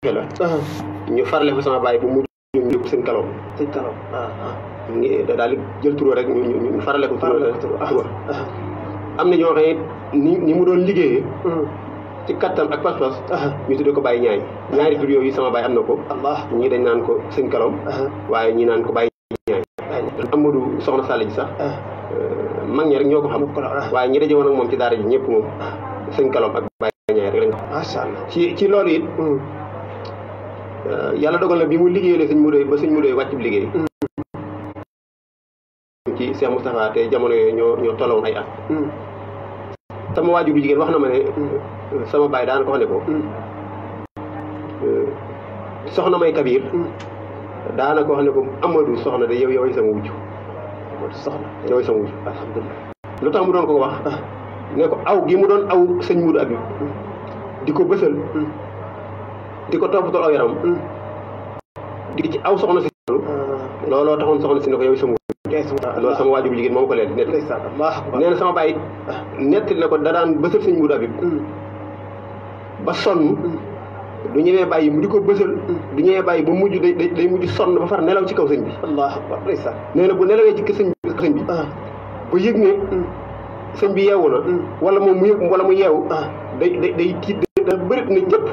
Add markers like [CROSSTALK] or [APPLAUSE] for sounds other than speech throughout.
la uh-huh. ñu farale fa sama baay bu mu ñu yóbbu seen kalaw seen kalaw uh-huh. mu ngi daal di jël turo rek ñu farale ko turo uh-huh. am na ñoo xam ni ni mu doon liggéeyee ci kattan ak pas-pas ñu tuddee ko Baye Ñaay ñaari tur yooyu sama baay am na ko ñii dañ naan ko seen kalaw waaye ñii naan ko Baye Ñaay Amadou Soxna Sall ji sax uh, mag ñi rek ñoo ko xam waaye ñi daje woon ak moom ci daara ji ñëpp moom seen kalaw ak Baye Ñaay rek lañ ko ci ci loolu it Euh, yàlla dogal na mu liggéeyee sëñ mu doy ba sëñ mu doy wàcc bi liggéey te jamono yooyu ñoo ñoo tolloon ay at mm. sama waajur bu jigéen wax na ma ne mm, sama baay daan ko wax ne ko mm, euh, soxna ko wax ne ko soxna de yow yoway sama wujj soxna yoway lu tax mu doon ko wax ah. ne ko aw gi mu doon aw sëñ Moudou Abib di ko bësal di ko toppatoo aw yaram mm. di ci aw soxna si ah. looloo taxoon soxna si ne ko yow sama loolu sama waajur jigéen moom ko leen nett nee na sama bàyyi ah. nett na ko da daan bësal sëñ Mudu Abib mm. ba sonn mm. du ñëwee bàyyi mu di ko bësal du ñëwee bàyyi ba mujj day day mujj sonn ba far nelaw ci kaw sëñ bi nee na bu nelawee ci sëñ bi sëñ bi ah. ba yëg ne sëñ bi yeewu na wala moom mu yëg wala mu yeewu day day tiit te bërit na ñëpp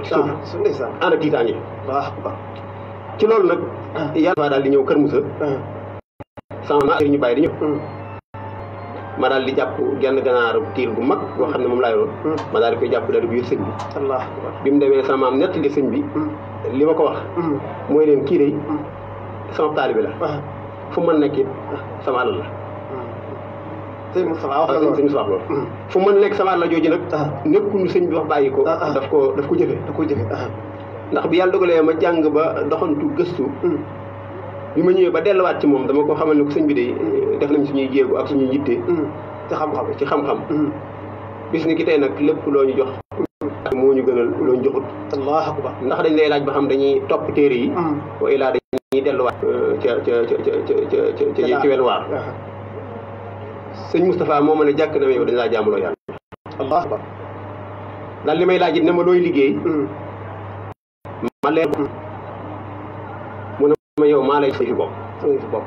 suuf ah, ànd ak tiitaange ci loolu nag ah. yàlla daal di ñëw kër Moussa ah. sama ma ñu bàyyi di ñëw hmm. ma daal di jàpp genn ganaaru tiil bu mag boo xam ne moom laa yoroon hmm. ma daal di koy jàpp daal di biir sëñ bi bi mu sama maam nettali sëñ bi hmm. li ma ko wax mooy leen kii de sama taalibi la fu ma nekk it sama alal la sëñ Moustapha wax sëñ Moustapha loolu fu mën lekk sama la jooju nag nekkuñu sëñ bi wax bàyyi ko daf ko daf ko jëfe daf ko jëfe ndax bi yàlla dogalee ma jàng ba doxantu gëstu bi ma ñëwee ba delluwaat ci moom dama ko xamal ne ko sëñ bi de def nañ suñuy jéegu ak suñuy yitte ci xam-xam ci xam-xam bis ni ki tey nag lépp loo ñu jox moo ñu gënal loo ñu joxut ndax dañ lay laaj ba xam dañuy topp téere yi wa ilaa dañuy delluwaat ca ca ca ca ca ca ca ca ca ca ca sëñ Moustapha moo ma ne jàkk na ma yow dañ laa li may laaj ne ma looy liggéey hmm. ma leer mu ne ma maa lay sama bopp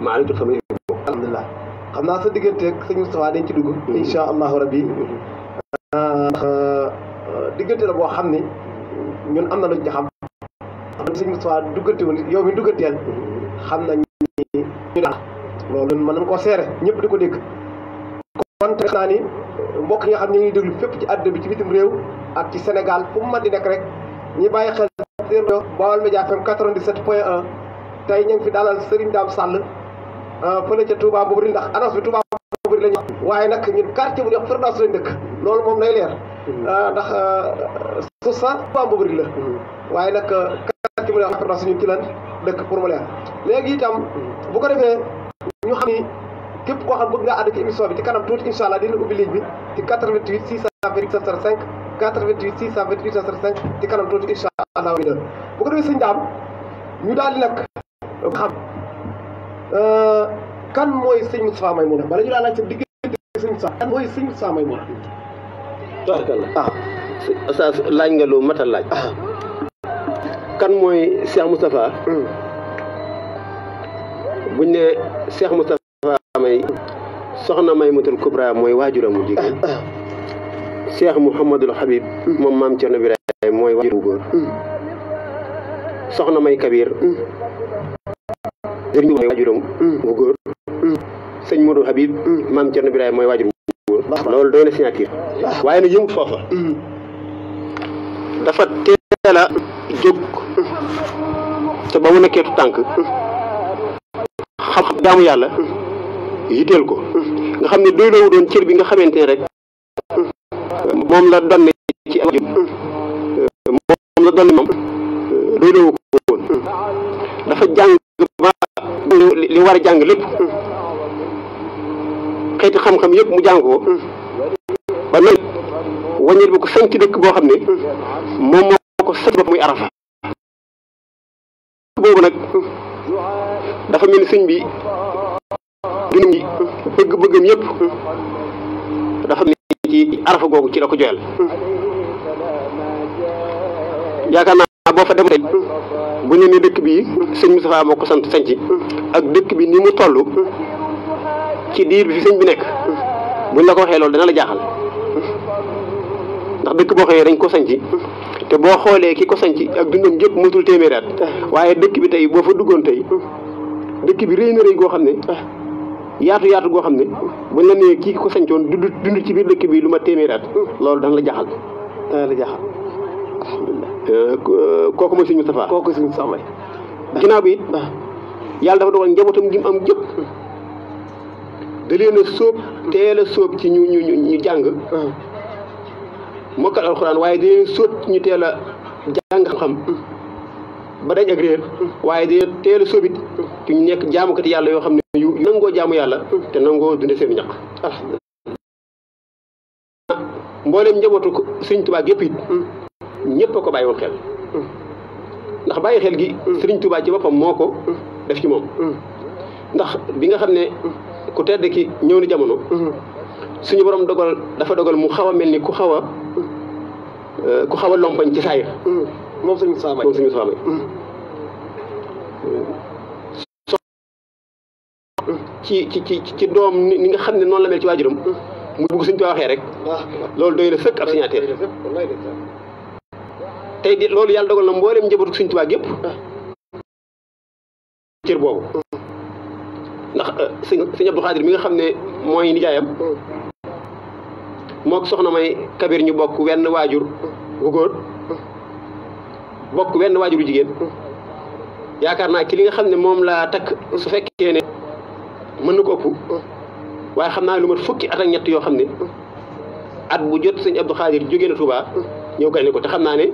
maa lay tut sama fi bopp alhamdulilah xam naa sa digganteeg sëñ Moustapha dañ ci dugg hmm. insha allahu rabbi hmm. ndax euh, la boo xam ne ñun am na luñ ci xam sëñ Moustapha duggante yow mi dugganteel xam nañ loolu mën nañ koo seere ñëpp di ko dégg kon te naa ni mbokk yi nga ngi déglu fépp ci àdduna bi ci bitim réew ak ci Sénégal fu mu mën di nekk rek ñi bàyyi xel Baol Média FM 97 point 1 tey ñu ngi fi dalal Serigne Dame Sall euh, fële ca Touba Mboubri ndax annonce bi Touba Mboubri la ñu waaye nag ñun quartier bu ñuy wax Firdaws lañ dëkk loolu moom lay leer mm-hmm. euh, ndax suuf euh, sa Touba Mboubri la mm-hmm. waaye nag quartier bu ñuy wax ci lan dëkk pour léegi itam mm-hmm. bu ko ñu xam ne képp ko xam bëgg ngaa àdd ci émission bi ci kanam tuuti incha allah dina ubbi ligne bi ci 88 628 65 88 628 65 ci kanam tuuti incha allah bu ko defee sëñ daam ñu daal di nag euh, kan mooy sëñ Moustapha Maymuna bala ñu daal laaj sa diggante sëñ Moustapha kan mooy sëñ Moustapha ah. laaj nga lu matal laaj ah. kan mooy buñ ne Cheikh Moustapha May soxna Maymutul Kubra mooy waajuram mu jigéen Cheikh Mouhamadul Habib moom maam Cerno Birahim mooy waajur góor soxna May Kabir sëñ mooy waajuram bu góor sëñ Modou mooy waajur bu góor loolu doy na signature waaye na yëngu foofa dafa teel jóg te ba mu nekkee tu tànk xam jaamu yàlla yitteel ko nga xam ne doy doon cër bi nga xamante rek moom la donne ci moom la donne moom doy ko dafa jàng li war a jàng lépp xeeti xam-xam yëpp mu jàng ko ba mel waññeet bi ko sanc dëkk boo xam ne moom moo ko sanc bopp muy arafa boobu nag dafa mel ni sëñ bi dundam gi bëgg-bëggam yëpp dafa mel ni ci arafa googu ci la ko joyal yaakaar naa boo fa dem tey bu ñu ne dëkk bi sëñ Moustapha moo ko sant sanc ak dëkk bi ni mu toll ci diir bi fi sëñ bi nekk buñ la ko waxee loolu dana la jaaxal ndax dëkk boo xëyee dañ ko sanc te boo xoolee ki ko sanc ak dundam yëpp motul téeméeraat waaye dëkk bi tey boo fa duggoon tey dëkk bi rëy na rëy goo xam ne yaatu yaatu goo xam ne buñ la nee kii ko sañcoon dund dund ci biir dëkk bi lu ma téeméeri loolu dana la jaxal dana la jaxal alhamdulilah kooku mooy suñu Moustapha kooku mooy suñu Moustapha ginnaaw bi it ah. yàlla dafa dogal njabootam gi am jëpp da leen a sóob teel a sóob ci ñu ñu ñu jàng ah. mokkal alxuraan waaye da leen sóot ñu teel a jàng xam ba dañ ak waaye de teel a sobit ñu nekk jaamukati yàlla yoo xam ne yu nangoo jaamu yàlla te nangoo dunde seen ñaq mboolem njabootu sëriñ Tuubaa gépp it a ko bàyyiwoon xel ndax bàyyi xel gi ci boppam moo ko def ci moom bi nga xam ne ku tedd ki ñëw na jamono borom dogal dafa dogal mu xaw a mel ni ku xaw a ku xaw a lompañ ci saayir moom sëñ Moussa Mbaye moom mm. mm. ci ci ci doom ni nga xam ne noonu la mel ci waajuram mm. mu bugg suñ ko waxee rek ah. loolu doy na sëkk ab signataire tey di loolu yàlla dogal na mboolem njabootu suñ tubaab yëpp cër boobu ndax sëñ euh, sëñ Abdou Khadir mi nga xam ne mooy nijaayam mook soxna may kabir ñu bokk wenn waajur gu bokk wenn waajuru jigéen yaakaar naa ki li nga xam ne moom laa takk su fekkee ne mën na ko ëpp waaye xam naa lu mat fukki at ak ñett yoo xam ne at bu jot sëñ Abdou Khadir jógee na Touba ñëw gane ko te xam naa ne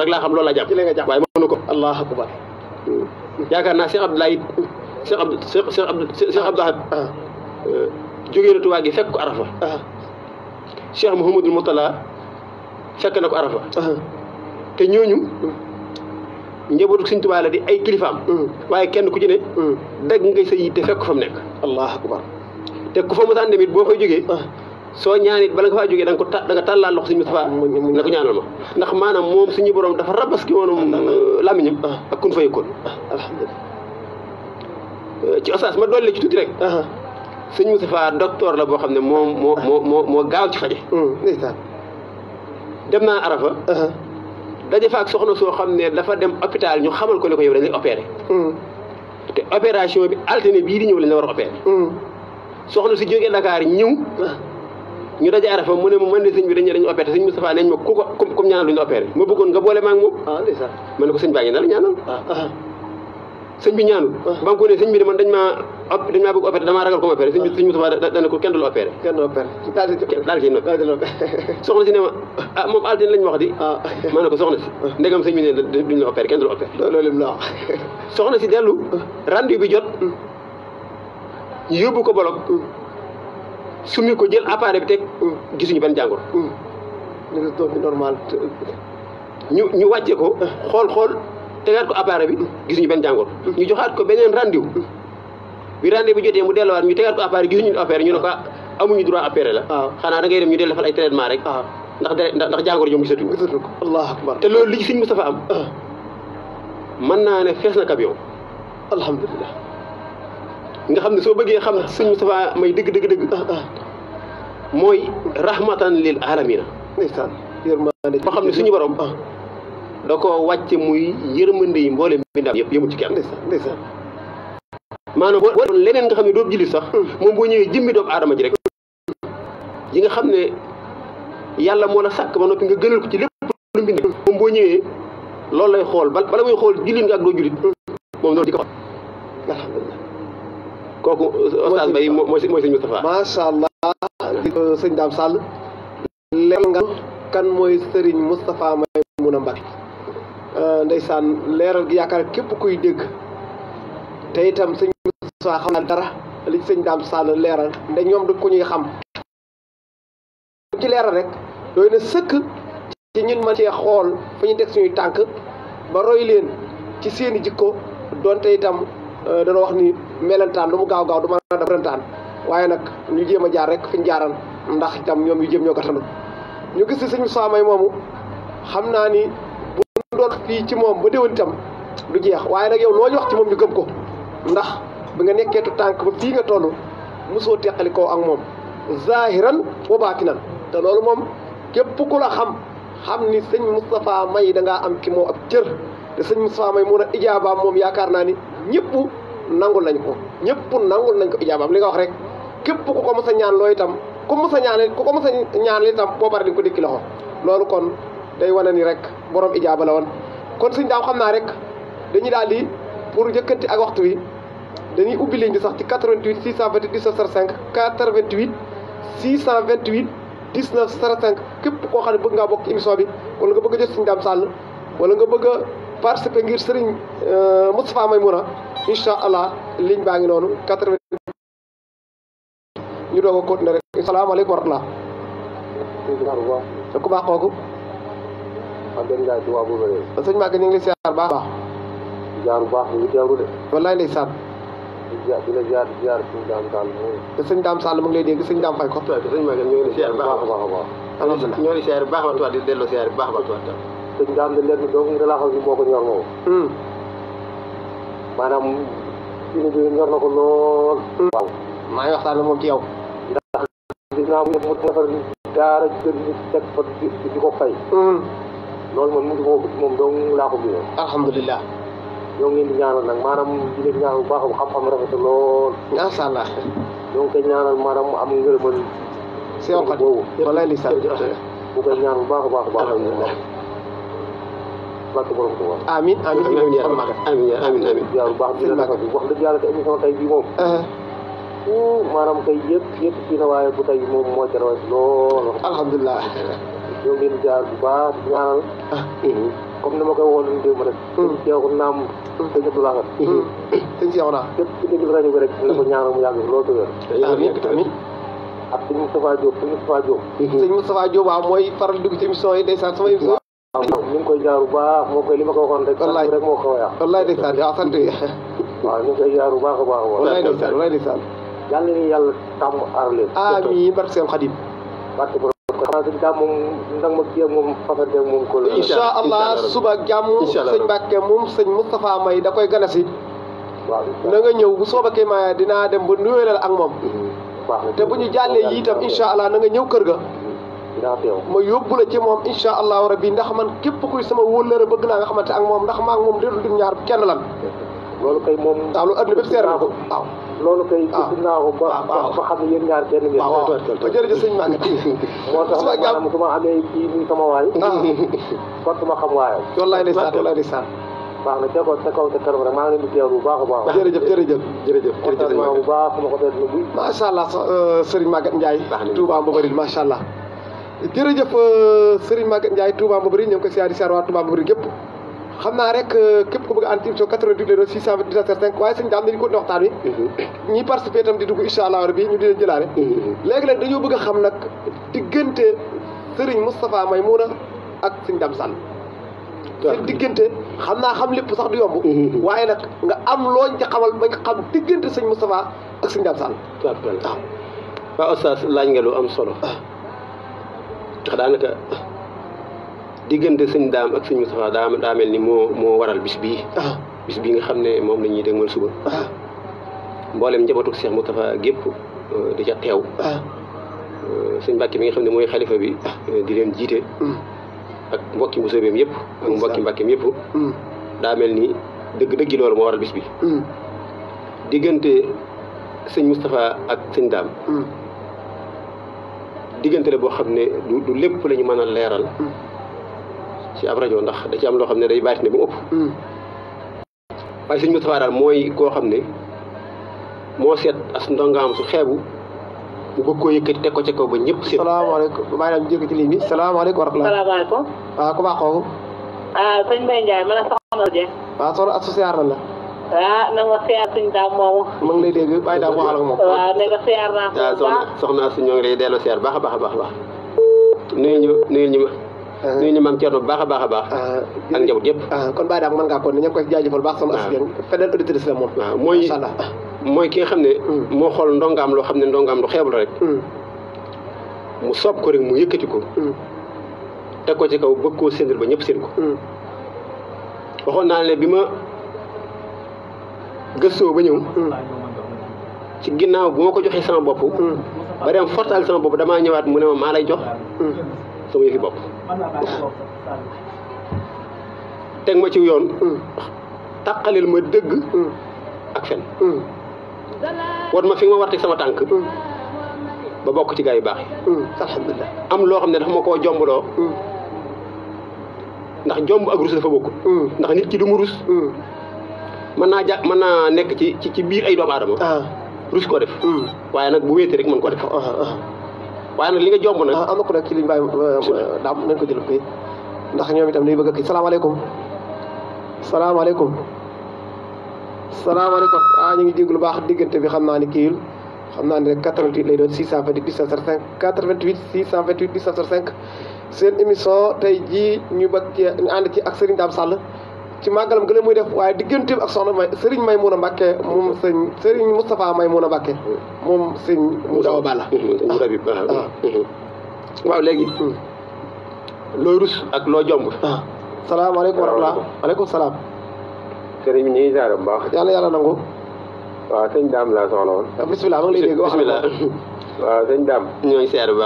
rek laa xam loolu jàpp waaye mën na ko allah akbar yaakaar naa Cheikh Abdoulaye Cheikh Abdou Cheikh Abdou Cheikh Abdou Ahad ah. jógee na gi fekk ko Arafa ah. Cheikh Mouhamadul Moutala fekk na ko Arafa ah. que ñooñu njabootu Sëñ Tuubaa la di ay kilifaam. Mm. waaye kenn ku ci ne. Mm. dagg ngay sa yitte fekk fa mu nekk. allahu akbar te ku fa mosaan demit boo koy jógee. Ah. soo ñaan it bala nga jógee da ko ta da nga tàllal loxo suñu Mustafaa ne ko ñaanal ma ndax maanaam suñu borom dafa rabaski woon ah, euh, làmmiñam ah. ak kun fa yëkkoon alhamdulilah euh, ci osaas ma dolli ci tuuti rek suñu Mustafaa docteur la boo xam ne moom moo moo moo moo gaaw ci faje mm. dem naa arafa daje fa ak soxna soo xam ne dafa dem hôpital ñu xamal ko ne ko yow dañ lay opéré. Mm. te opération bi altine bii di ñëw lañ la war a opéré. Mm. soxna si jógee Dakar ñëw. ñu daje arafa mu ne ma man de sëñ bi dañu dañu opéré sëñ Moustapha nañ ko comme ñaanal duñu opéré ma bëggoon nga boole maa ah, ne ko sëñ ah, ah. ba nga ko ne sëñ bi de man dañ maa. op dañ maa bëgg opéré damaa ragal ko ma la [LAUGHS] soxna si ne ma ah moom altine lañ ma wax di ah. ma ne ko soxna si ah. ndegam sëñ bi ne duñ la opéré kenn du la opéré loolu la wax [LAUGHS] soxna si dellu bi jot mm. ñu yóbbu ko bolog mm. sumi ko jël appareil bi teg mm. gisuñu benn jàngoro bi normal ñu ñu wàcce ko ah. xool xool tegaat ko appareil bi gisuñu benn jàngoor ñu joxaat ko beneen rendu bi rendez-vous bi jotee mu delluwaat waa tegaat ko appareil gisuñu affaire ñu ne ko ah, la ah. xanaa da ngay dem ñu del defal ay traitement rek ah. ndax dere ndax jàngoro jom gisatuñu ko allah akbar te loolu li ci sëñ am mën naa ne fees na kab yow alhamdulilah nga xam ne soo bëggee xam sëñ Moustapha may dëgg dëgg dëgg mooy rahmatan lil alamina ndeysaan yërmande boo xam ne suñu borom da ko wàcce muy yërmande yi mboolem mbindaam yëpp yëmu ci kenn ndeysaan maanaam boo doon leneen nga xam ne doo jullit sax moom boo ñëwee jëmmi doomu aadama ji rek yi nga xam ne yàlla moo la sàkk ba noppi nga gënal ko ci lépp lu mbind moom boo ñëwee loolu lay xool bala muy xool jullit nga ak doo jullit moom noonu di xool alhamdulilah mooy sëñ Moustapha macha allah di ko sëñ Dame Sall leeral nga kan mooy sëriñ Moustapha Maymuna Mbacke euh, ndeysaan leeral gi yaakaar képp kuy dégg te itam sëñ Moussa xam naa dara sëñ Dame Sall leeral nde ñoom du ko ñuy xam ci leeral rek doy na sëkk ci ñun ma cee xool fu ñu teg suñuy tànk ba roy leen ci seeni jikko donte itam euh, dana wax ni melentaan lu mu gaaw gaaw du ma a def melentaan waaye nag ñu jéem a jaar rek fi ñu ndax itam ñoom yu jéem ñoo gàttandu ñu gis sëñ Moussa May moomu xam naa ni bu doon fii ci moom ba déwén itam du jeex waaye nag yow loo ñu wax ci moom ñu gëm ko ndax ba nga nekkee tu tànk ba fii nga toll mosoo teqali koo ak moom zahiran ki baatinan te loolu moom képp ku a xam xam ni sëñ Moustapha May da ngaa am ki moom ab cër te sëñ Moustapha May mu ne ijaabaam moom yaakaar naa ni ñëpp nangul nañ ko ñëpp nangul nañ ko ijaabaam li nga wax rek képp ku ko mos a ñaan loo itam ku mos a ñaanal ku ko mos a ñaanal itam boo di ko dikki loolu kon day wane ni rek borom ijaaba la woon kon sëñ daaw xam naa rek dañuy daal di pour yëkkati ak waxtu wi. dañuy ubbi ligne bi sax ci 88 628 19 05 88 628 19 05 képp koo xam ne bëgg ngaa bokk émission bi wala nga bëgg a jot Serigne Dame Sall wala nga bëgg parce que ngir Serigne euh, Moustapha Maymouna incha allah ligne baa ngi noonu 88. ñu doog a continuer rek salaamaaleykum wa rahmatulah. ku baax kooku. man de Ndiaye Touba Bourg. sëñ Maguette ñu ngi lay siyaar baax baax. jaar bu baax ñu ngi teewlu di ziar di la ziar di ziar suñu daam Sall te sëñ daam Sall mu ngi lay dégg sëñ daam fay ko waaw sëñ Maguette ñoo ngi lay ziar bu baax a baax a baax alhamdulilah ñoo ngi ziar bu baax a baax di delloo ziar bu baax a baax tuwaat sëñ daam di leen doo nga laa xam si moo ko ñor moom maanaam suñu bi ñor na ko lool waaw maa ngi waxtaan moom ci yow ndax gis naa mu mu defar daara jël nit teg fa di ko fay loolu man mu di ko moom doo laa ko gisee alhamdulilah ñoo ngi leen di ñaanal nag maanaam di leen ñaanal bu baax xam-xam rafet lool. macha allah. ñoo ngi koy ñaanal maanaam mu am ngërëmal. seen xarit boobu walaay li sax bu koy ñaan bu baax a baax a baax. bàkk borom ko wax. amiin amiin amiin amiin amiin amiin. yaa bu baax di la rafetlu wax dëgg yàlla te émission tey bii moom. Uh-huh. maanaam tey yëpp yëpp fii na waaye bu tey moom moo ca rawat lool. alhamdulilah. ñoo ngi leen di jaar bu baax di ñaanal. Uh-huh. comme ni ma koy woo noonu démb rek. Hmm. sëñ Cheikh naam. sëñ Abdou Bakar. Hmm. Hmm. sëñ Cheikh naa. képp ku déglu rajo bi rek. na ko ñaanal mu yàgg loolu tëjee. amiin amiin ak sëñ Moustapha Diop sëñ Moustapha Diop. sëñ Moustapha Diop waaw mooy faral dugg ci yi ndeysaan sama émission. waaw ngi koy jaar baax moo koy li ma ko waxoon rek. wallaay rek moo ko koy wax. wallaay ndeysaan waaw sant yi. waaw ñu ngi koy jaar bu baax a baax. wallaay ndeysaan wallaay ndeysaan. yàlla na yàlla seen Xadim. xanaa suñu daal moom ndax ma moom fasante ak moom. kóol incha allah suba jàmm sëñ Mbàkke moom sëñ Moustapha May da koy gane si. na nga ñëw bu sooba kay ma dinaa dem ba nuyoo ak moom. Mm-hmm. te bu ñu jàllee yi itam incha allah na nga ñëw kër ga. Mm-hmm. ma yóbbu la ci moom incha allahu rabi ndax man képp kuy sama wóllëre bëgg naa nga xamante ak moom ndax maa ngi moom déedul dim ñaar kenn lan. loolu kay moom. waaw lu seer na ko loolu kay. waaw ah. waaw ah, waaw ba xam ne yéen ñaar kenn jërëjëf moo tax maanaam su ma amee kii nii ah. xam waayam. wallaay ndeysaan baax na ca kaw ca kaw ca kanam rek maa ngi bu baax a baax. jërëjëf jërëjëf jërëjëf jërëjëf bu baax ma ko def lu buy. macha allah Serigne Maguette Ndiaye. Touba Mbobari allah. jërëjëf Serigne Maguette Ndiaye Touba Mbobari ñoo ngi ko siyaari siyaar waa Touba Mbobari gépp xam naa rek euh, képp ku bëgg ànd ci 88 627 5 waaye ko ne waxtaan wi mhm. ñi participé itam di dugg incha allah rabbi ñu di leen jëlaale mhm. léegi nag dañoo bëgg a xam nag diggante sëriñ Moustapha Maymuna ak sëñ Dame Sall seen diggante xam naa xam lépp sax du yomb mhm. waaye nag nga am looñ ci xamal ba nga xam diggante sëñ Moustapha ak sëñ Dame Sall waaw waaw oustaz laaj nga lu am solo ah. xanaa diggante sëñ daam ak sëñ Moustapha daa mel ni moo moo waral bis bii. Ah. bis bii nga xam ne moom la ñuy dégmal suba. Ah. mboolem njabootu Cheikh Moustapha gépp euh, di ca teew. Ah. Euh, sëñ Mbàkke mi nga xam ne mooy xalifa bi. Euh, leen jiite. Mm. ak mbokki musobeem yëpp. ak mbokki mbàkkeem mm. daa mel ni dëgg-dëggi loolu moo waral bis bi. Mm. diggante sëñ ak sëñ daam. diggante la boo xam ne du lépp la ñu mën a leeral. ci ab rajo ndax da ci am loo xam ne day baati ne ba mu ëpp hmm. daal mooy koo xam ne moo seet as ndongaam su xeebu mu bëgg koo ko ca kaw ba ñëpp seet salaamaaleykum maa ngi daan bi salaamaaleykum wa rahmatulah salaamaaleykum waaw ah, ku baax kooku ah, la soxna Dieng waaw ah, soxna ma ngi lay dégg bàyyi daam na siyaar soxna soxna suñu ñoo ngi baax a baax a baax a ñu nuyu ñu ma. Euh, nuyu ñu maam Thierno bu baax a baax a baax euh, ak njaboot yëpp euh, kon Baye Dame mën ngaa kon ne ñu ngi koy jaajëfal baax soxna Astou Dieng fidèle auditrice la moom waaw mooy mooy ki nga xam ne mm. moo xool ndongaam loo xam ne ndongaam lu xeebul rek mm. mu soob ko rek mu yëkkati ko mm. teg ko ci kaw bëgg koo séenal ba ñëpp seen ko waxoon naa ne bi ma gëstoo ba ñëw ci ginnaaw bu ma ko joxee sama bopp ba dem fortal sama bopp damaa ñëwaat mu ne ma maa lay jox sama yëfi bopp teg ma ci yoon tàqalil ma dëgg ak fen war ma fi ma war teg sama tànk ba bokk ci gaa yu baax yi alhamdulilah am loo xam ne dafa ma koo jombloo ndax jomb ak rus dafa bokk ndax nit ki du rus mën naa ja mën naa nekk ci ci biir ay doomu adama ah. rus koo def hmm. waaye nag bu wéetee rek mën koo def ah, ah. waaye nag li nga jomb nag. Ah, am na ku nekk ci liñ bàyyi daam nañ ko jël kay ndax ñoom itam dañuy bëgg a kii salaamaaleykum salaamaaleykum salaamaaleykum ah ñu ngi dégg lu baax diggante bi xam naa ne kii xam naa ne rek 88 lay doon 628 17 88 628 17 5 seen émission tey jii ñu bëgg ñu ànd ci ak Serigne Dame Sall. ci màggalam gën a muy def waaye digganteem ak soxna may Serigne Maymouna Mbacké moom sëñ Serigne Moustapha Maymouna Mbacké moom sëñ mu a bala waaw léegi hmm. looy rus ak loo jomb ah. salaamaaleykum wa rahmatulah aleykum salaam sëriñ bi ñu ngi ziar bu baax yàlla yàlla nangu waaw sëñ daam laa soxla woon ah, bisimilah ma [LAUGHS] waaw sëñ daam ñooy ziar bu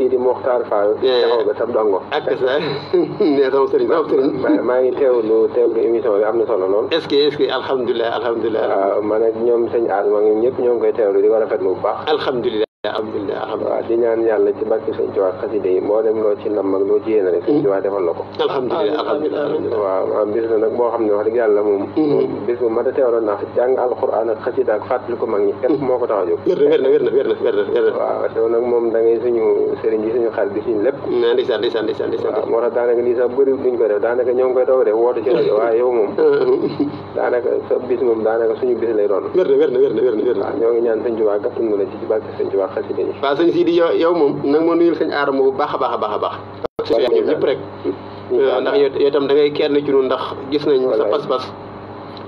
kii di Mokhtar Fall. Eh. taxaw ba sab dongo. ak sa [LAUGHS] nee sama sëriñ sama sëriñ. maa ngi teewlu teewlu émission bi am na solo lool. est-ce que est waaw ah, man ak ñoom sëñ Adama ñëpp ñoo ngi koy teewlu di ko rafetlu bu baax. alhamdulilah. alhamdulilah waaw di ñaan yàlla ci barke sëñ Tuubaa xasida yi moo dem loo ci nam ak loo ci yéen rek sëñ defal la ko alhamdulilah alhamdulilah waaw boo xam ne wax dëgg yàlla moom mm-hmm. bis bu mat a teewla ndax jàng alxuraan ak xasida ak fàttali ko mag ñi mm-hmm. moo a jóg wér na wér na wér da ngay suñu sëriñ bi suñu sax bëri duñ ko def daanaka ñoo ngi koy doog def woote ci rajo waaye mm-hmm. ngi ñaan sëñ Tuubaa gàttul la ci ci barke ab xasida yi waaw sëñ Sidi yow moom nag ma nuyul sëñ aadama bu baax a baax a baax a baax ñoom ñëpp ndax yow itam da ngay kenn ci ndax gis nañ sa pas-pas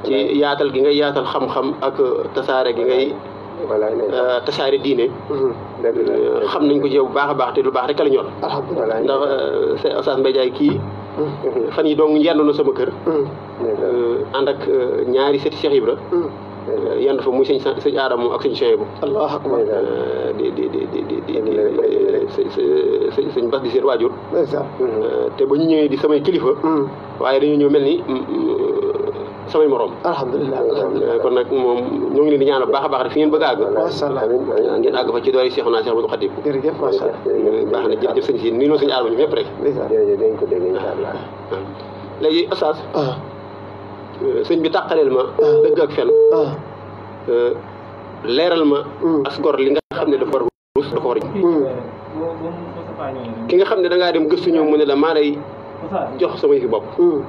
ci yaatal gi ngay yaatal xam-xam ak tasaare gi ngay euh, tasaare diine mhm. euh, xam nañ ko ci bu baax a baax te lu baax rek la ñor ndax euh, Oustaz Mbaye Ndiaye kii mhm. fan yi dong yendu na sama kër mhm. ànd ak ñaari sëti Cheikh yandu fa muy sëñ sëñ aadama ak sëñ Chouaïbou allah akbar di di di di di di sëñ sëñ seen waajur te ba ñu ñëwee di samay kilifa waaye dañoo ñëw mel ni samay morom alhamdulilah kon nag moom ñoo ngi leen di ñaanal baax a baax rek fi ngeen bëgg a àgg ngeen àgg fa ci doori Cheikh naa Cheikh Abdou Khadim jërëjëf baax na jërëjëf sëñ si nii noonu sëñ aadama ñu ñëpp rek sëñ bi tàqaleel ma ah. dëgg ak fen ah. euh, leeral ma hmm. as gor li nga xam ne dafa war rus da ko hmm. ki nga xam ne da dem gëstu ñëw mu ne la maa jox sama yëfi bopp hmm.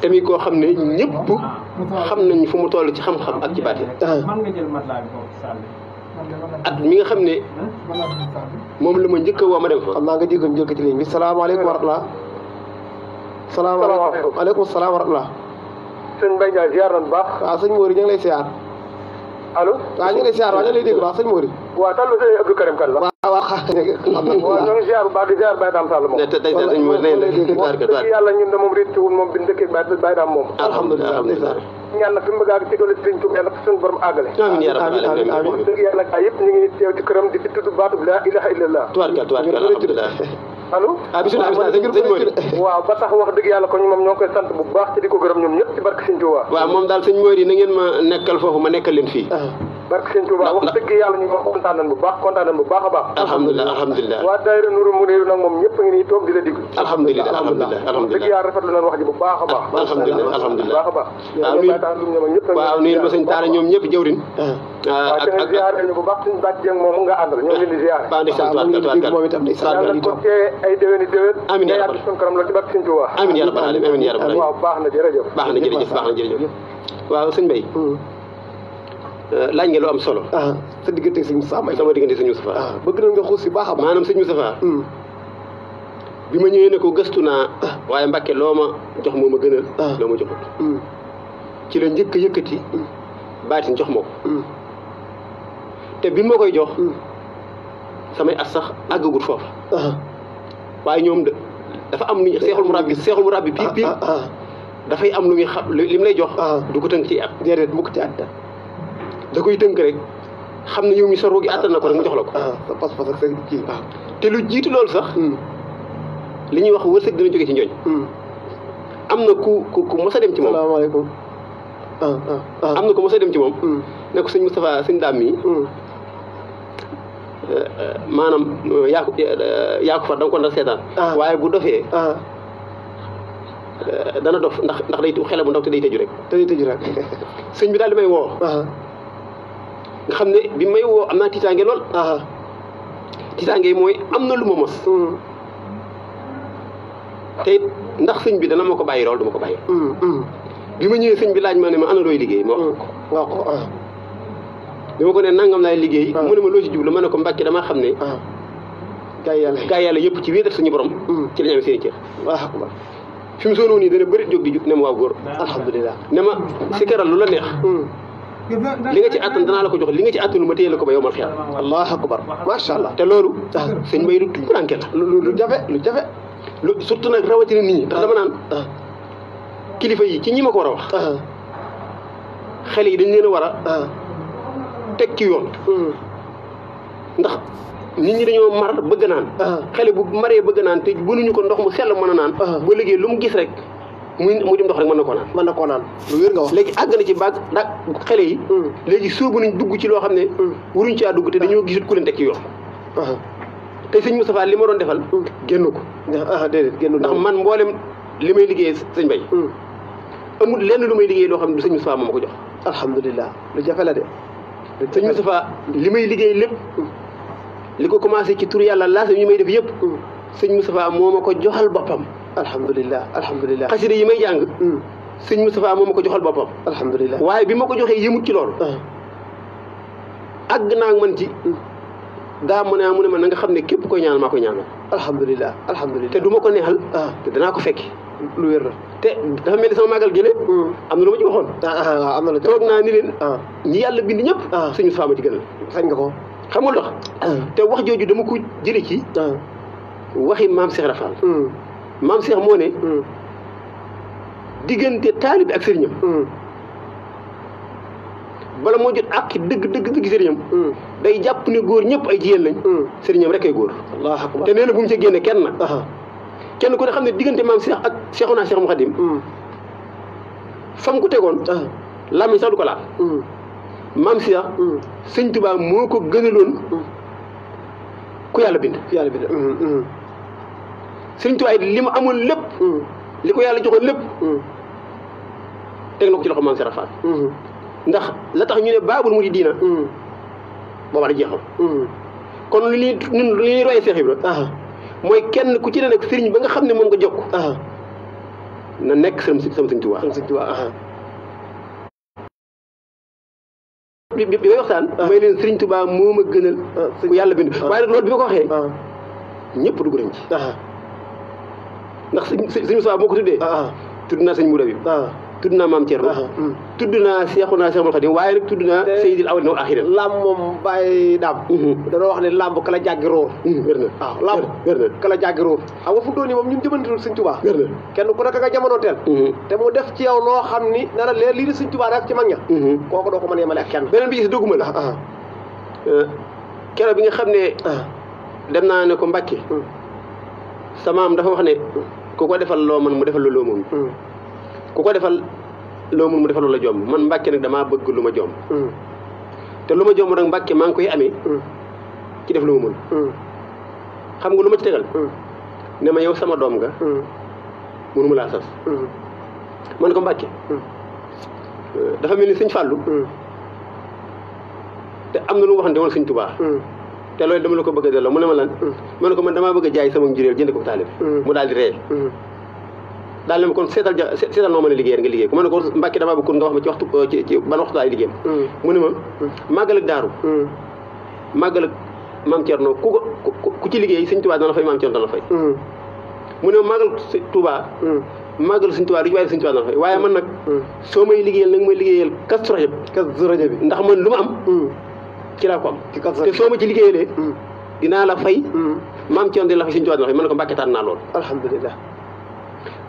te koo xam ne ñëpp ah, xam nañ fu mu toll ci xam-xam ak ci baati at mi nga xam ne moom la ma njëkk woo ma dem fa xam naa nga jégal njëkk ci ligne bi salaamaaleykum wa rahmatulah salaamaaleykum aleykum salaam wa rahmatulah. sëñ Mbaye Ndiaye ziar na bu baax. waaw sëñ Mori ñu ngi lay ziar. allo. waaw ñu ngi lay ziar waaw ñu ngi lay dégg waaw sëñ Mori. waaw tal la sëñ Abdou Karim Kane la. waaw waaw xam nga. ñu [LAUGHS] ngi ziar bu baax di ziar Baye Dame Sall moom. tey tey sëñ Mori nañ la dégg. wax dëgg yàlla ñun de moom rëccu wul moom bi ndëkkee Baye Dame moom. alhamdulilah alhamdulilah. ñaan na fi mu bëgg a ci doole sëñ Tuubaa yàlla suñu borom àggale. amiin yaa rabbi amiin amiin wax dëgg yàlla yëpp ñu ngi teew ci këram di fi tudd baatu la ilaha illallah. tubaarkal tubaarkal alhamdulilah allo ah bisimilah bisimilah waaw ba tax wax dëgg yàlla kon moom ñoo koy sant bu baax ci di ko gërëm ñoom ñëpp ci barke Sëñ Tuubaa waaw moom daal sëñ Mori na ngeen ma nekkal foofu ma nekkal fii ah. barke sëñ Touba wax dëgg yàlla ñu kontaan nañ bu baax kontaan nañ bu baax a baax alhamdulilah alhamdulilah waa daayira Nuuru Muniru nag moom ñëpp ngi nii toog di la diglu alhamdulilah alhamdulilah alhamdulilah dëgg yàlla rafetlu nañ wax ji bu baax a baax alhamdulilah alhamdulilah baax a baax waaw nuyu ma sëñ Taara ñoom ñëpp jëwrin waaw te nga ziar ñu bu baax suñu bàcc jëng moom nga àndal ñoo leen di ziar moom itam day sa yàlla ko te ay déwéni déwén amiin yàlla suñu kanam loolu ci barke sëñ Touba amiin yàlla baax na jërëjëf baax na jërëjëf baax na jërëjëf waaw sëñ Bay hmm. Euh, laaj nga lu am solo. Ah, sa diggante sëñ Moustapha Mbaye. sama diggante sëñ Moustapha. Ah, bëgg na nga xuus si baax a baax. maanaam sëñ Moustapha. Hmm. bi ma ñëwee ne ko gëstu naa. Ah. waaye Mbàkke loo ma jox moo ma gënal. loo ma joxut. Hmm. ci la njëkk a yëkkati. Hmm. baatin jox ma ko. te bi ma koy jox. samay as sax àggagut foofu. waaye ñoom de dafa am lu ñuy seexul mu rab seexul mu ràbbi. dafay am lu muy xam li mu lay jox. du ko tënk ci at. déedéet mu ko ci at da koy tënk rek xam ne yow mi sa roog gi àttan na ko rek mu jox la ko. Ah, sa kii waaw ah. te lu jiitu loolu sax. Hmm. li ñuy wax wërsëg dina jóge ci njooñ. Hmm. na ku ku ku mos dem ci moom. salaamaaleykum. Ah, am na ku mos dem ci moom. Hmm. ne ko sëñ Moustapha sëñ Dame mii. Eh, eh, maanaam eh, yaa ko yaa ko far da waaye bu dofee. dana dof ndax ndax day xele bu ndaw te day tëju rek. te day sëñ bi daal di may woo. nga xam ne bi may woo am naa tiitaange lool. tiitaange mooy am na lu ma mos. Hmm. te it ndax sëñ bi dana ma ko bàyyi lool du ma ko bàyyi. Hmm, hmm. bi ma ñëwee sëñ bi laaj ma ne ma ana looy liggéey ma wax ko. waaw waaw. bi nangam laay liggéey. Ah. mu ne ma loo ma ne ko mbàkke damaa xam ne. Ah. gaay yàlla gaay yàlla yëpp ci wéetal suñu borom. ci la ñu amee seen i cër. waaw fi dana bëri jóg di jug ne ma waaw góor. ne ma si karal lu la neex. li nga ci attan danaa la ko jox li nga ci attanu ma téye la ko ba yow ma allahu akbar macha allah te loolu sax ah. sëñ mbay lu tumuranke la lu jafe lu jafe surtout nag rawatina nit ñi ndax dama ah. naan ah. yi ci ñi yi dañ leen a war a teg ci yoon hmm. ndax nit ñi dañoo mar bëgg naan xele bu maree bëgg naan te bunuñu ko ndox mu sell mën a naan boo liggéey lu mu gis rek muy muy dem ndox rek mën na koo naan koo naan lu wér nga wax léegi àgg na ci baag ndax xale yi hmm. léegi suubu nañ dugg ci loo xam ne hmm. waruñ caa dugg te ah. dañoo gisut ku leen teg ci yoo te sëñ Moustapha li ma doon defal hmm. génn ko ah, ah, déedéet génn man mboolem li may liggéey sëñ Bay lenn lu may liggéey loo xam ne du sëñ Moustapha ma ko jox alhamdulilah lu jafe la de sëñ Moustapha li may liggéey lépp li ko commencé ci tur yàlla laas yi may def yëpp sëñ Moustapha moo ma ko joxal boppam alhamdulilah alhamdulilah xasida yi may jàng mm. sëñ Moustapha moo ma ko joxal boppam alhamdulilah waaye bi ma ko joxee yëmut ci loolu ah. àgg naa man ci mm. daa mu ne ah, mu ne ma na nga xam ne képp koy ñaanal maa koy ñaanal alhamdulilah alhamdulilah te du ma ko neexal ah. te danaa ko fekk lu weer la te dafa mel ni sama màggal gële mm. am na lu ma ci waxoon am na la toog naa ni leen ñi yàlla bind ñëpp sëñ Moustapha ma ci gënal sañ nga ko xam nga lu tax te wax jooju dama ko jële ci waxi maam Cheikh Rafal maam Cheikh moo ne. Hmm. diggante taalibe ak sëriñam. Hmm. bala moo jot ak dëgg dëgg sëriñam. Hmm. day jàpp ne góor ñépp ay jigéen lañ. sëriñam rek ay góor. allah te nee na bu mu génne kenn nag. kenn ku ne xam ne diggante maam seex ak Cheikhuna Cheikh Mouhadim. fa mu ko tegoon. lamiñ sax du ko laal. maam Cheikh. sëñ Tuubaa moo ko gënaloon ku yàlla bind. ku yàlla bind. sëñ Tuubaa li mu amoon lépp. Mm. li ko yàlla joxoon lépp. Mm. teg na ko ci loxo Maam Serap Fall. Mm-hmm. ndax la tax ñu ne baabul mu di diina. Mm. booba la jeexal. kon li ñuy ñun li ñuy royee Seex Ibra mooy kenn ku ci ne nag sëriñ ba nga xam ne moom nga jokk. na nekk sama sëñ Tuubaa. sama sëñ Tuubaa. bi bi bi may waxtaan. may leen sëriñ Tuubaa moo a gënal. Ah, ku yàlla bind ah. waaye nag loolu bi ma ko waxee. Ah. ñëpp dugg nañ ci. ndax sëñ Moussa moo ko tuddee ah, ah. tudd naa sëñ Mourabi ah. tudd naa maam Thierno mm. tudd naa seexu naa seexul Xadim waaye nag tudd naa Seydil Awal Noor Axira làmb moom bàyyi daam mm-hmm. dañoo wax ne làmb kala jàggi róor mm-hmm. wér na waaw làmb wér na kala jàggi róor aw wa fu doon yi moom ñun jëmanditul sëñ Tuubaa kenn ku nekk nga jamono teel mm-hmm. te mu def ci yow loo xam ni dara la leer lii di sëñ Tuubaa rek ci mag ña kooku doo ko ma a yemale ak kenn beneen bi gis dugguma la euh, keroog bi nga xam ne dem naa ne ko Mbàkke mm. sama am dafa wax ne ku ko defal loo mën mu defal loo mën hmm. ku ko defal loo mën mu defal lu la jomb man mbàkke nag damaa bëgg lu ma jomb hmm. te lu ma jomb nag mbàkke maa ngi koy amee ki hmm. def lu xam nga lu ma ci tegal ne ma yow sama doom nga mënu laa sas man ko mbàkke dafa mel ni sëñ fàllu te am na lu ne waxante woon sëñ tubaa te loolu dama la ko bëgg a delloo mu ne ma lan ma mm. ne ko man damaa bëgg a jaay sama njuréel jënd ko taalib mm. mu daal di ree mm. daal ne ma kon seetal ja seetal noo mën a liggéeyal nga liggéey ko ma ne ko Mbàkke damaa bëgg nga wax ma ci waxtu euh, ci ban waxtu laay liggéeyam mu ne ma màggal ak daaru màggal ak maam Thierno ku ko ku ci liggéey sëñ Tuubaa dana la fay maam Thierno dana la fay mu ne ma màggal Tuubaa màggal sëñ Tuubaa du ci waaye sëñ Tuubaa dana la fay waaye man nag soo may liggéeyal nag may liggéeyal kas rajo bi kas rajo bi ndax man lu ma am ci laa ko am te soo ma ci liggéeyalee mm. dinaa la fay mm. maam ci yoon la fay suñu tubaab dina la fay ma ne ko mbàkketaan naa loolu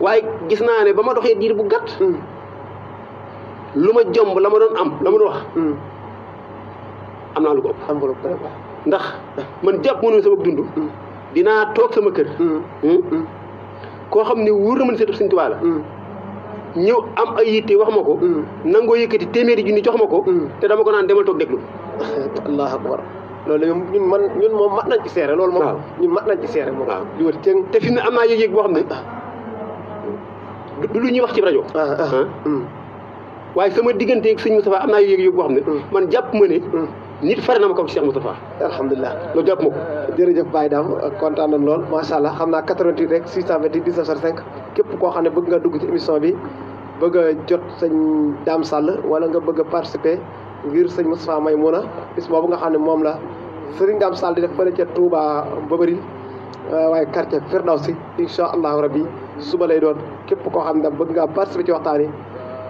waaye gis naa ne ba ma doxee diir bu gàtt mm. lu ma jomb la ma doon am la ma doon wax am naa lu ko ëpp ndax man jàpp mënu sama dund dinaa toog sama kër koo xam ne wóor na mën seetu suñu tubaab la ñëw am ay yitte wax ma ko. Mm. nangoo yëkkati téeméeri ni jox ma ko. Mm. te dama ko naan demal toog déglu. [LAUGHS] allahu akbar loolu ñun man ñun moom mat nañ ci seere loolu moom ñun mat nañ ci seere moom. waaw te fi mu ne am xam ne ah. du ñuy wax ci rajo. Ah, ah. Mm. waaye sama diggante ak sëñ Moustapha am naa yëg-yëg boo xam ne man jàpp ma ne. nit fare na ma comme Cheikh Moustapha alhamdulilah loolu jàpp ma ko jërëjëf Baye Dame kontaan lool macha allah xam naa 88 rek 628 1905 képp koo xam ne bëgg nga dugg ci émission bi bëgg jot sëñ Dame Sall wala nga bëgg a ngir sëñ Moustapha Maymuna bis boobu nga xam ne moom la sëriñ Dame Sall di def fële ca Touba Mbëbëril euh, waaye quartier Firdawsi incha allahu rabbi suba lay doon képp koo xam ne bëgg ngaa participer ci waxtaan yi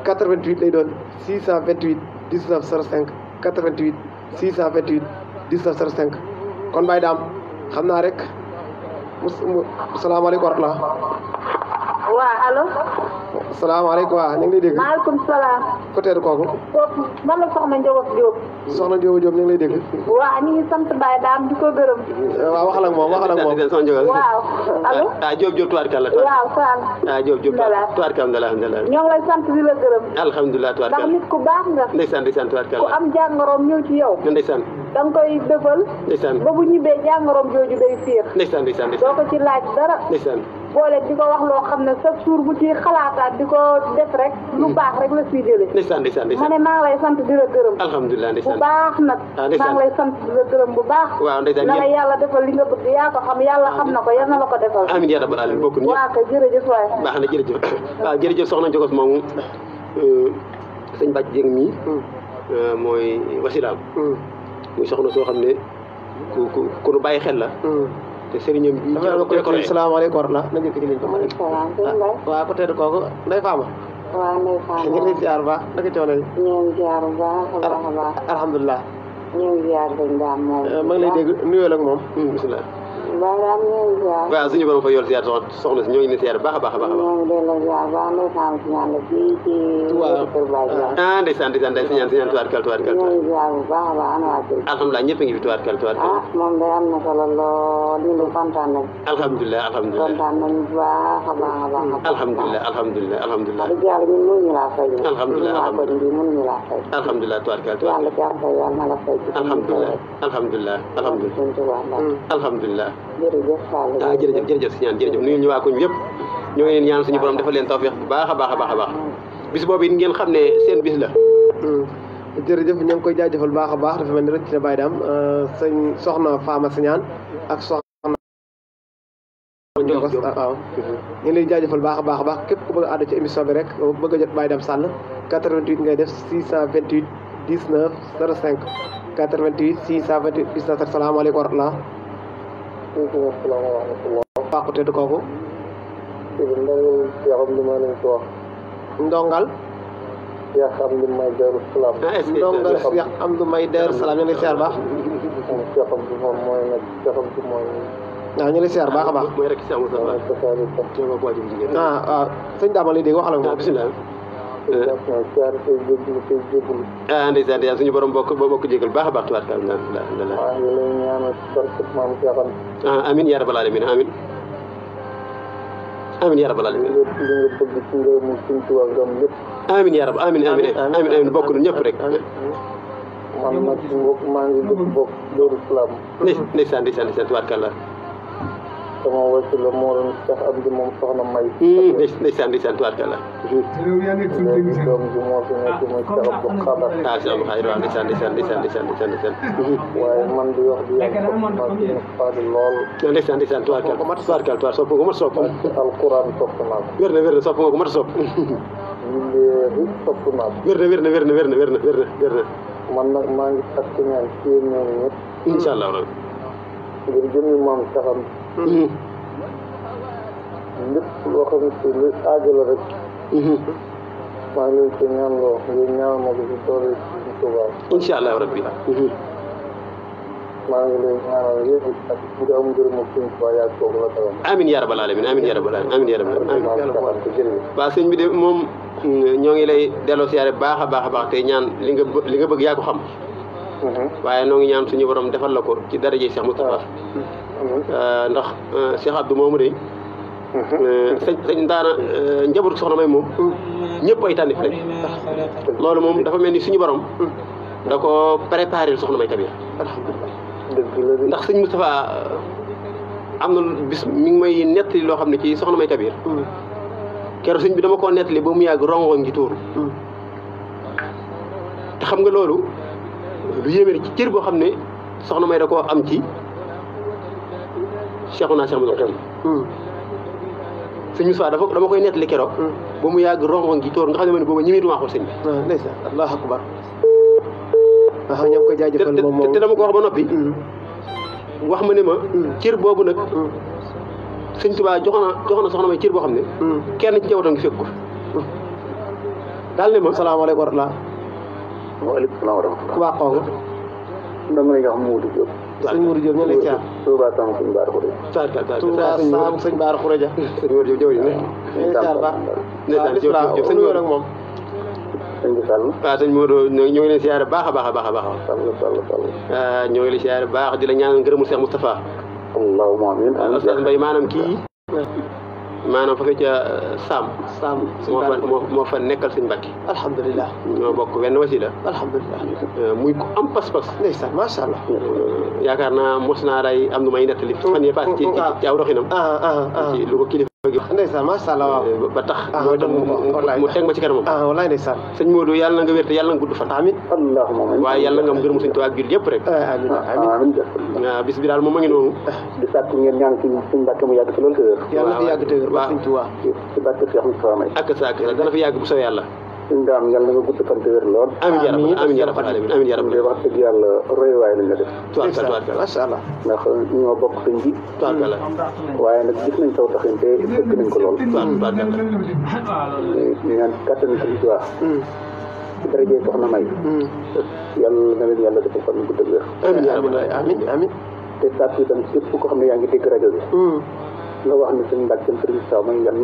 88 lay doon 628 19 05 88 628 19 05 kon Baye Dame xam naa rek mu salaamaaleykum wa rahmatulah waaw allo. salaamaaleykum waaw ñu ngi lay dégg. maaleykum salaam. ku teel kooku. kooku man la Soxna Ndiobo Diop. Soxna Ndiobo ñu ngi lay dégg. waaw ñu ngi sant Baye daam di ko gërëm. waaw waxal moom waxal moom. waaw allo. ah Diop Diop tubaarkalla. waaw Sall. ah Diop Diop ñoo ngi sant di la gërëm. alhamdulilah tubaarkalla ndax nit ku baax nga. ndeysaan ndeysaan ku am jàngoroom ñëw ci yow. ndeysaan. da nga koy defal. ndeysaan ba bu ñibbee jàngoroom jooju day fiir. ndeysaan ndeysaan ndeysaan doo ko ci laaj dara. boole di ko wax loo xam ne sa suur bu ci xalaataat di ko def rek lu hmm. baax rek la siy jëlee ndeysaan ndeysaan ndeysaan lay sant di la gërëm alhamdulilah ndeysaan bu baax nag ah, maa ngi lay sant di la gërëm bu baax waaw ndeysaan na yàlla defal li nga bëgg yaa ko xam yàlla xam na ko yal na la ko defal amiin yaa rabbal alamin bokk ñëpp waaw kay jërëjëf waay baax na jërëjëf waaw jërëjëf soxna Jogos moomu euh, sëñ Bàcc Jéng mi mooy wasilaam hmm. muy soxna soo xam ne ku ku ku nu bàyyi xel la hmm. te sëriñam bi. dafa am ko ne salaamaaleykum wa rahmatulah na njëkk ci liñ ko mën a. waaw ku tedd kooku Ndeye Fama. waaw Ndeye Fama coono yi. ñu ngi ziar bu baax a baax a baax. alhamdulilah. ñu ngi ziar dañ daan ah, ngi lay dégg la baaraam ngeen ziar. waaw suñu borom fa yor ziar soxna si ñoo ngi ne ziar baax a baax a baax. ñoo ngi delloo ziar baax na sàmm si ñaan la fii ci. waaw ah ndeysaan ndeysaan ndeysaan si ñaan si ñaan tubaarkal tubaarkal. ñoo ngi ziar bu baax a baax ana waa kër. alhamdulilah ñëpp a ngi fi tubaarkal tubaarkal. ah moom day am na solo lool lii lu kontaan nañ. alhamdulilah alhamdulilah kontaan nañu baax a baax a baax. alhamdulilah alhamdulilah alhamdulilah. wax dëgg yàlla ñun mënuñu laa fay. alhamdulilah alhamdulilah mënuñu laa fay. alhamdulilah tubaarkal tubaarkal. yàlla ci am fay yàlla na la fay. alhamdulilah alhamdulilah alhamdulilah mm. alhamdulilah ah jërëjëf jërëjëf si ñaan jërëjëf nuyul ñu waa koñ yëpp ñoo ngi leen ñaan suñu borom dafa leen tawfeex bu baax a baax a baax a baax bis boobu it ngeen xam ne seen bis la hmm. jërëjëf ñoo ngi koy jaajëfal baax a baax dafa mel ni rëcc na bàyyi daam ah, sëñ soxna Fama Sagnane ak soxna ah, waaw ñu ngi lay jaajëfal baax a baax a baax képp ku bëgg a àddu ci émission bi rek bëgg a jot Baye Dame Sall 88 ngay def 628 19 05 88 628 19 salaamaaleykum wa rahmatulah aleykum asalaam wa rahmatullah baax ko tedd kooku ndongal Cheikh Abdou maa leen ndongal Cheikh Abdou May Daaru May Daaru Salaam ñu ngi siyaar baax Cheikh Abdou moom mooy nag baax a baax ah waaw ah, sëñ Dama lay dégg waxal ak ah ndeysaan yàlla suñu borom bokk boo bokk jégal baax a baax tubaarkal la la ah, amin yaa rabbal alamin amin amin yaa rabbal alamin amin yaa rabbal amin amin amin amin bokk nu ñëpp rek man nag mbokk maa ngi dëkk bokk dooru islam ndeysaan ndeysaan ndeysaan tubaarkal la sama wasila moo doon Cheikh Abdou moom soxna May. Hmm, ndeysaan ndeysaan tubaarkalla. toujours doom bi moo fi nekk ah, mooy Cheikh Abdou Xabar. ah Cheikh Abdou Xabar waaw ndeysaan ndeysaan ndeysaan ndeysaan ndeysaan. Hmm. waaye man di wax di yàlla maa ngi leen faadu lool. ndeysaan ndeysaan tubaarkalla tubaarkalla sopp nga ko mat sopp. alquran sopp naa ko. wér na wér na sopp nga ko mat sopp. wallaahi sopp naa ko. wér na wér na wér na wér na wér na wér na. man nag maa ngi takk ñaan téeméer ñëpp. incha allah. ngir jëmmi maam taxam Mm-hmm. lépp loo xamante ni aajo la rek. Mm-hmm. maa ngi leen di ñaan loo rabbi. Mm-hmm. maa ngi leen di ñaanal yéen ak bu am ngërëm ak suñu Tuubaa yaa toog la talam. amiin yaa rabbal aalamiin amiin yaa rabbal aalamiin amiin bi de moom mm, ñoo ngi lay delloo siyaare baax a baax a baax tey ñaan li nga li nga bëgg yaa xam. waaye noo ñaan suñu borom defal la ko ci daraja Cheikh Moustapha. Ah. Euh, ndax euh, Cheikh Abdou moomu de. Mhm. Euh, sëñ sëñ daana njabootu may moom. Mhm. ñëpp moom dafa mel ni suñu borom. Mhm. da ko préparé soxna may Kabir. ndax sëñ Moustapha am na bis mu ngi may nettali loo xam ne ci soxna may Kabir. keroog sëñ bi dama ko nettali ba mu yàgg rongoñ gi tuur. te xam nga loolu lu yéeme ci cër boo xam ne soxna may da koo am ci. Cheikhouna Cheikh hmm. Moussa Kane. sëñ dama koy nettali keroog. Hmm. ba mu yàgg rongoñ gi toor nga xam ne booba ñi muy duma xool ah, ah, ah, koy jaajëfal moom moom te dama ko wax ba noppi. Hmm. wax ma ne ma. cër boobu nag. sëñ Tuubaa jox na jox na soxna may cër boo xam ne. kenn ci njabootam gi fekk daal ne ma salaamaaleykum wa rahmatulah. waaleykum salaam wa rahmatulah. waaw sëñ Mourou Diop ñu ne caa. Touba Samb sëñ Baara Khourédia. Touba Samb sëñ Baara Khourédia. sëñ Mourou Diop jëwriñ ne. ñu caa ba ndeysaan Diop Diop sëñ Mourou ak moom. sëñ bi Sall. waaw sëñ Mourou ñoo ngi leen siyaare baax a baax a baax a baax. Sall Sall Sall. ñoo ngi leen siyaare baax di la ñaanal ngërëmu Cheikh Moustapha. allahumma amiin. Oustaz Mbaye maanaam kii. maanaam fa ca euh, saam saam moo fa moo fa nekkal sëñ Mbàkke alhamdulilah ñoo bokk wenn wasila alhamdulilah euh, muy ku am pas-pas ndeysaan macha allah euh, yaakaar naa mos naa am nu may nettali fan yee paas ci aw roxinam ah, ah, ah. ci lu ko kilifa ndeysaan macha a waaw ba tax mu teg ma ci kanamam ah wallaay ndeysaan sëñ Modou yàlla na nga wér te yàlla nga gudd fan amiin allahumma waaye yàlla nga am gërëm sëñ Tuubaa ak jullit yëpp rek amiin amiin waaw moom ma ngi noonu di sàkk ngeen ñaan ci suñu na fi yàgg te wér waaw sëñ Tuubaa ak sa sa dana suñu daam yàlla na nga gudd fan te wér lool. amiin amiin yaa rabbal aalamiin amiin yaa rabbal aalamiin wax dëgg yàlla roy waay lañ la def. tubaarka tubaarka macha allah. ndax ñoo bokk sëñ bi. tubaarka la waaye nag gis nañ taw taxin te bëgg nañ ko lool. tubaarka la. ñu naan kattan bi ci waa. ci hmm. daraje soxna May. Hmm. yàlla na leen yàlla defal fan bu gudd ak wér. amiin yaa rabbal aalamiin amiin. te saa si itam képp koo xam ne yaa ngi dégg rajo bi. Hmm. nga wax ni suñu mbàkk sëriñ Saw mooy yàlla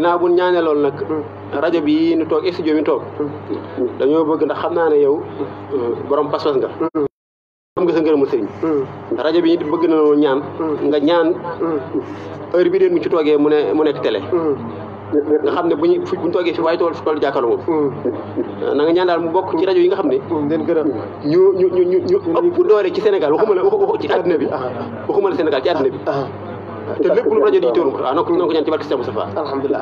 na bu ñaanee loolu nag. Mm. rajo bii ñu toog studio mi toog. Mm. dañoo bëgg ndax xam naa ne yow. Mm. Uh, borom pas-pas nga. xam nga sa ma sëriñ. rajo bi bëgg na ñaan. nga ñaan heure bi de mu ci toogee mu ne mu nekk télé. nga xam ne bu ñu bu ñu toogee fi waaye tool fi tool jàkkaarloo moom hmm. na ñaan daal mu bokk ci rajo yi nga xam ne hmm, ñu ñu ñu ñu ñu hmm. ëpp doole ci Sénégal waxuma la waxu ci àddina bi ah. waxuma la Sénégal ci àddina bi ah. te lépp lu rajo di teewlu ko ah non non ko ñaan ci barke Sëriñ Moustapha alhamdulilah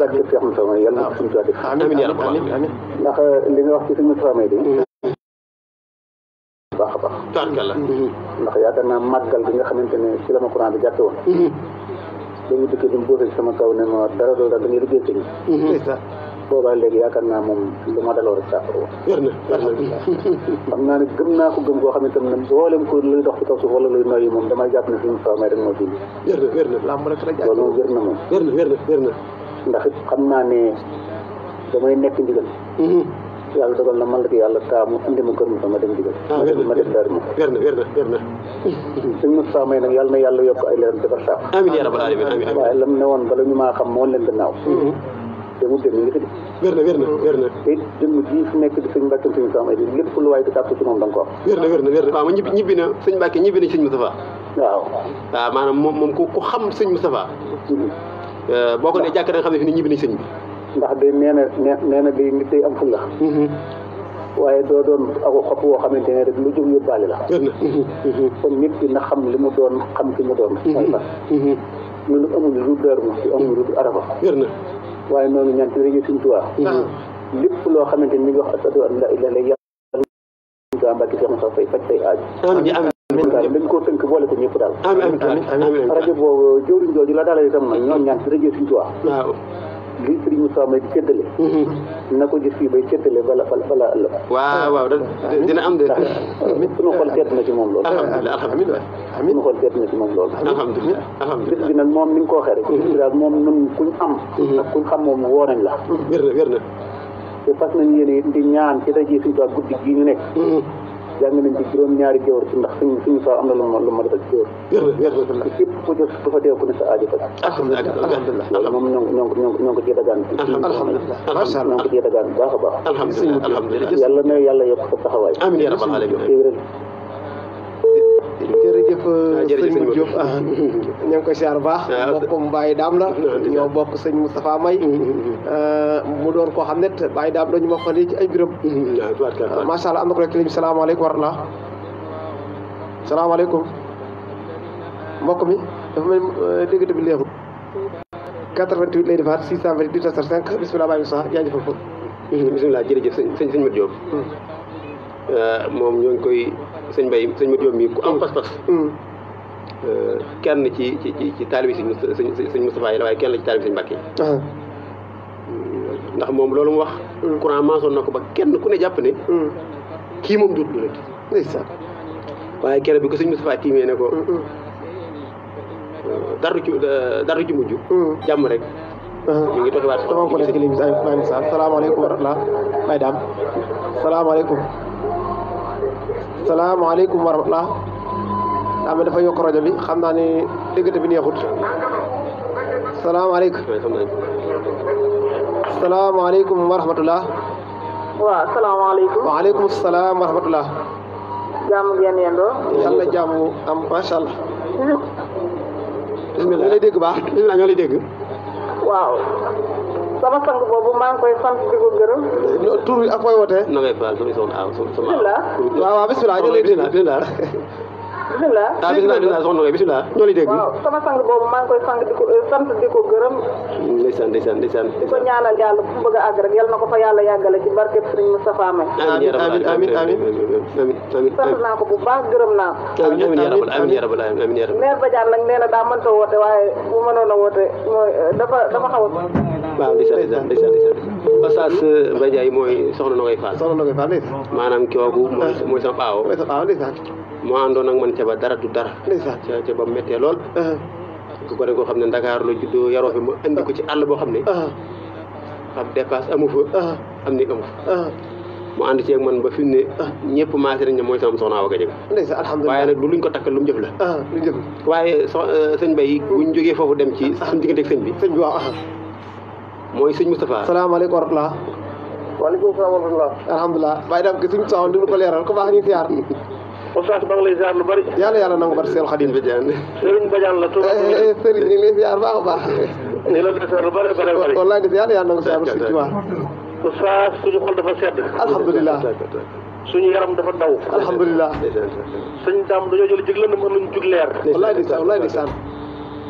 yàlla amiin yàlla ndax eh, li nga wax ci Sëriñ Moustapha may di baax a baax ndax naa màggal bi nga xamante ne ci la ma courant bi jàtte woon dañu dikk bi mu buufee sama kaw ne ma dara doo dara dañuy liggéey ci boobaa léegi yaakaar naa moom lu ma daloo rek saafara woon alhamdulilah xam naa ne gëm naa ko gëm koo xam ne tam ne mboolem ko luy dox ci kaw suuf wala luy noyyi moom damay jàpp ne fi mu faa may rek moo fi wér na wér na làmb rek rek loolu moom wér na moom wér na wér na wér na ndax it xam naa ne damay nekk ndigal yàlla dogal na man la ko yàlla taamu indi ma kër Moussa ah, ma dem digal ma dem daari ma wér na wér na wér na suñ Moussa may nag yàlla na yàlla yokk ay ma woon leen mm-hmm. na te jëmm ji fi nekk di sëñ Mbàkke sëñ Moussa may lépp lu waay di tàpp ci moom da nga ko na wér na wér na waaw ma ñibbi ñibbi na sëñ Mbàkke ñibbi na sëñ Moustapha ñibbi nañ sëñ bi ndax de nee na nee na day nit day am fulla mhm. waaye doo doon ako xob woo xamante ne rek lu jóg yóbbaale la mhm. Mhm. kon nit ki na xam li mu doon xam ki mu doon mooy lan ñun amuñu lu dër mu ci amuñu lu arafa waaye noonu ñaan ci rajo Sëñ Tuubaa lépp loo xamante ni mi ngi wax asadu an la ilaha illa yàlla mbàkki Seex Musaa Fay faj say aaju daal dañ koo tënk boole ko ñëpp daal rajo boobu jëwriñ jooju la daal itam nag ñoom ñaan ci rajo Sëñ Tuubaa lii Serigne Moussa may di séddale. Mm-hmm. na ko gis fii bay séddale bala bala ëllëg. waaw ah. waaw ah. dina am de. Ah. amiin sunu xol seet na ci moom lool. alhamdulilah alhamdulilah. amiin sunu xol seet na ci moom lool. alhamdulilah alhamdulilah bis bi nag moom ni nga ko waxee rek. Mm-hmm. daal moom nun kuñ am. Mm-hmm. ak kuñ xam moom woo nañ la. wér na wér na. te fas nañ yéene di ñaan ci dajee suñu guddi gii ñu nekk. jàng nañ ci juróom-ñaari géwër ci ndax suñu suñu am na lu ma lu ma defal ci géwër képp ku jëf ku fa teew ku ne alhamdulilah moom ñoo ñoo ñoo ñoo ko cee dagaan alhamdulilah macha allah ñoo ko cee dagaan bu a baax alhamdulilah yàlla yokk sa taxawaay Ah, jërëjëf sëñ Modou Diop ah ñoo ngi koy siyaar baax ah, bokkum Baye Dame ah, la ñoo bokk sëñ Moustapha May mm-hmm. mu doon koo xam ne Baye Dame dañu ma xoolee ci ay biram mm-hmm. macha allah am na ko rek liñ salaamaaleykum wa rahmatulah salaamaaleykum mbokk mi dafa mel euh, dégg bi leexul 88 lay defaat 628 5 bisimilah Baye Moussa jaajëfal foofu mm-hmm. bisimilah jërëjëf sëñ sëñ Modou mm. euh, moom ñoo koy sëñ Mbaye sëñ Mate Diop mii ku am mm. pas-pas. Mm. Euh, kenn ci ci ci ci taalibi sëñ sëñ Moustapha yi la waaye kenn la ci taalibi sëñ Mbàkke ah. ndax moom loolum wax. Mm. courant maasoon na ko ba kenn ku ne jàpp ne. kii moom dootul rek. ndeysaan waaye keroog bi ko sëñ Moustapha tiimee ne ko. Euh, daru ci euh, ci mujj. jàmm rek. Ah. ñu ngi toog waat. dama ko nekk léegi salaamaaleykum wa rahmatulah daa mel dafa yokk rajo bi xam naa ne diggante bi neexut salaamaaleykum. salaamaaleykum wa rahmatulah. waaw salaamaaleykum. waaleykum salaam wa rahmatulah. jàmm ngeen yendoo. yàlla jàmm am macha allah. [LAUGHS] bisimilah ñu lay dégg baax bisimilah ñoo lay dégg. waaw. sama sang boobu maa ngi koy sant di ko gërëm. tur na ngay baal sama soxna aw sama. bisimilah waaw waaw ñoo lay dégg. Ah, waaw sama sang boobu maa ngi koy sang di ko euh, sant di yàlla fu mu bëgg a àgg rek yal ko fa yàlla yàggale ci barkeb Serigne Moustapha May. amiin naa ko bu baax gërëm naa ko. amiin amiin amiin amiin yaa rabbal aalamiin amiin yaa rabbal nag nee daa mënta woote waaye bu mënoon a woote mooy euh, dafa dafa xaw a. waaw di sant di sant di sant di sant Oustaz euh, Mbaye Ndiaye mooy soxna Nogoy Fall. soxna Nogoy Fall maanaam kooku mooy mooy sama paawo. mooy sama paawo ndeysaan. moo àndoon ak man ca ba dara du dara. ndeysaan ca ca ba mu méttee lool. ku ko de koo xam ne Dakar la juddoo yaroo fi mu andi ko ci àll boo xam ne. xam dépasse amu fa. am ni amu fa. mu ànd ceeg man ba fi mu ne ñëpp maase nañ ne mooy sama soxna Awa Gadiaga ndeysaan alhamdulilah waaye nag du luñ ko takkal lu mu jëf la lu mu jëf waaye so euh, sëñ Bay buñ jógee foofu dem ci suñ diggante ak sëñ bi sëñ bi waaw mooy sëñ Moustapha. salaamaaleykum wa rahmatulah. waaleykum salaam wa rahmatulah. alhamdulilah bàyyi daam ki sëñ Moustapha dina ko leeral ko baax ñu siyaar. Oustaz ba nga lay ziar lu bari. yàlla yàlla nangu bari seen Xadim Badiane. Serigne Badiane la Touba. Eh, eh, Serigne ñu ngi lay ziar baax a baax. ñu ngi lay ziar lu bari bari bari. wallaahi gis yàlla yàlla nangu ziar lu si waaw. Oustaz suñu xol dafa sedd. alhamdulilah. suñu yaram dafa daw. alhamdulilah. sëñ Dame dañoo jël jëg la ne ma nuñ jug leer. wallaahi di saan wallaahi di saan.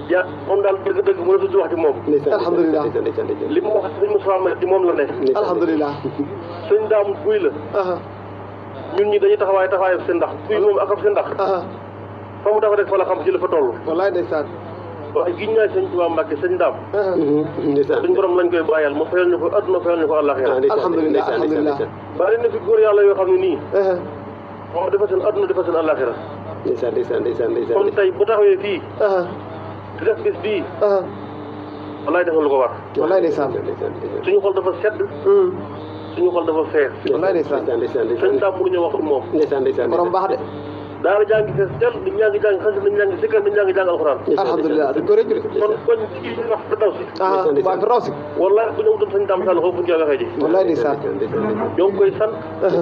ja moom daal dëgg-dëgg mu rafetlu wax ci moom. alhamdulilah li mu wax sëñ Moussa Mbaye ci moom la nekk. alhamdulilah. sëñ daam kuy la. ñun ñi dañuy taxawaay taxawaayu seen ndax kuy moom ak ab seen ndax. fa mu dafa rek fa la xam ci la fa toll. wallaay ndeysaan. waaye giñ naa sëñ Tuubaa Mbàkke sëñ daam. ndeysaan suñ borom lañ koy bàyyal mu fayal ñu ko adduna fayal ñu ko àllaaxira. alhamdulilah alhamdulilah. bari na fi góor yàlla yoo xam ne nii. moom dafa seen adduna dafa seen àllaaxira. ndeysaan ndeysaan ndeysaan ndeysaan kon tey bu taxawee fii. di def bés bii. wallaay defal lu ko war. wallaay ndeysaan suñu xol dafa sedd. Hmm. suñu xol dafa fees. wallaay ndeysaan ndeysaan ndeysaan sëñ Sam mënuñu wax ak moom. ndeysaan ndeysaan borom baax de. daara jàngi fees del dañu jàngi jàng xasida dañu jàngi sikkar dañu jàngi jàng alxuraan alhamdulilah dañ ko rek kon kon ci wax daw si waa ah, daw si wallaahi bu ñu wutoon sañ daam sàll foofu ñu koy waxee ji wallaahi di sant ñoo ngi koy sant ah.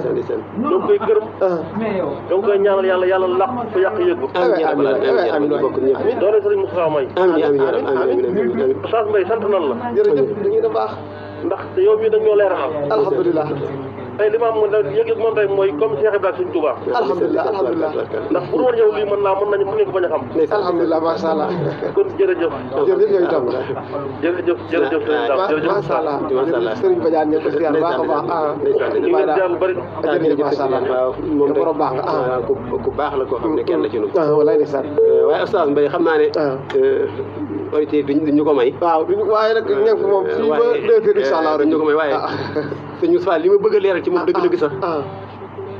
ñoo ngi koy gërëm ah. ñoo ngi koy ñaanal yàlla yàlla làq fa yàq yëggu doole sëriñ Moussa May Oustaz Mbaye sant nan la jërëjëf dañuy da baax ndax yow mii dañ ñoo leeralal alhamdulilah tey li ma am yëg-yëg moom tey mooy comme Cheikh Ibrahima Sëñ Touba alhamdulilah alhamdulilah ndax pour war ñëw lii mën naa mën nañu mën ngeen ko bañ a xam alhamdulilah macha allah kon jërëjëf jërëjëf yow itam jërëjëf jërëjëf jërëjëf macha allah jërëjëf Serigne Badiane ñu ko ziar baax a baax ah ñu ngi ziar lu bëri jërëjëf macha allah moom rek borom baax nga ah ku baax la koo xam ne kenn la ci nu ah, walaay ndeysaan euh, waaye oustaz Mbaye xam naa ne autorité ah. euh, bi ñu ko may waaw waaye nag ñëpp moom fii ba euh, deux heures incha allah ñu ko may waaye ah. sëñ Moussa li ma bëgg a leeral ci moom ah, ah, dëgg-dëgg sax. Ah.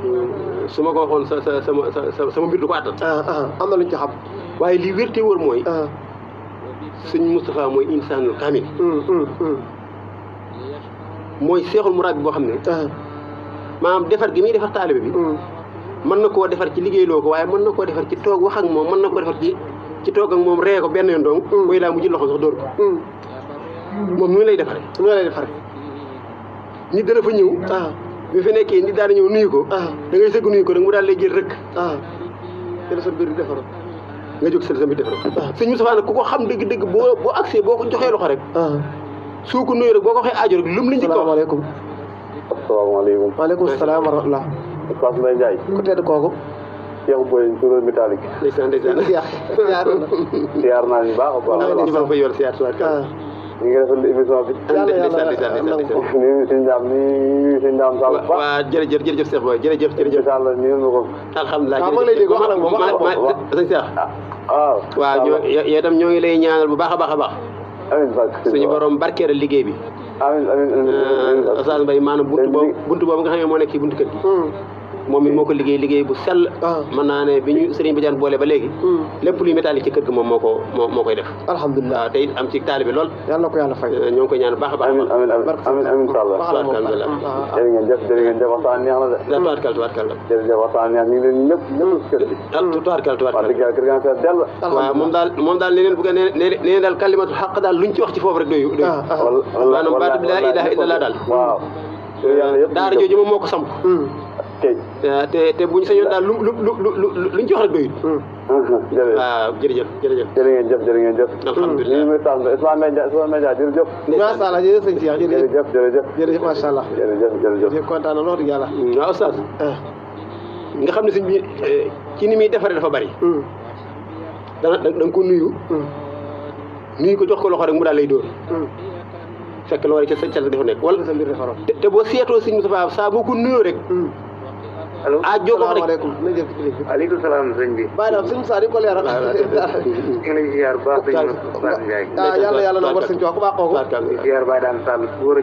Mm, su ma ko waxoon sa sa sama sa sama mbir du ko attan. am na luñ ci xam. waaye lii wér te wër mooy. sëñ Moustapha mooy insaanul kaamil. Mm, mm, mooy seexul muraad bi boo xam ne. maanaam defar gi muy defar taalibe bi. mën na koo defar ci liggéeyloo ko waaye mën na koo defar ci toog wax ak moom mën na koo defar ci ci toog ak moom ree ko benn yoon dong. mooy laa mujj loxo sax dóor ko. moom nu lay defaree. nu lay defaree. nit dana fa ñëw ah. bi fi nekkee ni daal di ñëw nuyu ko ah. da ngay sëgg nuyu ko da mu daal lay rek ah. te sa biir di defaroo nga jóg seen sa biir defaroo sëñ Moustapha nag ku ko xam dëgg-dëgg boo boo accès boo ko joxee loxo rek suu ko nuyu rek boo ko waxee aajo rek lum li njëkk asalaamaaleykum asalaamaaleykum maaleykum salaam wa rahmatulah Pape Mbaye Ndiaye ku tedd kooku Cheikh Boye Touré métallique ndeysaan ndeysaan siyaar [LAUGHS] naa ñu baax a baax ñu ngi rafetlu émission bi. yàlla yàlla am na ko ñu ngi si ndam ñu ngi si ndam jërëjëf jërëjëf Cheikh Boy jërëjëf jërëjëf. Sall ñu ngi ko. alhamdulilah jërëjëf waaw maa ngi lay dégg waxal ak moom waxal ak moom waaw ñoo yow ñoo ngi lay ñaanal bu baax a baax a baax. amiin barke suñu borom liggéey bi. amiin amiin amiin. Oustaz Mbaye maanaam buntu boobu nga xam ne moo nekk ci buntu kër gi moom it moo ko liggéey liggéey bu sell ah. mën naa ne bi ñu sëriñ Badiane boole ba léegi hmm. lépp luy métallique ci kër gi moom moo ko moo moo koy def alhamdulilah waaw te it am ci taalibe lool yàlla ko yàlla fay euh, ñoo ngi koy a baax amiin amiin amiin amiin sàlla moom daal moom daal leneen daal kalimatu xaq daal luñ ci wax ci foofu rek doyu doyu ah, ah. maanaam baatu bi laa ilaha illallah daal waaw euh, daara moo ko samp hmm. waaw ah, te te bu ñu sañoon daal lu lu lu lu luñ jox rek doyul. Hmm. Hmm, hmm. jërëjëf waaw jërëjëf jërëjëf. jërë ngeen jëf jërë ngeen jëf. alhamdulilah ñu ngi sant Ousmane Média Ousmane Média jërëjëf. macha allah jërëjëf sëñ Cheikh jërëjëf jërëjëf jërëjëf. jërëjëf macha allah jërëjëf jërëjëf. di kontaan lool yàlla. waaw oustaz. Ah. nga xam ne sëñ bi eh, ci ni muy defaree dafa bari. dana da nga ko nuyu. nuyu ko jox ko loxo rek mu daal lay dóor. fekk loolu ci sa cat dafa nekk wala te boo seetoo sëñ Moustapha saa boo ko nuyoo rek a jogox rek aleykum salaam sëñ bi baanaam sëñ Saar yi ko leeral ziar baax sëñ ah, Bass a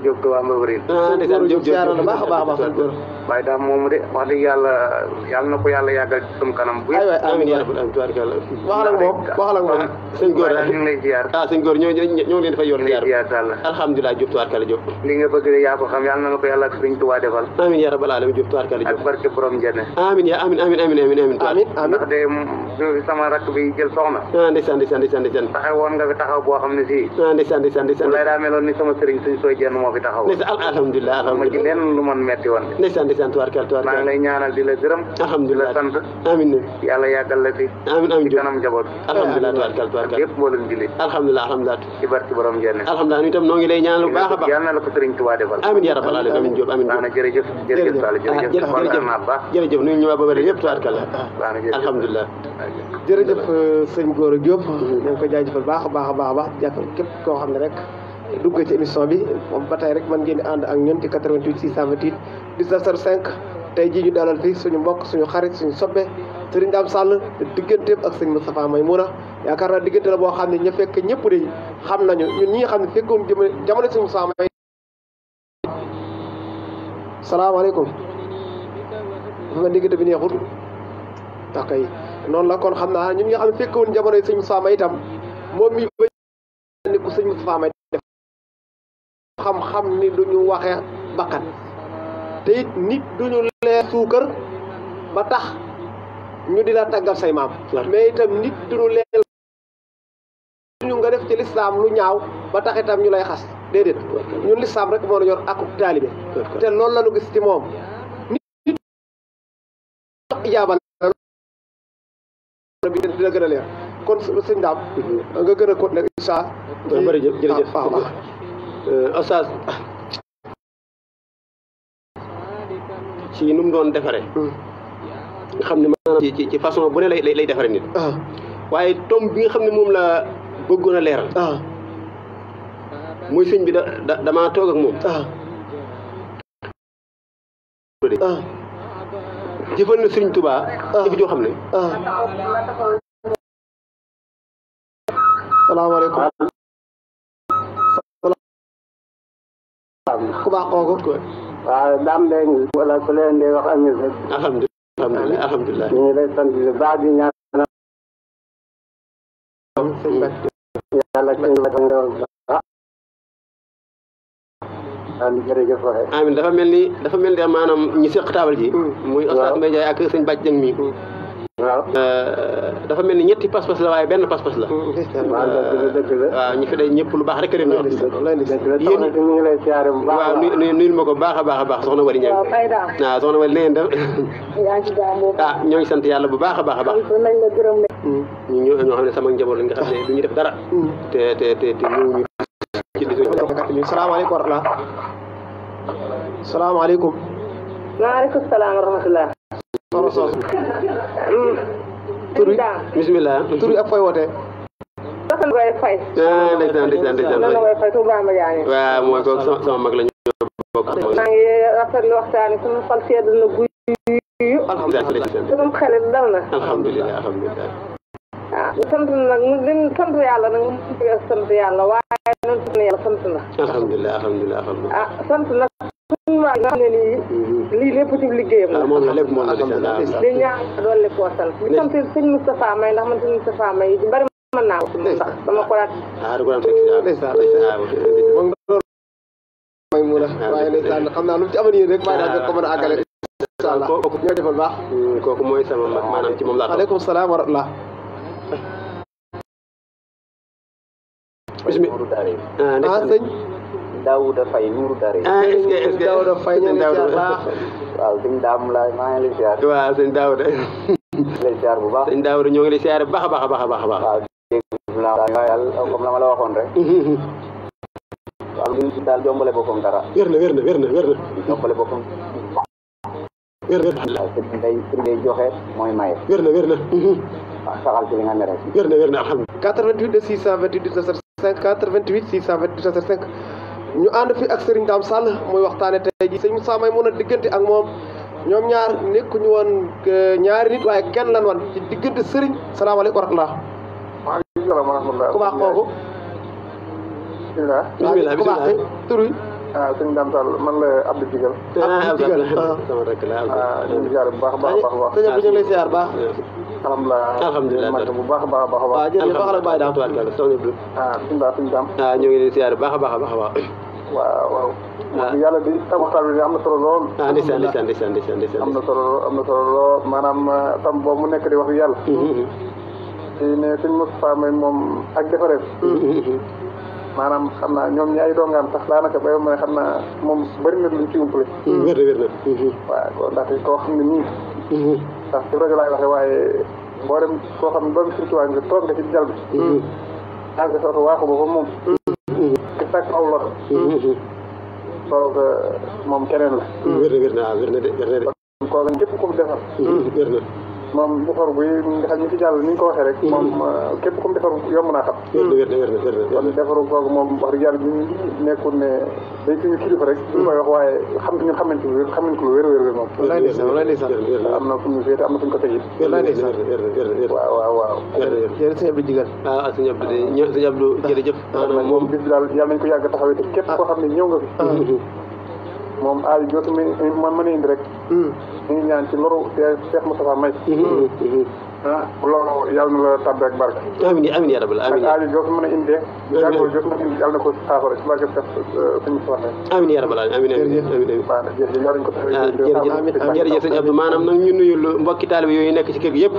jóg ko waa Mbawrin ah, ziar na baax a baax a baax sëñ Baye moomu de wax dëgg yàlla yàlla na ko yàlla yàggal ci sunu kanam bu aywa amiin yaa rabbi tubaarkalla waxal ak moom waxal ak moom ah, sëñ góor ñu ngi lay ziar ah sëñ góor ñoo ñoo leen dafay yoon ziar Sall alhamdulilah Diop tubaarkalla na ko yàlla ak sëñ doom jënd amin yaa amin amin amin amin amin amin amin ndax de sama rakk bi jël soxna ah ndeysaan ndeysaan ndeysaan ndeysaan taxaw woon nga fi taxaw boo xam ne si ah ndeysaan ndeysaan ndeysaan lay daa meloon ni sama sëriñ suñ sooy jënd moo fi taxaw ndeysaan alhamdulilah alhamdulilah ma ci lenn lu man metti woon ndeysaan ndeysaan tubaarkal tubaarkal maa ngi lay ñaanal di la gërëm alhamdulilah di la sant amin yàlla yàggal la fi amin amin ci kanam njaboot alhamdulilah tubaarkal tubaarkal yëpp moo leen jëlee alhamdulilah alhamdulilah ci barki borom jënd alhamdulilah ñu itam noo ngi lay ñaanal bu baax a baax yàlla na la ko sëriñ Tuubaa defal amin yaa rabbal alamin amin Jóob amin Jóob jërëjëf jërëjëf ah, jërëjëf nuyu ñu waa ba wéral yëpp tubaarkalla ah, ah. alhamdulilah jërëjëf euh, sëñ Gora Diop ñu ngi ko jaajëfal baax a baax baax a baax jàppal képp koo xam ne rek dugg ci émission bi moom ba tey rek mën ngeen di ànd ak ñun ci 88 628 19 05 te ji ñu dalal fii suñu mbokk suñu xarit suñu soppe sëriñ Dame Sall diggante ak sëñ Moustapha Maymouna yaakaar naa diggante la boo xam ne ña fekk ñëpp de xam nañu ñun ñi nga xam ne fekkoon jamono suñu Moustapha May salaamaaleykum nga diggante bi neexul tax kay noonu la kon xam naa ñun nga xam ne fekk woon jamono yi sëñ Moussa May itam moom mi ba ni ku sëñ Moussa xam-xam ni du ñu bakkan te it nit du ñu leer suukar ba tax ñu di la tàggal say maam mais itam nit du ñu leer nga def ci lislaam lu ñaaw ba tax itam ñu lay xas déedéet ñun lislaam rek moo na yor akuk taalibe te loolu la ñu gis ci moom ijaaba la kon sëñ daam euh, ci nu doon defaree hmm. xam ne ma ci ci façon bu ne lay lay defaree nit ah. waaye tomb bi nga xam ne moom laa bëggoon a leeral ah. muy sëñ bi da damaa toog ak moom ah. jëfal na Serigne Touba. Ah. jëf joo xam ne. Ah. salaamaaleykum. ku baax kooku. waaw wax am na. alhamdulilah alhamdulilah. ñu ngi lay sant bu baax amiin jërëjëf waay amiin dafa mel ni dafa mel ni maanaam ñi seq taabal ji hmm. muy Oustaz Mbaye Ndiaye ak sëñ Bàcc Jëng mi hmm. euh, waaw dafa mel ni ñetti pas-pas la benn pas hmm. euh, la waaw ñu fi ñëpp lu baax rek ren wax mu nuyul ma ko baax a baax a baax soxna Wari Ñaŋ waaw ah, soxna Wari nee da ah ñoo ngi sant yàlla bu baax a baax a ñu ñoo xam ne sama njaboot la nga xam ne du ñu def dara te te te te ñëw ñu ko fàttali salaamaaleykum wa rahmatulah. salaamaaleykum. maaleykum salaam wa rahmatulah. tur bi bisimilah tur bi ak fooy wootee. Fatou Ndiaye Faye. ah ndeysaan ndeysaan ndeysaan Faye. waaw mooy kooku sama sama mag la ñu bokk. maa ngi rafetlu waxtaan bi suñu xol sedd na guy. alhamdulilah suñu xel dal na. alhamdulilah alhamdulilah. waaw sant nag li mu sant yàlla nag mu sant yàlla waaye noonu sant na yàlla sant na. alhamdulilah alhamdulilah alhamdulilah. ah sant na suñu waa nga xam ne nii. Mm-hmm. lii lépp ci liggéeyam la. moom la lépp moom la di sant. di ñaan doole koo sant. di sant sëñ Moustapha May ndax man sëñ Moustapha May di bari mën naa ko. ndax dama ko daan. ah da ko daan fekk ah, ah, waaye ndeysaan xam naa lu ci avenir rek waaye daal ko mën a àggale. Ah, incha allah kooku ñoo defal baax. Mm, kooku mooy sama mag maanaam ci moom laa. aleykum salaam wa rahmatulah. bisimilah. ah, ah sëñ. a Faye Nourou Daré. ah est-ce que a ce que Daouda Faye ah, ñu ngi ziar baax. waaw maa ngi lay ziar. waaw sëñ Daouda. lay ziar bu baax. sëñ Daouda ñoo ngi lay ziar baax a baax a baax a baax. waaw dégg naa daal comme la ma la waxoon rek. waaw li ñu daal jombale boppam dara. wér na wér na wér na wér na. jombale boppam. wér na wér na. waaw sëñ day sëñ na wér na. waaw saxal ci li nga ne rek. wér na na alhamdulilah. 88 628 17 588 628 705 ñu ànd fi ak Serigne Dame Sall muy waxtaane tey ji sëñ Moussa Maimouna diggante ak moom ñoom ñaar nekkuñu woon euh, ñaari nit waaye kenn lan wan ci diggante Serigne salaamaaleykum wa rahmatulah. waaleykum salaam wa rahmatulah. ku baax kooku. ku baax te tur wi. ah man la Abdou Digal. Ah, Abdou Digal ah. waaw ah, ah, ñu ngi bu a baax lay ziar baax. alhamdulilah bu baax a baax baax waaw jërëjëf baax la bàyyi daal tuwaat kàlla soxna Ibrahima ah suñu baax baax baax baax am na solo lool. ah ndeysaan ndeysaan ndeysaan ndeysaan ndeysaan am na solo lool am na solo lool tam uh, boobu mu nekk di wax yàlla si mm-hmm, mm-hmm. ne suñ Moustapha may moom ak defareef mm-hmm, maanaam xam naa ñoom ñi ay dongaam sax daanaka ba ma ne xam moom bëri na luñ ndax ci rajo laay waxee waaye mboolem koo xam ne doomu Sëriñ Tuubaa nga toog nga ci jal bi ak mm-hmm. mm-hmm. sa oto waaxu ba fa moom ci mm-hmm. sàkk aw lot toog moom keneen la wér na wér na de wér na de kon kooku ñëpp ko defar wér na moom defaru bi ndax ñu fi jàll ni ñu ko waxee rek moom mm-hmm. euh, képp comme defaru yomb naa xam mm-hmm. kon defaru googu moom wax dëgg yàlla ñu nekkul ne day suñu kilifa rek ñu mm-hmm. koy wax waaye xam ñun xamante ko wér xamante ko wér wér wér moom am na fu ñu féete am na fu ñu waaw waaw waaw jërëjëf sëñ Abdou Digal ah, ah, ah, moom bis daal yàlla nañ ko yàgg taxawee te képp koo xam ne ñëw nga fi moom aay joo man mën a indi rek ñu hmm. ngi ñaan ci loru Cheikh Moustapha May hmm. Hmm. ah loolu yàlla na la tàbb ak barke amiin amiin yaa rabbal amiin a indi rek jàngoro joo mën a indi yàlla na ko saafara ci barke Cheikh euh, Moustapha May amiin yaa rabbal amiin amiin amiin jërëjëf maanaam ah, nag ñu nuyu mbokki taalibe yooyu nekk ci kër gi yëpp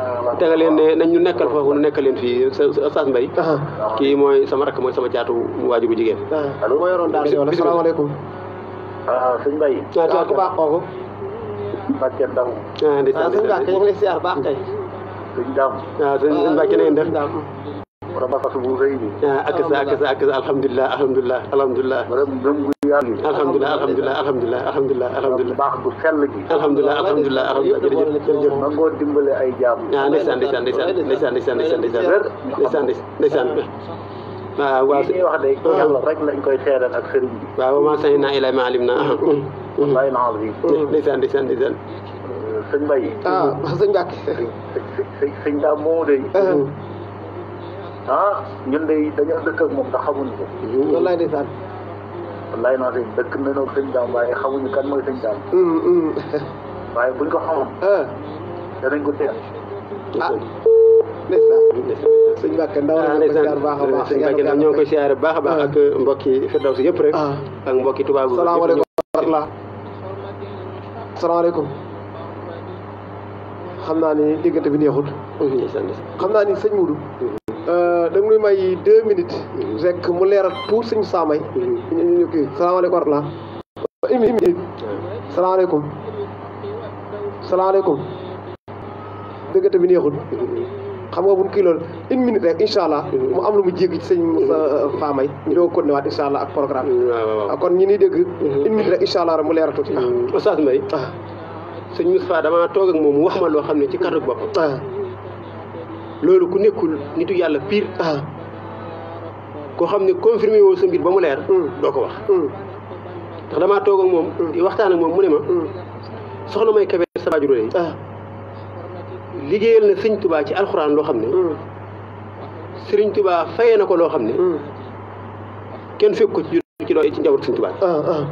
ah, te nga leen ne nañ ñu nekkal foofu nu nekkal leen fii Oustaz Mbaye ah. kii mooy sama rakk mooy sama caatu waaju bu jigéen. allo maa yoroon daal asalaamaaleykum. waaw sëñ Baye. waaw waaw ku baax kooku. Mbacke Ndao. ah di sant sëñ Mbacke ñu ngi lay siyaar baax kay. sëñ Ndao. waaw sëñ Mbacke na ngeen def. rabakatu bu rëy bi. ak sa ak sa ak sa alhamdulilah alhamdulilah alhamdulilah. alhamdulilah alhamdulilah alhamdulilah alhamdulilah alhamdulilah. baax bu sell gi. alhamdulilah alhamdulilah alhamdulilah jërëjëf jërëjëf. ma ngoo dimbale ay jaam. ah ndeysaan ndeysaan ndeysaan ndeysaan ndeysaan ndeysaan ndeysaan ndeysaan waaw waaw li wax de yàlla rek lañ koy seedal ak sëriñ bi waaw ma sañ naa ilaa ma alim naa hmm. hmm. hmm. wallaay na azim ndeysaan ndeysaan ndeysaan sëñ Mbaye ah moo de ah ñun dañoo dëkk ak moom ndax xamuñu ko wallaay ndeysaan wallaay na azim dëkk nañoo sëñ kan mooy sëñ daam waaye buñ ko xamoon ah. ko teel sëñ Mbacke ndaw ah, la ah. ah. ñoo ngi koy siyaare baax baax ak mbokki Firdaws yëpp rek ak mbokki tubaab bi salaamaaleykum warahmatullah salaamaaleykum xam naa ni diggante bi neexut xam naa ni sëñ Moudou euh, da nga nuy may deux minutes mm-hmm. rek mu leeral tuur sëñ Samay mm-hmm. ñëkii salaamaaleykum warahmatullah une minute salaamaaleykum salaamaaleykum diggante bi neexut mm-hmm. xam nga bu ñu kii minute rek incha allah. mu am lu mu jéggi ci sëñ euh, Famay. ñu doog continué waat incha allah ak programme bi. Mm, kon ñi nii dégg. Mm-hmm. une minute rek incha allah mu leer a tuuti. Mm-hmm. Oustaz Mbaye. Ah. toog ak moom mu wax ma loo xam ne ci kàddu boppam. Ah. loolu ku nekkul nitu yàlla pire. Ah. koo xam ne confirmé woo sa ba mu leer. Mm. doo ko wax. Mm. ndax damaa toog moom. di waxtaan moom mu ne ma. soxna may Kébé Saba Juré. liggéeyal na sëñ tubaa ci alxuraan loo xam ne hmm. sëriñ tubaa fayee na ko loo xam ne hmm. kenn fekk ko ci ci doon ci njaboot sëñ tubaa ah, ah.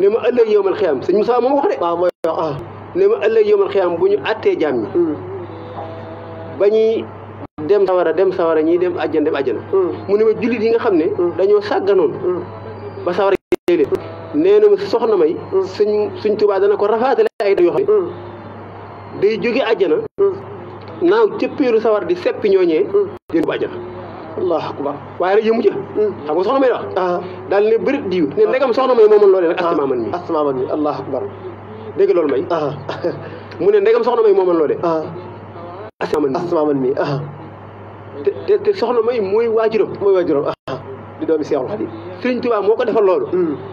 ne ma ëllëg yowmal xiyaam sëñ Moussa moom wax de waaw ah, mooy wax ne ma ëllëg yowmal xiyaam bu ñu àttee jaam ñi hmm. ba ñuy dem sawara dem sawara ñi dem àjjana dem àjjana mu ne ma jullit yi nga xam ne dañoo sàgganoon ba sawara nee na ma soxna may suñ suñ tubaa dana ko rafaatale ay yoo xam ne day jóge àjjana naaw cëppeeru sawar di seppi ñooñee mm. dén bu àjjana allahu akbar waaye rek yëmu ca mm. xam nga soxna may wax ah. daal ne bërit diw ne ah. ndegam soxna may moo mën loolee nag asmaa man mi asmaa man mi allahu akbar dégg mu ne ndegam soxna may moo mën loolee asmaa man mi asmaa man mi te soxna may mooy waajuram mooy waajuram di doomi Seexul Xadiim Sëriñ Tuubaa moo ko defal loolu ah.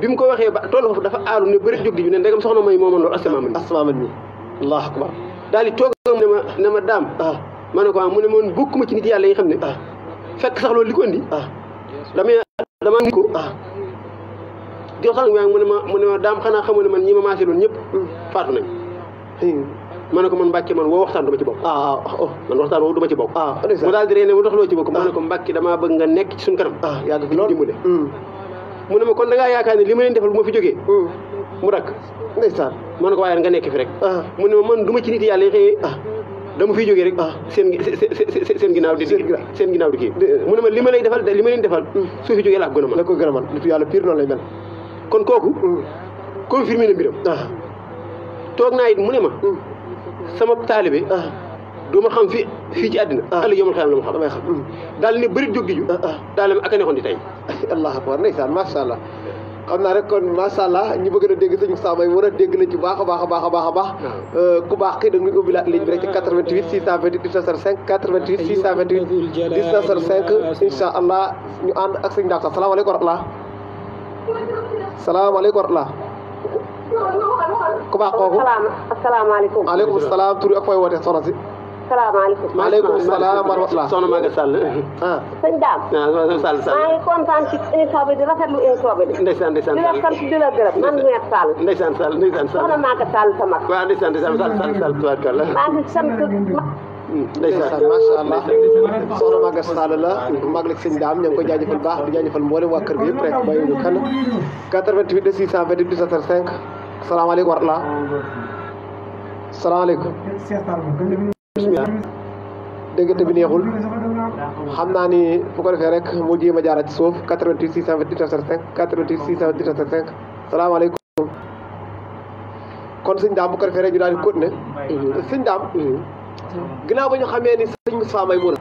bi mu ko waxee ba toll foofu dafa aaru ne bëri jóg di bi ne ndegam soxna may moomoon loolu asamaa man asamaa man daal di toogam ne ma ne ma daam ah. ma ne ko ah mu ne moon bokkuma ci nit yàlla yi xam ne ah. fekk sax loolu li ko indi ah. damay dama ngi ko di waxtaan waaye mu ne ma mu ne ma daam xanaa xamu ne man ñi ma loon ñëpp hmm. faatu nañ hmm. ma ne ko man mbàkke man woo waxtaan du ma ci bokk ah oh. man waxtaan ko mbàkke damaa bëgg nga nekk ci suñu kanam yàgg fi dimbale hmm. mu ne ma kon da yaakaar ne li ma leen defal bu ma fi jógee mm. mu rakk ndeysaan ma ne ko waaye nga nekk fi rek ah. mun ne ma man du ci nit yàlla yi ah. dama fiy jógee rek ah. seen seen ginnaaw di seen ginnaaw di kii mu ne ma li ma lay defal li ma leen defal mm. su fi jógee laa gën a man la ko gën a man nitu yàlla pire noonu lay mel kon kooku mm. confirmé na mbiram toog naa it mu ne ma sama taalibe du ma xam fii fii ci àddina ëllëg yomul xëyam la ma xam damay xam daal ne bëri jóg di ju daal ma ak a neexoon di tey allah akbar ndeysaan macha allah xam naa rek kon macha allah ñu bëgg a dégg sëñ Moussa Mbaye war a dégg lañ ci baax a baax a baax a baax a baax ku baax kii da nga ubbi laat ligne bi rek ci 88 628 19 05 88 628 19 05 incha allah ñu ànd ak sëñ Daara salaamaaleykum wa rahmatulah salaamaaleykum wa rahmatulah ku baax kooku asalaamaaleykum aleykum salaam tur ak fooy wootee soxna si salaamaaleykum. maaleykum salaam wa rahmatulah. soxna Maga Sall. ah sëñ Dame. ah Sall Sall. maa ngi kontaan ci émission bi di rafetlu émission bi. ndeysaan ndeysaan Sall di la sant di la gërëm man meer Sall. ndeysaan Sall ndeysaan Sall. soxna Maga Sall sa mag. waaw ndeysaan ndeysaan Sall Sall Sall tubaarkalla. maa ngi sant ndeysaan macha allah soxna Maga Sall la mag ak sëñ Dame ñoo ngi koy jaajëfal baax di jaajëfal mboolem waa kër gi yëpp rek bàyyi ñu kenn 88 628 17 5 salaamaaleykum wa rahmatulah salaamaaleykum bisimilah déggante bi neexul xam naa ni bu ko defee rek mu jéem a jaaraat ci suuf 88 628 75 88 628 75 salaamaaleykum. kon sëñ daam bu ko defee rek ñu daal di continuer. daam. ginnaaw ba ñu xamee ni sëñ Moussa may mun a.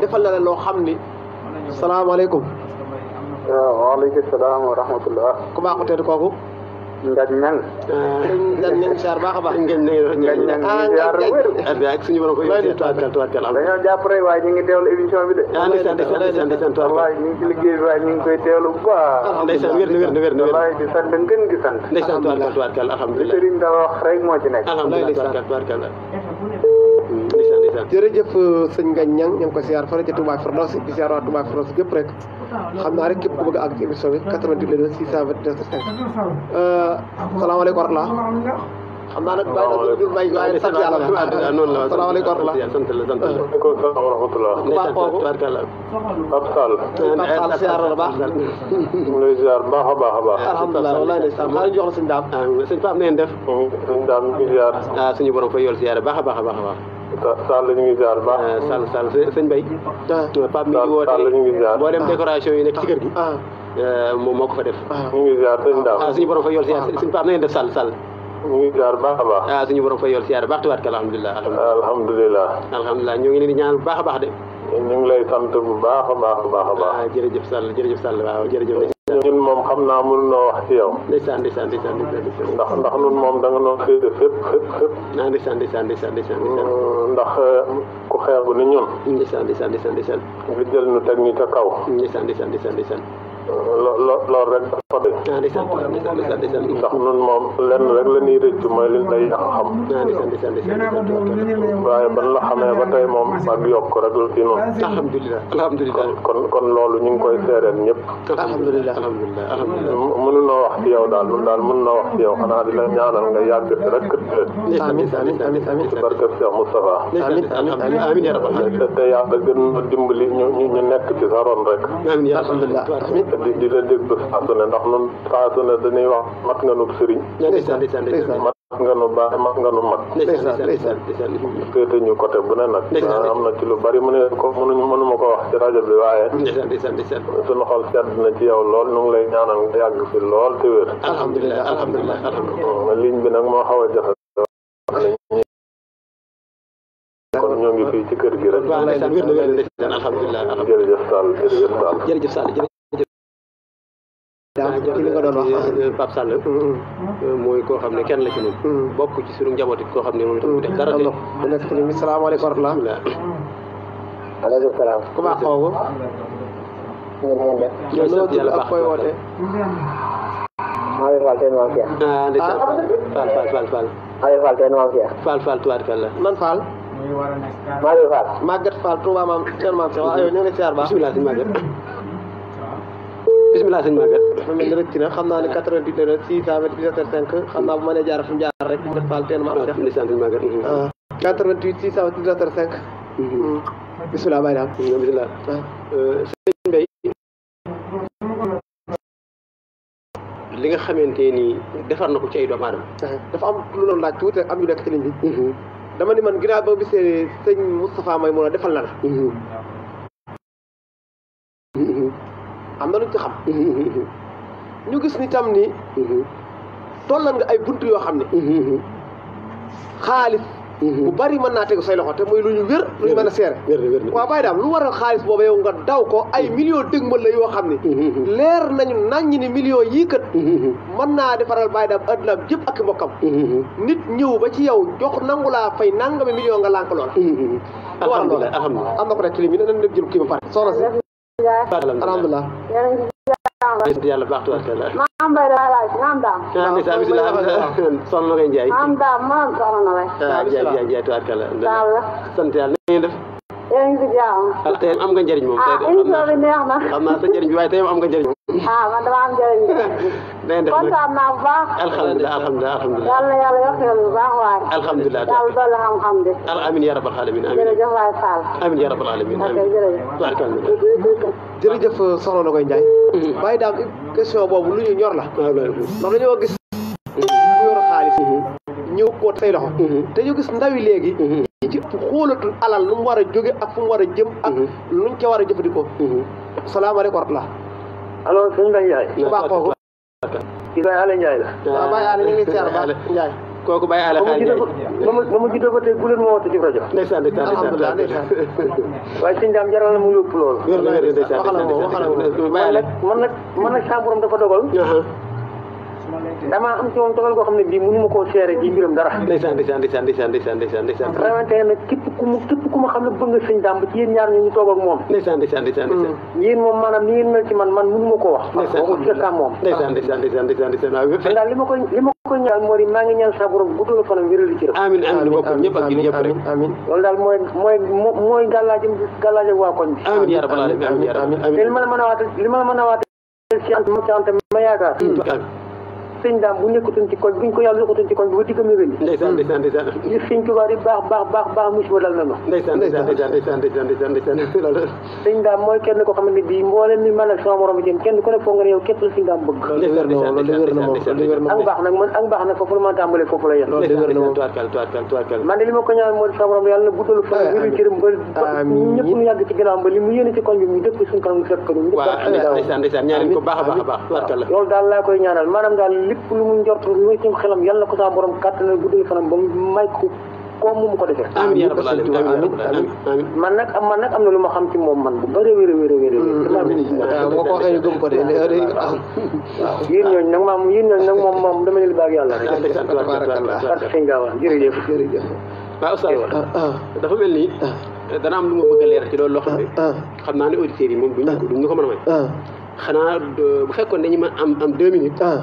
defal na la loo xam ni. salaamaaleykum. waaw waaleykum salaam wa rahmatullah. ku baaxutee kooku. Ngañ Ngañ Sarr baax a baax. Ngañ Ngañ Sarr wér. ak suñu borom. walaay dañoo jàpp rek waaye ñu ngi teewlu émission bi de. ndeysaan ndeysaan ndeysaan wallaay ñu ngi ci liggéey bi waaye ñu ngi koy teewlu bu baax. ndeysaan wér na wér na wér na wér. wallaay di sant ngeen di sant. ndeysaan tuwaarkal tuwaarkal alhamdulilah. li sëriñ da wax rek moo ci nekk. alhamdulilah tuwaarkal tuwaarkal jërëjëf euh, sëñ Ngagne Niang ñu ngi ko siyaar fara ci Touba Firdaws di siyaar waa Touba Firdaws gépp rek xam naa rek képp ku bëgg a àgg ci émission bi 88 629 5 salaamaaleykum wa rahmatulah xam naa nag bàyyi na ko bàyyi waaye sant yàlla la salaamaaleykum wa rahmatulah sant la sant la ko salaam wa rahmatulah baax kooku Pape Sall Pape Sall siyaar la baax mu lay a a baax alhamdulilah daam sëñ Pape ngeen def baax a baax a ah, ah, a baax Sall ñu ngi ziar baax. Ah, Sall Sall sëñ Bay. waaw ah. ah, Pape mi ngi woote boo décoration yi nekk ci kër gi. moom moo ko fa def. ñu ngi ziar sëñ Dame. ah suñu borom fa yool ziar suñu Pape na ngeen def Sall Sall. ñu ngi baax a baax. ah baax tuwaat ka alhamdulilah. alhamdulilah alhamdulilah ñoo ngi leen di ñaan baax a baax de. ñu ngi lay sant bu baax a baax a baax a baax. Ah, jërëjëf Sall jërëjëf Sall waaw jërëjëf. ñun moom xam naa mënu noo wax ci yow. ndeysaan ndeysaan ndeysaan ndax ndax ñun moom da nga noo féete fépp fépp fépp. ah ndeysaan ndeysaan ndeysaan ndeysaan. Mm, ndax eh, ku xeebu ni ñun. ndeysaan ndeysaan ndeysaan ndeysaan. nga jël nu teg ñu ca kaw. ndeysaan ndeysaan ndeysaan ndeysaan. lo loolu rek dafa des ndax nun moom lenn rek la ñuy rëcc mooy liñ lay xam waaye ban la xamee ba tey moom ak yokk rek la fi noonu alhamdulilah kon kon loolu ñu ngi koy seereen ñëpp alhamdulilah mënunoo wax ci yow daal nun daal mënunoo wax ci yow xanaa di la ñaanal nga yàgg si rek amiin amiin amiin amiin ci barke Cheikh Moustapha amiin amiin amiin a dimbali ñu ñu nekk ci sa ron rek amiin yaa di di la déglu saa su ne ndax nun saa su ne dañuy wax mat nga nub sëriñ mat nga nu baax mat nga nu mag féete ñu côté bu ne nag am na ci lu bari mu ne ko mënuñu mënuma ko wax ci rajo bi waaye suñu xol sedd na ci yow lool nu ngi lay ñaanal nga yàgg fi lool te wér alhamdulilah alhamdulilah mm, ligne bi nag moo xaw a jafe kon ñoo ngi fii ci kër gi rek jërëjëf Sall jërëjëf Sall jërëjëf ki li nga doon wax Pape Sall mm. mooy koo xam kenn la mm. bokk ci suñu njaboot xam ne moom itam def dara de mm. nekk ci ñu salaamaaleykum wa rahmatulah aleykum salaam ku man Fall Maliou Fall Maguette Fall Touba maam seen maam Cheikh waaw yow baax bisimilah sëñ Maguette. dafa mel ni rëcc na xam naa ne 88 la 628 xam naa bu ma nee jaar fi mu jaar rek. Mbène Fall teel ma am. waaw waaw sëñ Maguette. 88 628 bisimilah Baye Dame. bisimilah. sëñ Mbaye. li nga xamante ni defar na ko ci ay doomu aadama. Ah. dafa am lu doon laaj tuuti am ñu nekk ci ligne bi. Mhm. dama ni man ginnaaw ba gisee sëñ Moustapha May moo la defal na la. Mhm. Mhm. am na luñ ci xam. ñu gis ni tam ni. tollal nga ay bunt yoo xam ne. xaalis. bu bari mën naa tegu say loxo te muy lu ñu wér. lu ñu mën a seere. waaw bàyyi daam lu waral xaalis boobu yow nga daw ko ay millions dëgmal la yoo xam ne. leer nañu ñi ni million yii kat. mën naa defaral bàyyi daam addunaam jëpp ak mbokkam. nit ñëw ba ci yow jox nangu laa fay nangami millions nga lànk loola. alhamdulilah am na ko rek ci li bi ne nañ dem jël kii ba alhamdulilah yàlla baax tubarkalla maam bay da laaj maam daam ndeysaan bisimilah soxna Ngoye émission bi ah tey am nga njëriñ moom. ah naa sa njëriñ bi waaye tey am nga njëriñ moom. Ah, am [LAUGHS] naa bu baax. alhamdulilah alhamdulilah alhamdulilah. yàlla yàlla yokk na lu baax waay. alhamdulilah bi. al amin ya rabbal alamin amin. jërëjëf waay Fall. amin ya mm-hmm. question boobu lu ñu ñor la. waaw loolu la ndax dañoo gis. Mm-hmm. Mm-hmm. ñëw ko tey loxo. dañoo gis ndawi léegi ci xoolatul alal lu mu war a jóge ak fu mu war a jëm. ak mhm. luñ ca war a jëfandikoo. Mhm. salaamaaleykum wa rahmatulah. alors sëñ Baye Ndiaye. kooku. kii Baye Alé la. waaw Baye Alé ñu ngi ziar baax Ndiaye. kooku Baye Alé Ndiaye ba mu ba mu juddoo ba tey bu leen ma woote ci rajo. ndeysaan ndeysaan alhamdulilah ndeysaan. waaye sëñ Dame jaral na mu yóbbu loolu. man nag man nag saa borom dafa dogal. damaa am ci moom dogal goo xam ne bii mënuma koo seere ci mbiram dara ndeysaan ndeysaan ndeysaan ndeysaan ndeysaan ndeysaan ndeysaan rawante nag képp ku mu képp ku ma xam ne bëgg nga sëñ dàmb ci yéen ñaar ñu ñu toog ak moom ndeysaan ndeysaan ndeysaan ndeysaan mm. yéen moom maanaam ni ngeen mel ci man man mënuma koo wax waxu jëkkaam moom ndeysaan ndeysaan ndeysaan ndeysaan ndeysaan waaw daal li ma koy li ma koy ñaan moo di maa ngi ñaan sa borom guddal fanam wéral ci amiin amiin lu bokk ñëpp ak ñëpp rek amiin loolu daal mooy mooy mooy gàllaajam gàllaajam waa koñ bi amiin yaa rabbal aalamiin amiin yaa rabbal aalamiin li ma la mën a waat li ma la mën a waat ci ant ma yaakaar sëñ daam bu nekkutoon ci koñ buñ ko yàlla nekkutoon ci koñ bi ba diggam yëgal ndeysaan ndeysaan ndeysaan li sëñ Tuubaa di baax baax baax baax musiba dal na ma ndeysaan ndeysaan ndeysaan ndeysaan ndeysaan ndeysaan sëñ daam mooy kenn ko xam ne bii mboolem mi man ak sama morom jëm kenn ku ne foog nga ne yow képp la sëñ daam bëgg ak baax nag man ak baax nag foofu la mën a tàmbalee foofu la yem man de li ma ko ñaan mooy sama morom yàlla na guddalu fan wéru cëram ba ñëpp ñu yàgg ci ginnaaw ba li mu yéene ci koñ bi mu dëpp suñ kanam fekk ko ñu ñëpp ñaari ko baax a baax a baax loolu daal laa koy ñaanal maanaam daal lépp lu mu njortu lu muy ci xelam yàlla na ko saa borom kàttanal guddal fanam ba mu may ko comme mu mu ko defee. amiin man nag man nag am na lu ma xam ci moom man bu bëree wéré wéré wéré. waaw boo ko waxee ñu gëm ko de waaw. moom dama leen baag yàlla rek. parce que nga wax jërëjëf jërëjëf. waaw eh, ah, ah. dafa mel ni ah. dana am lu ma bëgg a ci loolu loo xam ne xam naa ne auditeurs yi moom duñ ko duñ ko mën a may xanaa euh, bu fekkoon dañu ma am am deux minutes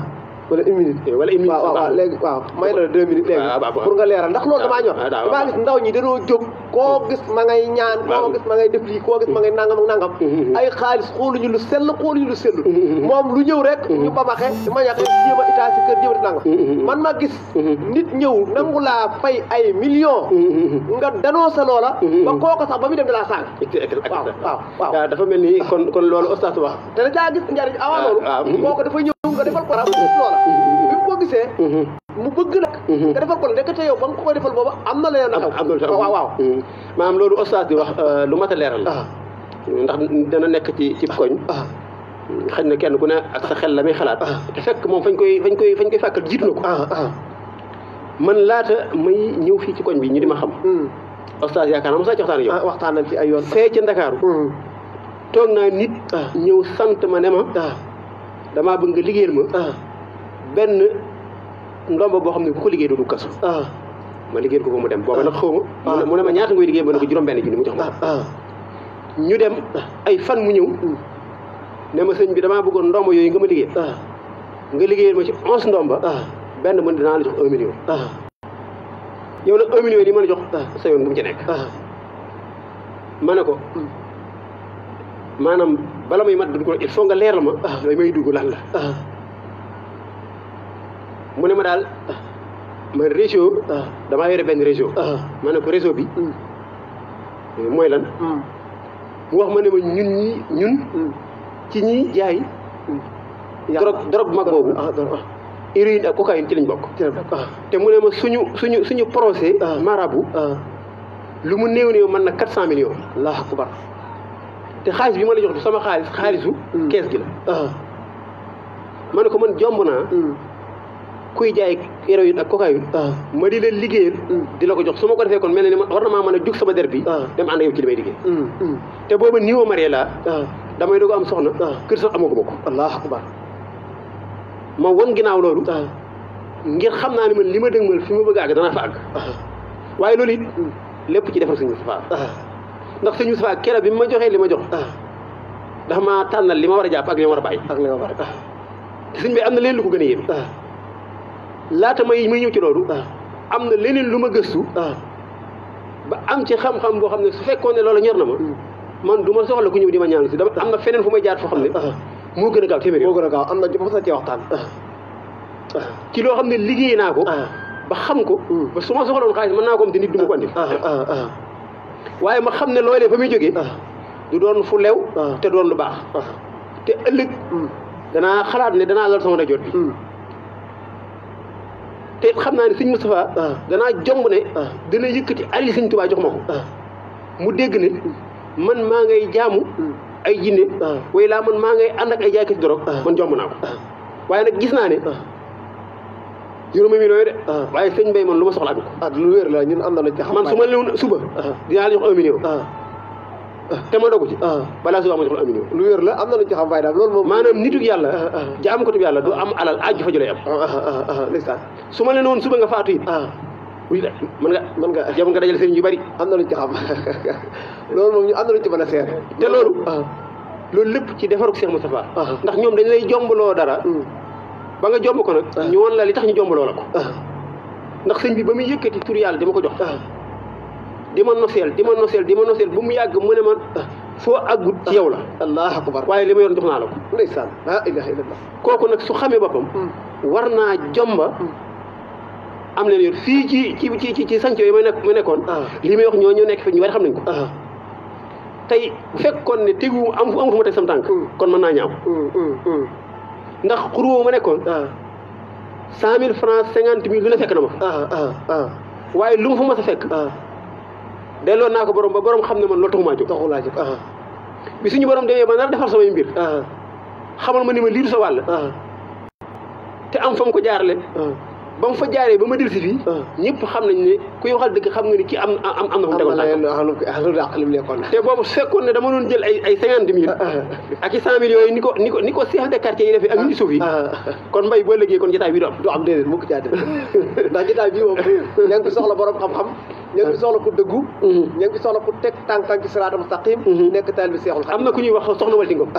wala eh, waaw may la deux minutes léegi ah, pour nga leeral ndax loolu damaa ñor ah, damaa gis ndaw ñi dañoo jóg koo hmm. gis ma ngay ñaan koo gis ma ngay def lii koo gis ma ngay nangam ak nangam hmm, hmm, ay xaalis xooluñu lu sell xooluñu lu sellul moom lu ñëw rek ñu babaxe mañaxe jéem a état si kër jéem a nangam man ma gis nit ñëw nangu laa fay ay millions nga danoo sa loola ba kooko sax ba muy dem dalaa sàng waaw waaw dafa mel ni kon kon loolu oustaz wax te da caa gis njariñ awaa ah, loolu kooko dafa ñëw nga defal ko raxas loola bi mu ko gisee mu bëgg nag nga defal ko ndekete yow ba nga ko koy defal booba am na leneen nag waaw waaw maanaam mm-hmm. loolu oustaz di wax euh, lu mat a leeral ah. ndax dana nekk ci ci ah. koñ ah. xëy na kenn ku ne ak sa xel la muy xalaat te fekk moom fañ koy fañ koy fañ koy fàkkal jiitu na ko man laata may ñëw fii ci koñ bi ñu di ma xam hmm. oustaz yaakaar naa mosaa ci waxtaan yow waxtaan nañ ci ay yoon fee ca Ndakaaru hmm. toog naa nit ñëw sant ma ne ma damaa bëgg nga liggéeyal ma. Ah. benn ndomba boo xam ne bu ko liggéey dootu kasu. Ah. ma liggéeyal ko ko mu dem booba ah. xaw ma. mu ne ñaata ngay liggéey ma ne benn junni mu jox ma ñu dem fan mu ñëw. Hmm. ne ma sëñ bi damaa bëggoon ndomba yooyu nga ma liggéey. nga liggéeyal ma ci onze ndomba. benn mën dinaa la jox un million. yow nag yi mën a jox. sa yoon bu mu ci nekk. ma ne ko. Hmm. maanaam bala muy mat dugg il faut nga leeral ma la ah, may dugg lan la ah. mu ne ma daal ah, man réseau damaa yore benn réseau ma ko réseau bi hmm. eh, mooy lan hmm. mu wax ma ne ma ñun ñun hmm. ci ñi jaay drogue drogue bu mag boobu héroïne ak cocaïne ci lañ bokk te mu ne ma suñu suñu suñu procès marabu lu mu néew néew mën na quatre cent millions allahu akbar te xaalis bi ma la jox du sama xaalis xaalisu. Mm. kees gi la. Ah. ma ne ko man jomb naa. Mm. kuy jaay héroïne ak cocaïne. Ah. ma di la liggéeyal. Mm. di la ko jox su ma ko defee kon mel ne ni ma war na maa man a jug sama der bi. Ah. dem ànd ak yow ci li may te booba nii woo marié laa. damay doog am soxna. kër sax amoo ko bokk. allahu akbar ma won ginnaaw loolu. ngir xam naa ne man li ma dëgmal fi ma bëgg a àgg fa àgg. waaye loolu it lépp ci defar suñu faar. ndax sëñ Moustapha kera bi ma joxee li ma jox ah. dafa ma tànnal li ma war a jàpp ak li ma war a bàyyi ak li ma war a te ah. sëñ bi am na leen lu ko gën a yéem ah. laata muy ñëw ci loolu am na leneen lu ma gëstu ba am ci xam-xam boo xam ne su fekkoon ne loola ñor na ma hmm. man du ma soxla ñëw di ma ñaan si dama am na feneen fu may jaar foo xam moo gën a gaaw téeméer a na fas na ci waxtaan ci loo xam ne liggéey naa ko ba xam ko hmm. ba su ma a woon xaalis mën naa ko am te ko andil waaye ma xam ne loolee fa muy jóge ah. du doon fu lew ah. te doon lu baax ah. te ëllëg hmm. danaa xalaat ne danaa lal sama rajo bi hmm. te xam naa ne sëñ Moustapha danaa jomb ne dana yëkkati ali sëñ Tuubaa jox ma ko mu dégg ne hmm. man maa ngay jaamu ay jinne way laa man maa ngay ànd ak ay jaaykat dorog man jomb naa waaye nag gis naa ne juróomi ma yooyu de ah, waaye sëñ Mbaye man lu ma soxla am ah lu wér la ñun am na su ma lewoon ah. ah. te ma dogu ci balaa suba ma jox lu wér la am na lu ci xam fayda loolu moom maanaam nitu yàlla jaam ko tu yàlla du am alal aaj fa ju lay am su ma leen woon suba nga faatu it oui la mën nga nga jam nga dajal sëriñ yu bari am na lu ci xam [LAUGHS] loolu moom ñu am na lu ci mën a seer te loolu loolu lépp ci defarug Cheikh Moustapha ndax ñoom dañ lay jombaloo dara hmm. ba nga jomb ko nag ah. ñu woon la li tax ñu jomb la ko ah. ndax sëñ bi ba muy yëkkati tur yàlla di ma ko jox ah. di ma noseel di ma noseel di ma noseel bu mu yàgg mu ne ma foo àggut ci yow la allah akbar waaye li ma yoon jox naa la ko ndeysaan la ilaha illallah kooku nag xamee boppam hmm. war naa jomba hmm. am leen yoon fii ci ci ci ci ci sanco yi may nekk ma nekkoon li ma wax ñoo ñu nekk fi ñu war xam nañ ko tey fekkoon ne tegu am fu am ma teg sam tànk hmm. kon mën naa ñaaw ndax xur woowu ma nekkoon. Ah. cent mille francs cinquante mille lu ne fekk na ma. Ah, ah, waaye lu mu fa mas a fekk. delloo naa ko borom ba borom xam ne man loolu taxu maa jóg. taxu laa bi suñu borom demee ba nar defar samay mbir. xamal ma ni ma lii du sa wàll. te am fa mu ko jaarale. ba mu fa jaaree ba ma dellusi fii ah. ñëpp xam nañ ne kuy waxal dëgg xam nga ni kii am am am na fu doon jël ay ay ah, ah. ni ko ni ko ni ko chef de quartier yi mbay boo léegi kon jotaay bi du am du am déedéet mukk jaate [LAUGHS] ndax jotaay xam-xam ña ngi fi soxla ku dëggu mm-hmm. ña ngi fi soxla ku teg tànkam ci siraata mustaqim mm-hmm. nekk taal bi seexul am na ku ñuy wax soxna Wali Ngom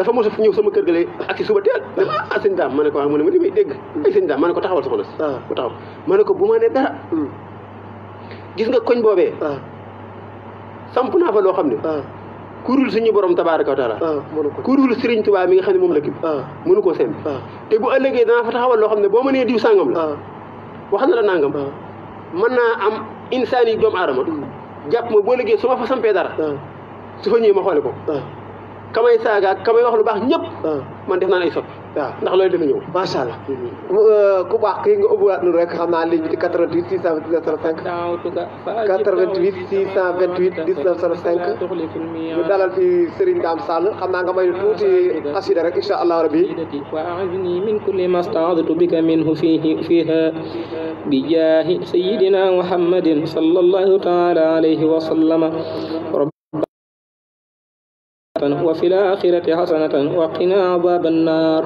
dafa mos a ñëw sama kër gale ak si suba teel ne ma ah sëñ daam ma ne ko ah, ma dégg hmm. ay sëñ daam ma ne ko taxawal soxna si ah. ma ne ko bu ma ne hmm. nga koñ boobee ah. samp naa fa loo xam ne kurul suñu borom tabaaraka wa taala kurul sëriñ Tuubaa mi nga xam ne moom la kii mënu koo sembi te bu ëllëgee danaa fa taxawal loo xam ne boo manee nee diw sàngam la wax na la nangam mën naa am insaan yi doomu aadama hmm. jàpp ma boo liggéey su ma fa sampee dara su fa ñëwee ma xoole ko kamay saaga ak kamay wax lu baax ñëpp. Ah. man def naa ay soppi. waaw ah. ndax loolu dina ñëw. macha allah. Mm-hmm. Euh, ku baax kii nga ubbiwaat nu rek xam naa ligne bi di 88 628 05. daaw tuga 88 628 19 05. ñu dalal fi Serigne Dame Sall xam naa nga may ah, tuuti asida rek incha allah rabbi. wa a'idni min kulli ma sta'adtu bika minhu fihi fiha bi jaahi sayyidina Muhammadin sallallahu taala alayhi wa sallama. حسنة وفي الآخرة حسنة وقنا عذاب النار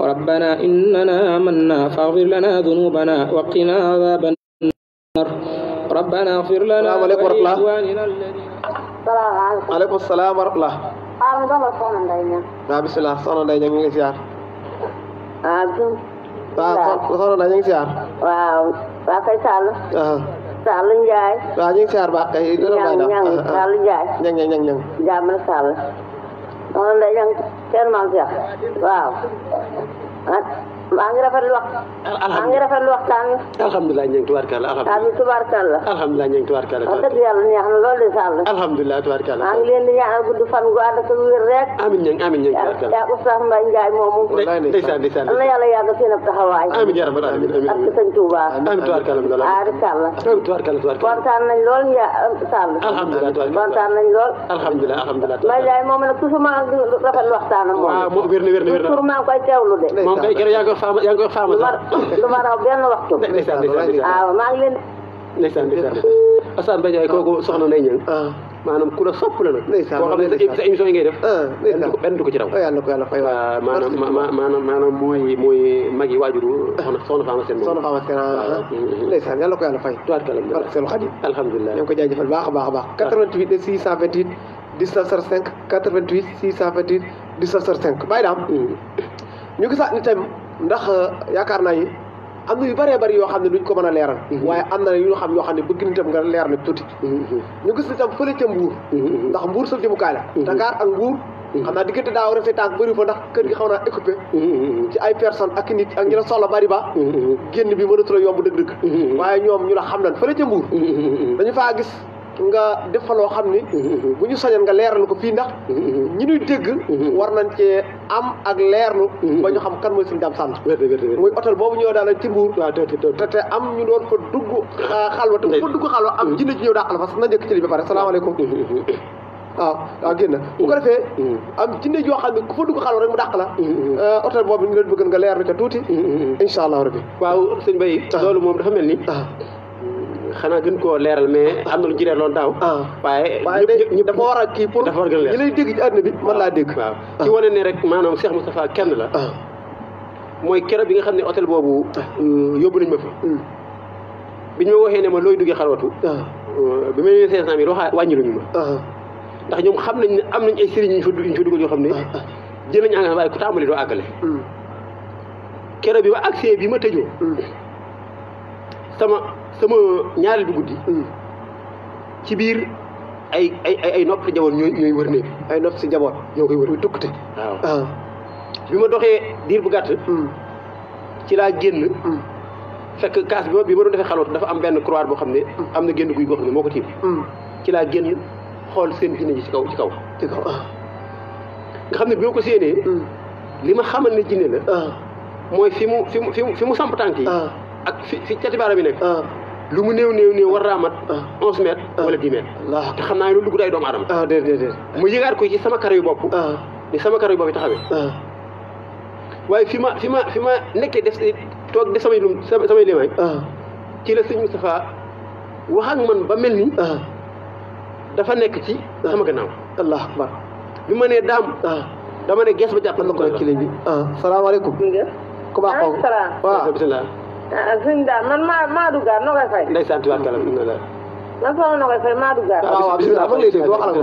ربنا إننا آمنا فاغفر لنا ذنوبنا وقنا عذاب النار ربنا اغفر لنا السلام عليكم ورحمة الله عليكم السلام ورحمة الله waaw bisimilah soxna Ndeye Diagne ñu ngi siyaar waaw soxna Ndeye ñu ngi siyaar waaw waa kay Sall Sall Ndiaye. waaw ñu ngi siyaar baax kay. ñang ñang Sall Ndiaye. ñang ñang ñang ñang. jaamal Sall. moom la ñang kenn maam Cheikh waaw. maa ngi rafetlu wax. alhamdulilah maa ngi rafetlu waxtaan wi. alhamdulilah ñu ngi tubaarkàlla alhamdulilah. kàddu tubaarkàlla. alhamdulilah ñu ngi tubaarkàlla. wax dëgg yàlla neex na loolu de Sall. alhamdulilah tubaarkàlla. maa ngi leen di ñaanal gudd fan gu ànd ak wér rek. amiin ñu ngi amiin ñu ngi tubaarkàlla. yaa Oustaz Mbaye Ndiaye moomu. ndeysaan ndeysaan na yàlla yàgg seen ab taxawaay. amiin yaa rabbal aalamiin ak sëñ Touba. amiin tubaarkàlla. aari Sall. amiin tubaarkàlla tubaarkàlla. kontaan nañ lool ya Sall. alhamdulilah tubaarkàlla kontaan nañ lool. alhamdulilah alhamdulilah. Mbaye Ndiaye moom nag toujours maa ngi rafetlu waxtaanam moom. waaw ah, wér na wér na wér na. toujours maa ngi koy teewlu de. moom kay keroog yaa ko yaa ngi koy wax lu ma raw benn waxtu. [LAUGHS] ndeysaan ndeysaan waaw maa ngi leen. ndeysaan ndeysaan [LAUGHS] Assane Badiaye kooku soxna ah. ku la sopp la nag. ndeysaan boo xam ne sa émission yi ngay def. Ah, ndeysaan benn du ko ci raw. yàlla ko yàlla fay waaw maanaam maanaam maanaam mooy mooy mag yi waajuru. soxna soxna Fama Sène moom soxna Fama Sène ah. waaw. ndeysaan yàlla ko yàlla fay. barke Seydou Khadim alhamdulilah ñu ngi ko jaajëfal baax a baax a baax. 88 628 19 05 88 628 19 05 bàyyi daam mm. ñu gisaat ni tam ndax euh, yaakaar naa ni am na yu bëree bëri yoo xam ne duñ ko mën a leeral mm-hmm. waaye am na yu xam yoo xam ne bëgg nitam nga leer ne tuuti mm-hmm. ñu gis nitam fële ca mm-hmm. ndax mbuur saf jëmukaay la Dakar ak mbuur xam naa diggante daaw rafet tànk bëri fa ndax kër gi xaw naa équipé ci ay personnes ak nit ak ñi la soxla bari ba génn bi mënatu la yomb dëgg-dëgg waaye ñoom ñu la xam nan fële ca mbuur dañu faa gis nga def fa loo xam ni. bu ñu sañoon nga leeral ko fii ndax. ñi ñuy dégg. war nañ cee am ak leerlu. ba ñu xam kan mooy Serigne Dame Sall. muy hôtel boobu ñëw daal ci Mbour. te te am ñu dugg xalwa te am mm-hmm. jinne ci ñëw daa alfas na njëkk ci li ba pare salaamaaleykum. waaw mm-hmm. ah, ah, waaw génn bu ko defee mm-hmm. joo xam ne ku fa dugg xalwa rek mu dàq la ah, hôtel boobu ñu leen bëgg nga leer lu ca tuuti insha allah rabbi waaw sëñ Baye loolu moom dafa mel ni xanaa gën koo leeral mais am na lu ñu ci leeraloon daaw. Ah. waaye ñëpp dafa war a kii pour dafa war a gën lay dégg ci àdduna bi mën dégg. waaw ah. ci wane ne rek maanaam Cheikh Moustapha kenn la. Ah. mooy keroog bi nga xam ne hôtel boobu. Euh, yóbbu nañ ma fa. Hmm. biñ ma ne ma looy duggee xalwatu. Euh, bi ma nee cinq ndax ñoom xam nañ ne am nañ ay sëriñ ñu fa ñu fa dugal yoo xam ne. jël nañu engrais waaye ku tàmbali doo àggale. Hmm. keroog bi ba accès bi ma tëjoo. Hmm. sama sama ñaari du guddi hmm. ci biir ay ay ay nopp si jaboot ñooy ñooy wër néeg ay nopp si jaboot ñoo koy wër muy tukkute waaw ah. bi ma doxee diir bu gàtt hmm. ci laa génn hmm. fekk kaas bi ma bi ma doon defee xaloot dafa am benn croix boo xam ne am na génn guy goo moo ko tiim ci laa génn xool seen jinne ji ci kaw ah. xam ne bi ko séenee li ma xamal ne jinne la ah. mooy fi mu fi mu samp tànk yi fi fi bi nekk lu mu new néew néew war naa mat ah. onze mètres ah. wala dix mètres te xam naa ne day doomu aadama ah, mu yëgaat ko ci sama kar yu bopp ni sama kar yu bopp taxawee waaye fi ma fi ma fi ma nekkee def toog def samay lum samay limaay ci la sëñ Moustapha wax ak man ba mel nii dafa nekk ci sama gannaaw allah akbar bi ma nee daam dama ne gees ba jàpp la ko ci liñ bi salaamaaleykum ku baax waaw bisimilah sëñ ah, Dame man maa Madou Gare noo koy fay. ndeysaan tubaab kàlla bi la. man sama noo koy fay Madou Gare. waaw waaw bisimilah ma ngi lay dégg waxal ak ah,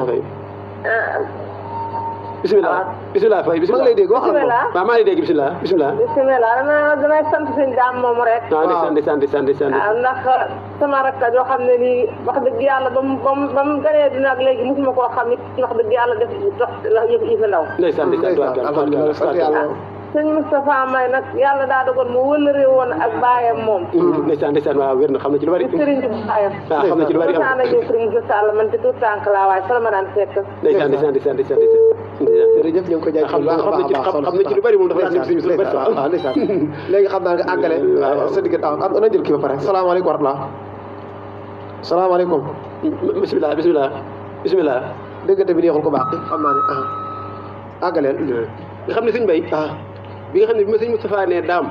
moom. bisimilah bisimilah fay bisimilah ma ngi lay dégg waxal ak moom waaw maa ngi lay dégg bisimilah bisimilah. bisimilah dama damay sant sëñ Dame moom rek. waaw ah, ndeysaan ndeysaan ndeysaan ndeysaan. ndax sama rakk joo xam ne nii wax dëgg yàlla ba mu ba mu ba mu gënee dina ak léegi mosuma koo xam it wax dëgg yàlla def dox yëf yëf ndaw. ndeysaan ndeysaan tubaab kàlla sëñ Moustapha May nag yàlla daa dogoon mu wëlëree woon ak baayam moom. Mm, ndeysaan ndeysaan waaw wér na xam na ci lu bari. sëriñ bi baayam. waaw ah, xam na ci lu bari amul ndeysaan sëriñ bi Sall man ci tout tànk laa waaye fa la ma daan fekk. ndeysaan ndeysaan ndeysaan ndeysaan. jërëjëf ñu ngi ko jaajëfal baax a baax xam na ci lu bari moom dafa nekk sëriñ bi bari waaw ndeysaan [LAUGHS] léegi xam naa nga àggale sa diggante am am na jël kii ba pare salaamaaleykum wa rahmatulah salaamaaleykum bisimilah bisimilah bisimilah déggante bi neexul ko baax xam naa ne ah. àggaleel nga xam ne sëñ bay ah. bi nga xam ne bi ma sëñ Moustapha ne daam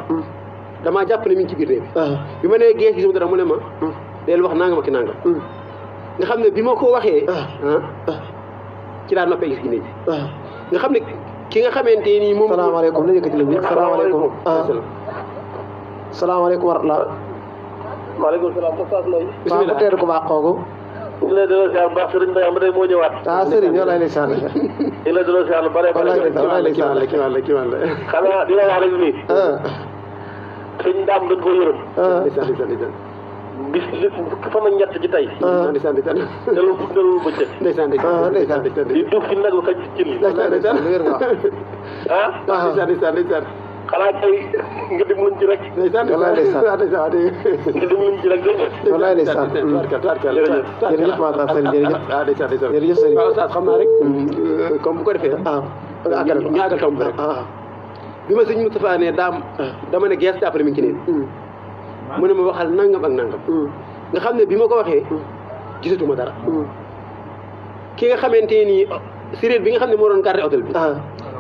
damaa jàpp ne mi ngi ci biir ah. bi ma nee gees gisuma dara mu ne ma hmm. deel wax nangam ak nangam hmm. nga xam ne bi ma ko waxee ah. Ah, ci laa noppee gis gi nga xam ne ki nga xamante nii moom salaamaaleykum la yëkkati la salaamaaleykum salaamaaleykum wa rahmatulah waaleykum salaam bismillah ku teel ko baax kooku ñu lay delloo siyaar bu baax sëriñ Mbaye Amady moo ñëwaat. ah sëriñ yow lay lay siyaar. ñu lay delloo siyaar lu bare bare. walaay la kiiwaale kiiwaale kiiwaale. xanaa di la wax rek nii. sëñ daam dañ ko yërëm. bis li fan ak ñett ci tey. Eh. ndeysaan ndeysaan. dalul dalul bëccëg. ndeysaan ndeysaan ndeysaan. Eh, di dugg ci nag ba kañ ci cin li. ndeysaan ndeysaan. ah. ndeysaan ndeysaan ndeysaan. xanaa kay nga dimbaluñ ci rek. walaay lay sant nga dimbaluñ ci rek de. walaay lay sant. jërëjëf jërëjëf maa tax sëriñ jërëjëf. Ah, jërëjëf sëriñ. waaw Oustaz xam naa rek. Mm. Euh, comme bu ko defee. ah àggal ñu àggal tomb rek. Ah, ah. bi ma sëñ Moustapha ne daam. dama ne gees jàppale mi ngi ci neen. Mm. mu ne ma waxal nangam ak nangam. Mm. nga xam ne bi ma ko waxee. gisatuma dara. ki nga xamante ni oh, séeréer bi nga xam ne moo doon garder hôtel bi.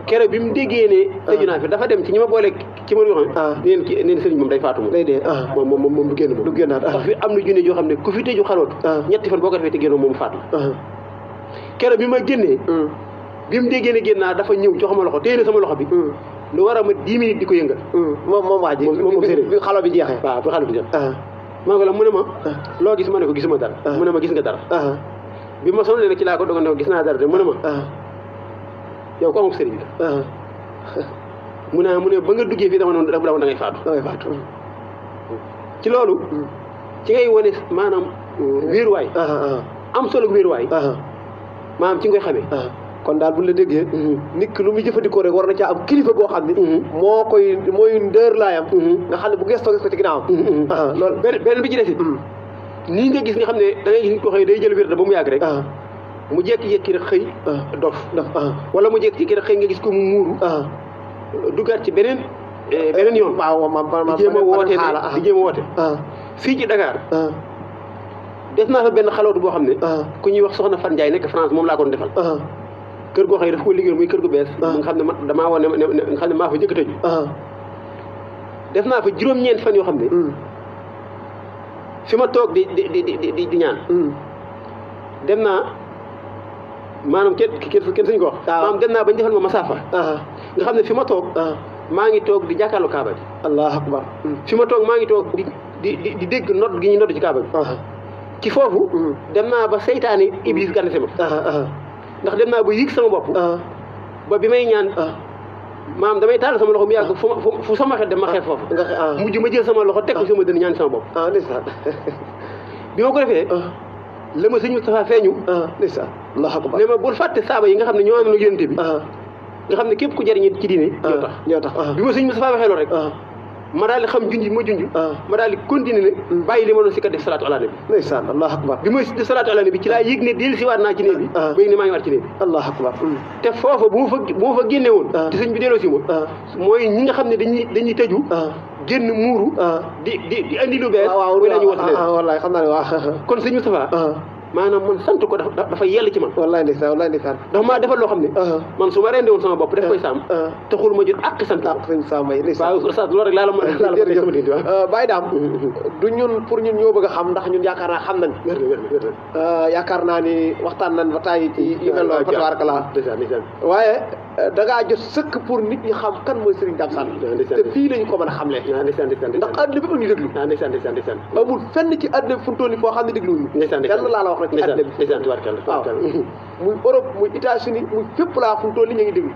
keroog bi mu déggee ne tëju naa fi dafa dem ci ñi ma boole ci ma yoo xam ah. ne neen ki neen sëriñ moom day faatu moom day dee ah. moom moom moom du génn moom du génnaat ndax ah. fi am na junne yoo xam ne ku fi tëju xaroot ñetti fan boo ko defee te génn moom faatu keroog bi ma génnee bi mu déggee ne génn naa dafa ñëw jox ma loxo téye na sama loxo bi lu war a ma dix minutes di ko yëngal moom moom waa ji moom sëriñ bi xalo bi jeexee waaw bi xalo bi jeex ma ne ko la mu ne ma loo gis ma ne ko gisuma dara mu ne ma gis nga dara bi ma sonn nag ci laa ko dogal ne ko gis naa dara de mu ne ma yow ko amul sëriñ ah. la. [LAUGHS] mu ne mu ba nga duggee fii dama noonu da ngay faatu. da ngay faatu ci loolu. Hmm. ci ngay wane maanaam hmm. wéeruwaay. Ah, ah, am solo wéeruwaay. maanaam ci nga xamee. kon daal bu la déggee. Hmm. nit ki lu muy jëfandikoo rek war na caa am kilifa goo xam ne. moo koy mooy ndër laayam. nga xam ne bu gëstoo gis ko ci ginnaawam. benn bi ci des it. nii nga gis nga xam ne da ngay gis nit koo day jël wiir da ba mu yàgg rek. mu jékki-jékki rek xëy ah, dof dof ah, wala mu jékki rek xëy nga gis ko mu muuru ah, dugaat ci beneen eh, beneen yoon waaw di jéem a woote di jéem fii ci Dakar def naa fa benn xalootu boo xam ne ku ñuy wax soxna Fan Njaay nekk France moom laa ko defal kër goo xam ne daf ko liggéey muy kër gu bees nga xam ne ma damaa woon ne nga xam ne maa fa jëkk tëju def naa fa juróom-ñeent fan yoo xam ne hmm. fi ma toog di di di ñaan hmm. dem naa maanaam kenn kenn suñ ko wax ah. maanaam dem naa bañ defal ma masaafa ah. nga xam ne ah. mm. fi ma toog maa ngi toog di jàkkaarlu kaaba bi allah akbar fi ma toog maa ngi toog di di di dégg nodd gi ñu nodd ci kaaba bi ci foofu mm. dem naa ba seytaane mm. iblis gànn si ma ndax dem naa ba yëg sama bopp ba bi may ñaan maam damay taal sama loxo mu yàgg fu sama xet dem ma xet foofu mujj ma jël sama loxo teg ko sama dënn ñaan sama bopp [LAUGHS] bi ma ko defee la ma sëñ Moustapha feeñu ah. ndeysaan allahu akbar ne ma bul fàtte saaba yi nga xam ne ñoo am na yonent bi ah. nga ne képp ku jariñu ci diine ah. ñoo tax ñoo ma sëñ Moustapha waxee loolu rek ma daal xam junj ma junj ma daal di continuer ne hmm. bàyyi li ma doon si laa yëg ne dellu si waat naa ci néeg bi ba bi allahu hmm. woon te sëñ bi delloo si ma mooy ñu nga xam ne dañuy dañuy tëju génn muuru. Ah. di di di andi lu bees. Ah, waaw waaw ah, waaw waaw waaw waaw waaw waaw waaw waaw waaw waaw waaw waaw waaw maanaam man sant ko dafa dafa yell ci man. wallaay ndeysaan wallaay ndeysaan. dafa maa xam ne. Uh-huh. man su ma sama bopp def koy uh-huh. sàmm. Uh-huh. ma jot ak a. Uh, du ñun pour ñun ñoo bëgg a xam ndax ñun yaakaar naa xam nañ. Uh, yaakaar naa ni waxtaan nañ ba ci yu waaye uh, da ngaa jot pour nit ñi xam kan mooy Serigne Dame Sall. te fii lañu ko mën a xamlee. ndax àdduna bi ñu déglu. amul fenn ci àdduna bi fu mu wax nag. ci àddina bi ndeysaan tubaarkal tubaarkal [LAUGHS] muy Europe muy États-Unis muy fépp laa fu mu toll ngi déglu.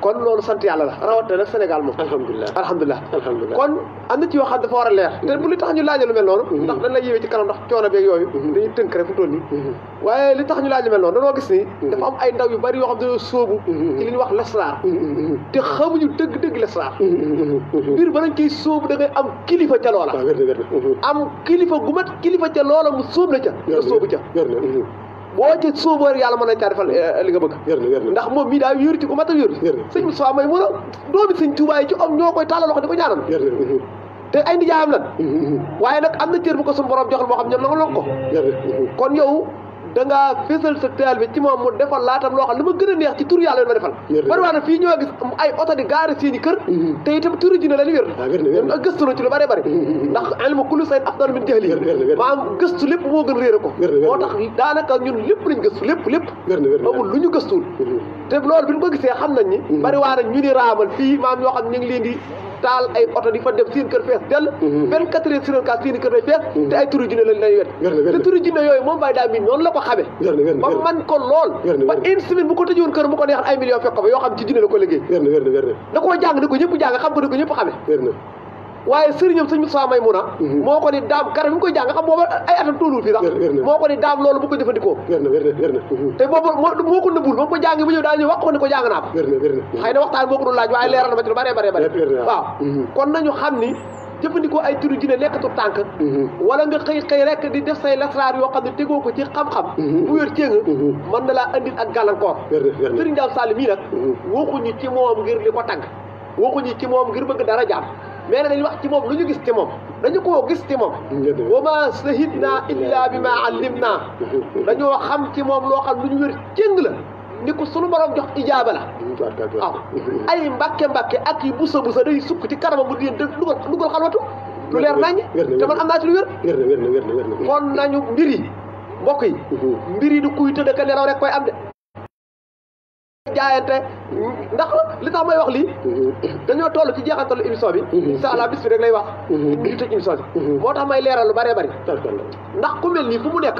kon loolu sant yàlla la rawatina nag Sénégal moom. alhamdulilah alhamdulilah. alhamdulilah kon am na ci yoo xam dafa war a leer. Mhm. te bu li tax ñu laajee lu mel noonu. Mhm. ndax dañ la yéwee ci kanam ndax coono beeg yooyu. Mhm. dañuy tënk rek fu mu waaye li tax ñu laaj lu mel noonu dañoo gis dafa am ay ndaw yu bari yoo xam dañoo sóobu. ci li ñuy wax lasraar. te xamuñu dëgg dëgg lasraar. mbir ba nañ koy sóobu am kilifa ca loola. nga sóobu ca boo ci sóobu rek yàlla mën na caa defal eh, li nga bëgg ndax moom mii daa wér ci ku mat a wér sëñ Moustapha may mun a doomi sëñ Tuubaa yi ci am ñoo koy tàllal loxo di ko ñaanal mhm. te ay nijaayam lan mhm, mhm, waaye nag am na cër bu ko suñu borom joxal xam ñoom nangu ko kon yow da ngaa fésal sa teel bi ci moom mu defal laatam loo xam lu ma gën a neex ci tur ma defal bari waa na ñoo gis ay oto di gaari seen i kër mm-hmm. te itam turu ji ne leen wér na gëstu na ci lu bari bari mm-hmm. mm-hmm. ndax ilmu kullu sayn afdal min lépp moo gën réere ko moo tax daanaka ñun lépp lañ gëstu lépp lépp amul lu ñu gëstuwul te loolu bi ñu gisee xam nañ ni bari waa na ñu ni raamal fii maam ñoo xam ñu leen di daal ay oto di fa dem seen kër fees dell mhm. vingt quatre kër day fees mhm. te ay turu junne lañ lay wet te turu junne yooyu moom Baye Dame noonu la ko xamee ba man ko lool ba une semaine bu ko tëjoon kër bu ko neexoon ay millions fekk fa yoo xam ci junne la ko liggéey da koo jàng ne ko ñëpp jàng xam ko ne ko ñëpp xamee waaye sëriñam sëñ Moussa Maymuna mhm. moo ko ni daam garab bi mu koy jàng xam booba ay atam tóolul fii sax moo ko ni daam loolu bu ko jëfandikoo mhm. te boobu moo ko nëbbul ba ko jàng ba ñëw ni ko jàng naa ko xëy na waxtaan moo ko doon laaj waaye leeral ma ci lu bare bare bare waaw mhm. kon nañu xam ni jëfandikoo ay turu jinne lekkatu tànk wala nga xëy xëy rek di def say lasraar yoo xam ne tegoo ko ci xam-xam bu wér céenga man na laa andil ak gàllankoor sëriñ Daam Sall mii nag waxuñu ci moom ngir li ko tagg waxuñu ci moom ngir bëgg dara jaam mais nag dañuy wax ci moom lu ñu gis ci moom dañu koo gis ci moom wa ma sahidna illa bi ma allimna dañoo xam ci moom loo xam lu ñu wér cëng la ni ko sunu borom jox ijaaba la waaw ay mbàkke mbàkke ak yi busa busa day sukk ci kanamam bu di dugal dugal xalwatu lu leer naññ te man am naa ci lu wér kon nañu mbir yi mbokk mbir yi du kuy tëdd ka nelaw rek koy am de jaayante ndax li tax may wax lii dañoo toll ci jeexantalu émission bi mhm. incha allah bis bi rek lay wax mhm. ñu tëj émission bi mhm. moo tax may leeral lu bëree bëri ndax ku mel nii fu mu nekk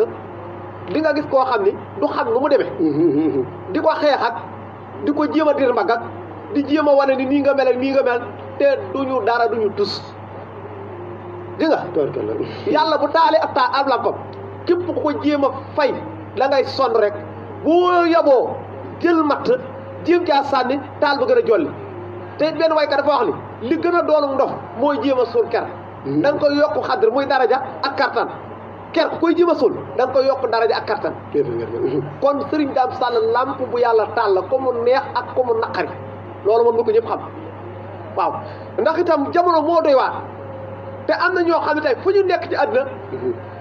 di nga gis koo xam ni du xam lu mu demee di ko xeex ak di ko jéem a dir mbagg di jéem a wane ni nii nga mel ak nii nga mel te duñu dara duñu tus di yàlla bu taale ab taa ab la ko képp ku ko jéem a fay da ngay sonn rek bu yaboo jël matt jéem caa sànni taal ba gën a jolli te it benn waykat dafa wax ni li gën a doonu ndox mooy jéem a suul ker hmm. da nga koy yokk xadr muy daraja ak kartan ker ku koy jéem a suul da nga koy yokk daraja ak kartan hmm. kon sëriñ daam sàll làmp bu yàlla taal la ko neex ak ko mu naqari loolu moom lu ko ñëpp xam waaw ndax itam jamono moo doy waar te am na ñoo xam ne tey fu ñu nekk ci àdduna hmm.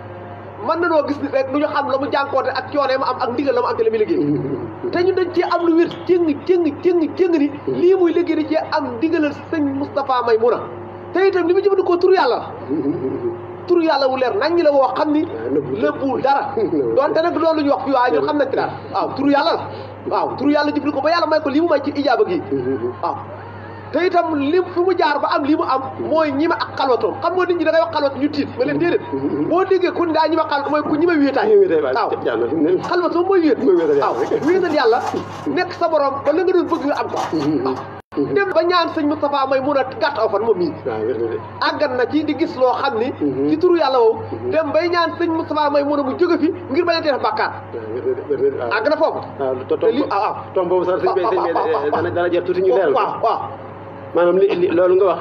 mën nanoo gis nit rek du ñu xam la mu jànkoonte ak coono ma am ak ndigal la mu am ci la muy liggéey te ñu dañ cee am lu wér cëng ci cëng cëng ni lii muy liggéey da cee am ndigalal te itam li mu jëfandikoo tur yàlla la tur yàlla wu leer nañ ñi la woo xam ni lëbbul dara donte nag loolu ñu wax fii waaye ñun xam nañ ci daal waaw tur yàlla la waaw tur yàlla jëfandikoo ba yàlla may ko lii mu may ci ijaaba gi waaw te itam li fu mu jaar ba am lii mu am mooy ñi ma ak xalwatoom xam nga nit ñi da wax xalwat ñu tiit ma leen déedéet mm-hmm, mm-hmm. boo déggee kun daa ñi ma xalwat mooy ku ñi ma wéetaay waaw xalwatoom mooy wéet yàlla nekk sa borom ba la nga doon bëgg nga am ko mm-hmm, dem ba ñaan sëñ Moustapha may mun a gàtt aw a moom mii àggan na ci di gis loo xam ni ci turu yàlla woowu dem bay ñaan sëñ Moustapha may mun a mu jóge fi ngir bañ a def bàkkaar àgg na foofu te lii ah ah tom boobu sax sëñ bi dana jar tuuti ñu maanaam li loolu nga wax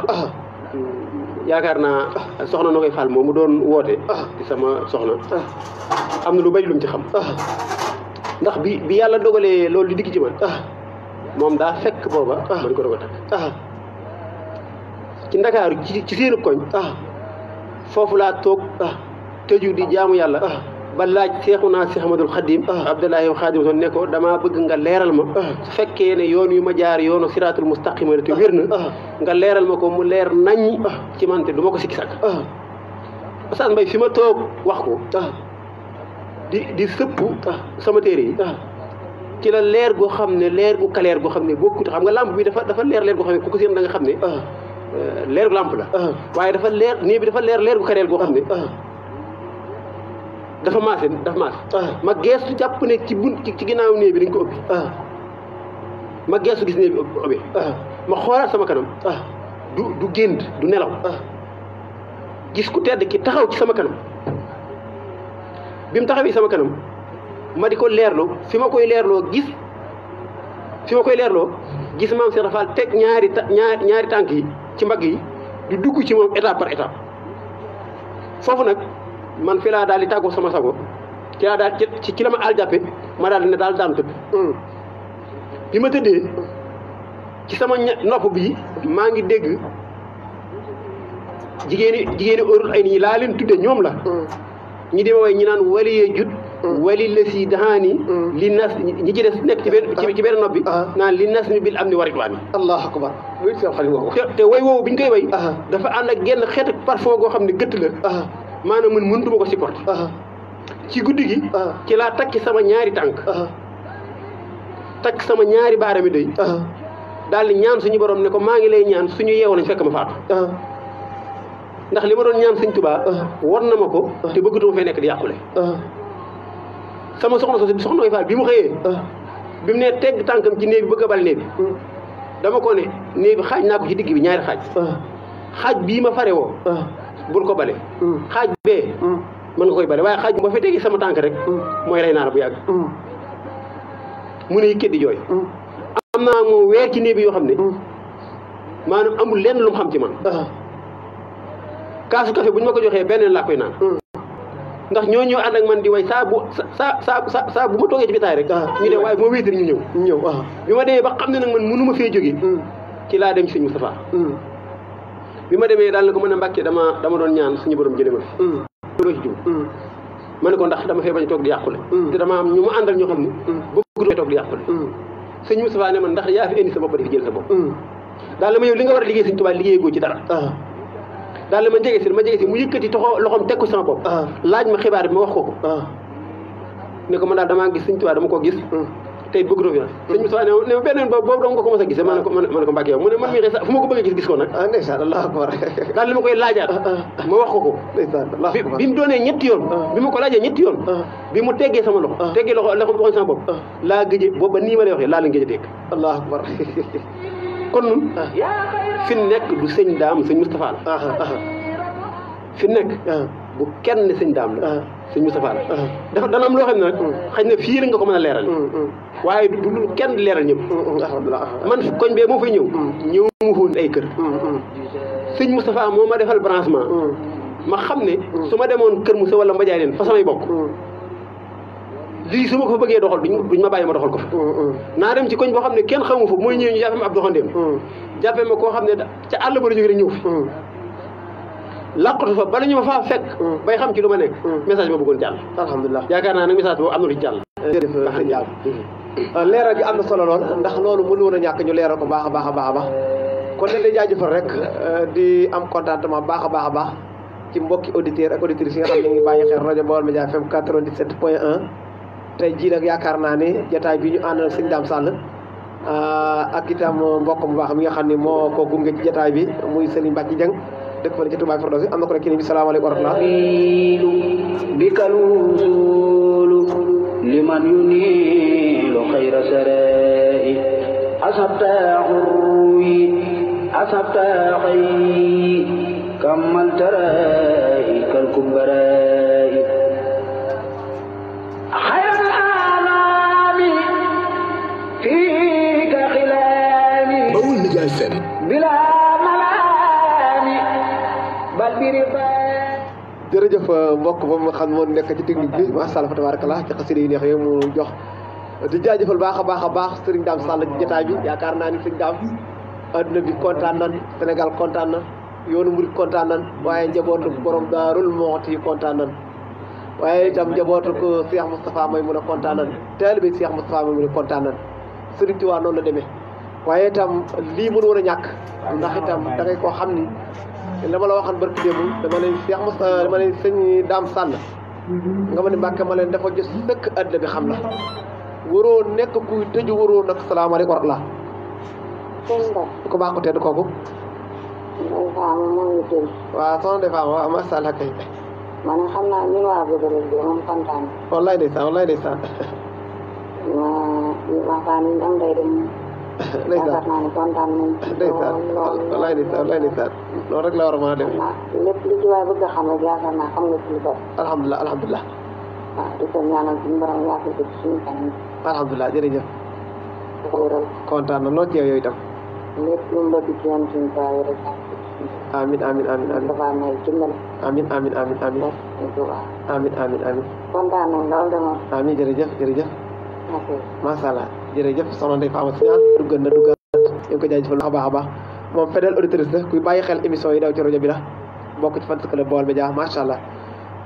yaakaar naa soxna noo koy faal moom mu doon woote di sama soxna am na lu bari lu ci xam ndax bi bi yàlla dogalee loolu di digg ci moom daa fekk booba man ko doog a takk ci ndakaaru ci ci seenu koñ foofu laa toog tëju di jaamu yàlla ba laaj naa Seex Ahmadul Xadim ah. Abdullahi wa Xadim ne ko damaa bëgg nga leeral ma ah. su fekkee ne yoon yu ma jaar yoonu siraatul mustaqima te ah. wér na nga leeral ma ko mu leer nañ ci mante te ma ko sikki sàkk Oustaz mbay fi ma toog wax ko di di sëpp sama téere yi ci la leer goo xam ne leer gu kaleer goo xam ne bokkut xam nga lamp bi dafa dafa leer leer goo xam ne ku da nga xam ne euh, leer lamp la waaye dafa leer nii bi dafa leer leer gu kaleer goo xam ne dafa maase dafa maase. Ah. ma geestu jàpp ne ci bun ci ginnaaw néeg bi dañ ko ëppi. Ah. ma geestu gis néeg bi ëppee. Ah. ma xoolaat sama kanam. du du gént du nelaw. gis ku tedd ki taxaw ci sama kanam bi mu taxawee sama kanam ma di ko leerloo fi ma koy leerloo gis fi ma koy leerloo gis maam Cheikh Rafal teg ñaari ta ñaari tànk yi ci mbagg yi du dugg ci moom étape par étape foofu nag. man felaa daal di tàggoo sama sago ci laa ci ci la ma aal ma daal di ne daal daan tëdd mm. bi ma tëddee ci sama nopp bi maa ngi dégg jigéeni jigéeni óorul ay nii laa leen tudde ñoom la mm. ñi dima way ñi naan waliyee jut mm. wali lës yi daxaani li nas ñi ci des nekk ci benn ci benn nopp bi ah. naan li nas mi bil am ni warit waa ni allahu akbar te way woowu bi koy way ah. dafa ànd ak genn xeet parfum goo xam ne gëtt la ah. maanaam man mënutuma ko supporter. ci guddi gi. ci laa takki sama ñaari tànk. takk sama ñaari baaraam yi daal di ñaan suñu borom ne ko maa ngi lay ñaan suñu yeewoon nañ fekk ma faatu. ndax li ma doon ñaan sëñ Tuubaa war na ma ko te bëggatuma fay nekk di yàqule sama soxna soo soxna koy faal bi mu xëyee bi mu ne tegg tànkam ci néeg bi bëgg a bal néeg bi hmm. dama ko ne néeg bi xaaj naa ko ci digg bi ñaari xaaj xaaj bii ma fare woo bul ko bale mm. xaaj bee mm. mën nga koy bale waaye xaaj ba fi tegi sama tànk rek mm. mooy rey naa la bu yàgg mu ne kéddi jooy am na moom weer ci néeg bi yoo xam ne maanaam amul lenn lu xam ci man ah. kaasu café bu ñu ma ko joxee beneen laa koy ñoo ñëw ànd ak man di way saa bu saa saa bu ma toogee ci bitaay rek ah. ñu dem waaye bu ma ñu ñëw ñëw ah. bi ma demee ba xam ne nag man mënu ma fee jóge ci laa dem Sëñ Moustapha bi ma demee daal na ko mën a mbàkkee dama dama doon ñaan suñu borom jëlee ma fi mm. loo mm. ne ko ndax dama fee bañ a toog di yàqule mm. te am ñu mu àndal ñoo xam ne bëgg toog di yàqule sëñ Moustapha ne man ndax yaa fi indi sa bopp di fi jël sa bopp daal la ma yow li nga war a liggéey sëñ Tuubaa liggéey goo ci dara ah. daal la ma jege si ma jege si mu yëkkati toxo loxoom teg ko sama bopp ah. laaj ma xibaar bi ma wax ko ko ah. ne ko man daal damaa gis sëñ Tuubaa dama ko gis tey bëgg revient sëñ Moussa ne ne beneen boobu dong nga ko mos a gisee ah. ma ne ko ma ne ko Mbacke yow mu ne man mii rek fu ma ko bëggee gis gis ko nag ah, ndeysaan allah akbar daal li ma ah, ma ko ko bi bi ma ko sama loxo teggee loxo loxo bi sama bopp laa gëjee boobu ba nii ma lay waxee laa leen a akbar kon nun fi du sëñ daam sëñ Moustapha la fi nekk bu kenn ne sëñ daam la ah. sëñ Moustapha la ah. dafa dana am loo xam ne nag xëy na fii la nga ko mën a leeral mm, mm. waaye du lu kenn leeral ñëpp mm, man koñ bee moo fa ñëw ñëw mu foon ay kër sëñ Moustapha moo ma defal branchement ma xam ne su ma demoon kër Moussa wala mbajaay leen fa samay bokk lii su ma ko fa bëggee doxal duñ ma bàyyi ma doxal ko fa naa dem ci koñ boo xam ne kenn xamu fa mooy ñëw ñu jàppe ma ab doxandeem jàppe ma koo xam ne ca àll ba la jóge rek ñëw làqatu fa bala ñu ma faa fekk bay xam ci lu ma nekk message ba bëggoon jàll alhamdulilah yaakaar naa nag message boobu am na lu ci jàll jërëjëf Bakhri Diallo euh, leeral gi am na solo ndax loolu mënu woon a ñàkk ñu leeral ko baax a baax a baax a baax kon leen di jaajëfal rek euh, di am contentement baax a baax a baax ci mbokki auditeurs ak auditrices yi nga xam ne ñu ngi bàyyi xel rajo Baol Média FM 97 point 1 tey jii nag yaakaar naa ni jataay bi ñu àndal sëñ Dame Sall euh, ak itam mbokk mu baax mi nga xam ni moo ko gunge jataay bi muy Serigne Backe Dieng dëkk fa la ci Touba Firdawsi am na ko ne kii bi salaamaaleykum wa rahmatulah bi kalulu liman yunilu xayra sarai asabtaxuyi asabtaxayi kamal tarai kalkumbarai xayra alami fika xilami Baol Médias FM jërëjëf euh, mbokk ba xam nekk ci technique bi macha allah tabarakallah ci xasida yi neex di jaajëfal baax a baax a baax sëriñ Dame Sall ci jotaay bi yaakaar naa ni sëriñ Dame adduna bi kontaan nan Sénégal kontaan na yoonu murit kontaan nan waaye njabootu borom daarul mooti kontaan nan waaye itam njabootu ko Cheikh Moustapha mooy mun a kontaan nan bi Cheikh Moustapha mooy mun a kontaan nan sëriñ Tuubaa noonu la demee waaye itam lii woon a ñàkk ndax itam da koo xam ni la ma la waxoon barki démb dama ne Cheikh Moussa euh, dama ne sëñ Dame Sall nga ma ne Mbàkke ma leen dafa jës sëkk àddina bi xam la waroo nekk kuy tëju waroo nag salaamaaleykum wa rahmatulah. du ko baax ko tedd kooku. waaw soxna Ndeye Fama waaw macha allah kay. man xam naa ñu waa Goudiri bi moom kontaan. wallaay ndeysaan wallaay ndeysaan. waaw ñu waxtaan am day dem. yaakaar naa ne kontaan nañ ci walaay ndeysaan walaay ndeysaan la war a mën a demee lépp li a xam rek yaakaar naa xam nga ci lu bëri alhamdulilah alhamdulilah ko ñaanal suñu borom yàggal ko ci suñu kontaan na lool ci yow yooyu tam amin amin amin amin amin amin amin amin kontaan nañ lool de amin jërëjëf macha allah jërëjëf soxna Ndeye Fama Signal duggal a duggal ñu ngi ko jaajëfal lu baax a baax moom fidèle auditrice la kuy bàyyi xel émission yi daw ci rajo bi la bokk ci Fans Club Baol Médias macha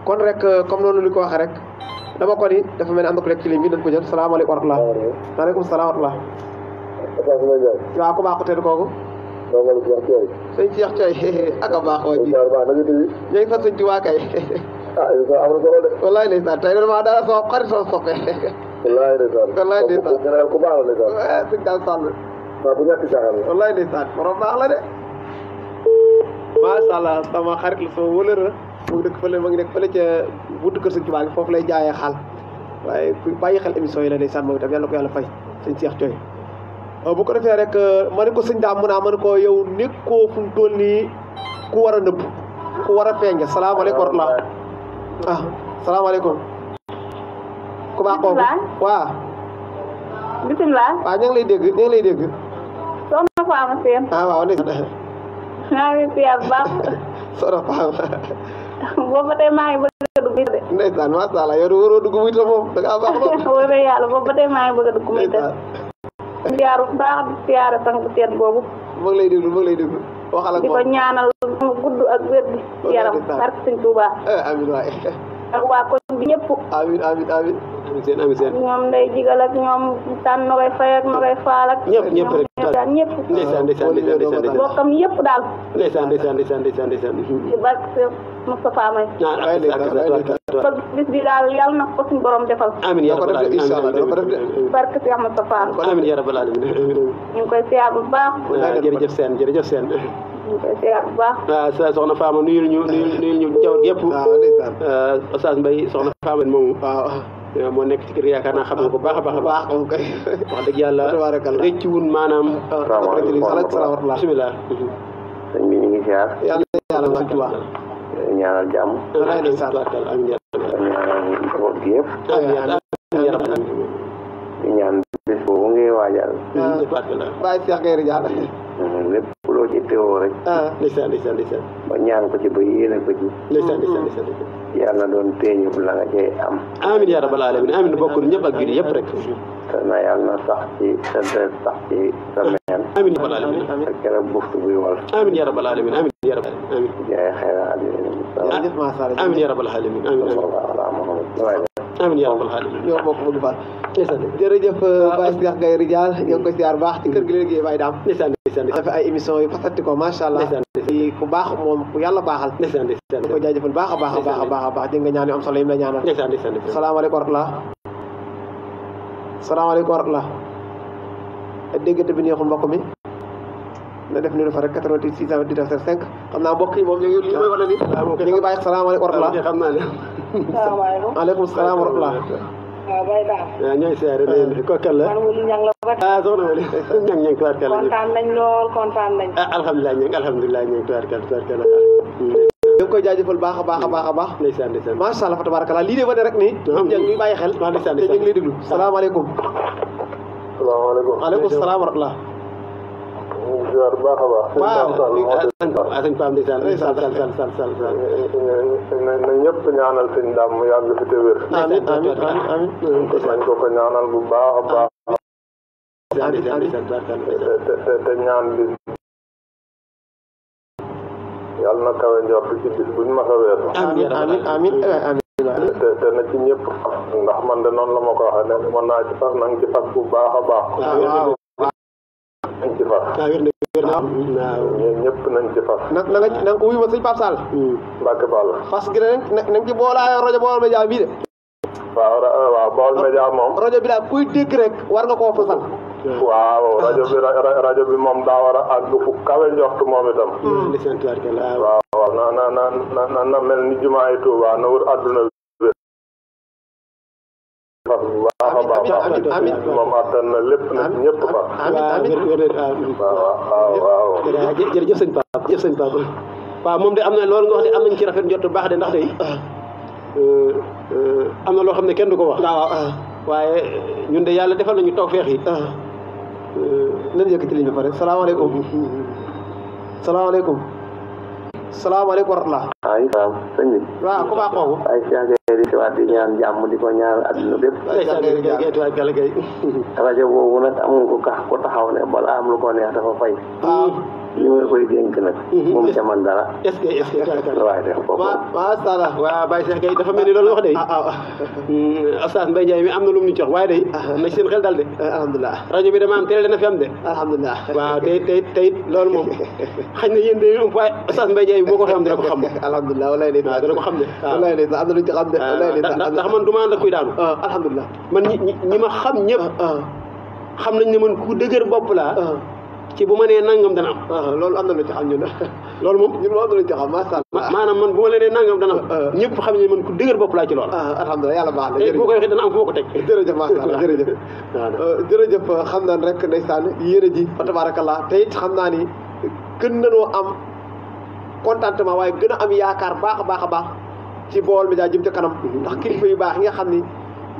kon rek euh, comme noonu li ko waxee rek dama ko ni dafa mel ni am na ko rek ci ligne bi nañ ko jël salaamaaleykum wa rahmatulah. maaleykum salaam a rahmatulah. waaw ku baax ku teel kooku. sëñ a Thioye. sëñ Cheikh Thioye ak a baax waa ji. ñu ngi sant sëñ Tuubaa kay. ah yow am na solo de. [LAUGHS] wallaahi ndeysaan tey dama daal [LAUGHS] wallaay ndeysaan wallaay ndeysaan général ku baax la ndeysaan sëñ Daam Sall waaw bu ñàkk caaxaan la wallaay ndeysaan borom baax la de macha allah sama xarit la sama wëlër la mu ngi dëkk fële ma ngi nekk fële ca buntu kër sëñ Tuubaa gi foofu lay jaayee xaal waaye ku bàyyi xel émission yi la ndeysaan moom itam yàlla ko yàlla fay sëñ Seex Coy euh, bu ko defee rek euh, ma ne ko sëñ daam mu naa ma ne ko yow nekkoo fu mu toll nii ku war a nëbb ku war a feeñ salaamaaleykum wa rahmatulah ah salaamaaleykum ku baax kooku waaw. bisimilah. waaw ñu ngi lay dégg ñu ngi lay dégg. soxna Fama Sène. ah waaw dégg naa. maa ngi siyaar bu baax. soxna Fama. boobu ba tey maa ngi bëgg a dugg de. ndeysaan macha allah yow de waroo dugg muy te moom da ngaa baax lool. wóor na yàlla boobu ba tey maa ngi bëgg a dugg muy te. siyaaru baax di siyaare sang teet boobu. maa ngi lay déglu maa ngi lay déglu. waxal ak moom di ko ñaanal gudd ak wér gi yaram barke Sëñ Tuubaa. amiin waay. ak waa koñ bi ñëpp. amiin amiin amiin. amiin seen amiin seen. ñoom day digal ak ñoom tan nogay fay ak nogay faal ak. ñëpp ñëpp rek daal ñëpp. daal. ndeysaan ndeysaan ndeysaan ndeysaan ndeysaan. ci barke Moustapha May. Ah, ah, bis daal yàlla na ko suñu borom defal. amiin yaa rabbal aalamiin barke Cheikh Moustapha. amiin yaa rabbal aalamiin. ñu ngi koy siyaar bu baax. Ah, jërëjëf seen jërëjëf seen waaw soxna Fama nuyul ñu nuyul ñu jaww yëpp. waaw ah, ndeysaan ah, Oustaz Mbaye soxna Fama moomu. waaw ah, moo nekk ci kër yaakaar naa xam nga ko baax a baax a baax. wax dëgg yàlla rëcc wun maanaam. salaamaaleykum bisimilah. sëñ bi ñu ngi ziar. yàlla yàlla wax ci waa. ñaanal jàmm. ñaanal njaboot gi yëpp. di ñaan bés boobu ngay waajal. waaw bàyyi Cheikh Gueye Ridial. lépp teewoo rek. ah ndeysaan ndeysaan ndeysaan. ba ñaan ko ci ba yéene ko ci. ndeysaan ndeysaan ndeysaan. yàlla doon téeñu la nga am. amiin yaa rabbal alamin amiin bokk ñëpp ak biir yëpp rek. te na yàlla na sax ci sa sa ah. meen. amiin yaa rabbal alamin. ak keroog buftu buy wal. amiin yaa rabbal alamin amiin yaa rabbal alamin. jërëjëf maa Sare amiin yaa rabbal aalamiin amiin amiin yaa rabbal aalamiin ñoo bokk bëgg baal ndeysaan jërëjëf Baye Cheikh Gaye Ridial ñoo ngi koy siyaar baax ci kër gi la liggéey Baye Daam ay émission ko macha allah yi ku baax yàlla baaxal ndeysaan ndeysaan ko jaajëfal baax a baax baax a a baax dégg nga ñaan yu am solo yi mu la ñaanal ndeysaan ndeysaan salaamaaleykum wa rahmatullah salaamaaleykum wa rahmatullah dégg nga bi neexul mbokk mi na def ni dafa rek 88 619 5 xam naa mbokk yi moom ñu ngi ñu ngi xam naa ne. salaamaaleykum aleykum salaam wa rahmatulah. waaw Baye Ba. waaw ñooy seere na yéen ko kan la. man ñang la ba. ah soxna Wali ñang ñang tubaarkalla. kontaan nañ lool kontaan nañ. ah alhamdulilah ñang alhamdulilah ñang tubaarkalla tubaarkalla. Hmm. ñu ngi koy jaajëfal baax a baax a baax a baax. ndeysaan ndeysaan macha allah fa tabarakallah lii de wane rek ni. ñoom ah. ñang ñuy bàyyi xel. waaw ah, ndeysaan ndeysaan te ñu ngi lay déglu ah. salaamaaleykum. salaamaaleykum ziar bu baax a baax. waaw sëñ Pape ndeysaan ndeysaan ndeysaan ndeysaan na ñëpp ñaanal bu baax a baax. a na ci ñëpp fas la ma ko waxee ne mën ci fas bu baax a baax. Ah, nañ ci fas. waaw wér na wér na waaw. ñoom ñëpp nañ ci fas. na na nga ko wuyu ma sëñ Pape Sall. Hmm. Mbacke Ball. fas gi nag na nga ci boolaa rajo Baol Média bii de. Eh, moom. rajo bi daal kuy dégg rek war nga koo fasal. waaw rajo bi moom daa war a àgg fu kawe njort moom itam. Hmm. waaw na na na na mel ni jumaa yi Tuubaa na wër àdduna bi. amiin amiin moom attan na lépp nag ñëpp ba. amiin amiin waaw waaw jërëjëf sëñ Pape jërëjëf sëñ Pape waaw moom de am na loolu nga wax de am nañ ci rafet njort bu baax de ndax de ah. euh, euh, am na loo xam ne kenn du ko wax. Ah. waaye ñun de yàlla defal nañu tawfeex yi. Ah. Euh, nan yëkkati liñ ba pare salaamaaleykum. Mm-hmm, mm-hmm. salaamaaleykum. salaamaaleykum wa rahmatulah. waaw ku baax kooku. dellusi waat di ñaan jàmm di ko ñaan adduna bépp [LAUGHS] rajo boobu nag amul ko kax ko taxaw ne bala am lu ko neex dafa fay li ma koy dénk nag. Mhm. moom ca man dara. est ce que est ce que. waaw def ko macha allah waaw Baye Cheikh kay dafa mel ni loolu wax de. ah ah Oustaz ah. mm, Mbaye Ndiaye mi am na lu mu ñu jox waaye de. na ah. seen xel dal de. Ah, alhamdulilah rajo bi dama am télé dana fi am de. alhamdulilah waaw tey tey tey loolu moom xañ na yéen de waaye Oustaz Mbaye Ndiaye boo ko xam dina ko xam. [LAUGHS] alhamdulilah walaay de waaw dina ko xam de. walaay de am na lu ñu ci xam de. walaay de ndax man du ma ànd ak kuy daanu. alhamdulilah man ñi ñi ma xam ñëpp. xam nañ ne man ku dëgër bopp laa ci bu ma nee nangam dana am ah, loolu am na lu ci xam ñun [LAUGHS] loolu moom ñun moom am na lu ci xam macha allah maanaam man bu ma leen nangam dana am ah, ah. ñëpp xam ne man ku dëgër bopp laa ci lool alhamdulilah yàlla baax na bu ko waxee dana jërëjëf macha allah jërëjëf [LAUGHS] jërëjëf xam naan rek ndeysaan yére ji fa tabarakallah te xam naa ni gën nanoo am contentement waaye gën a am yaakaar baax a baax a baax ci Baol Médias jëm ca kanam mm-hmm. ndax kilifa yu baax yi xam ni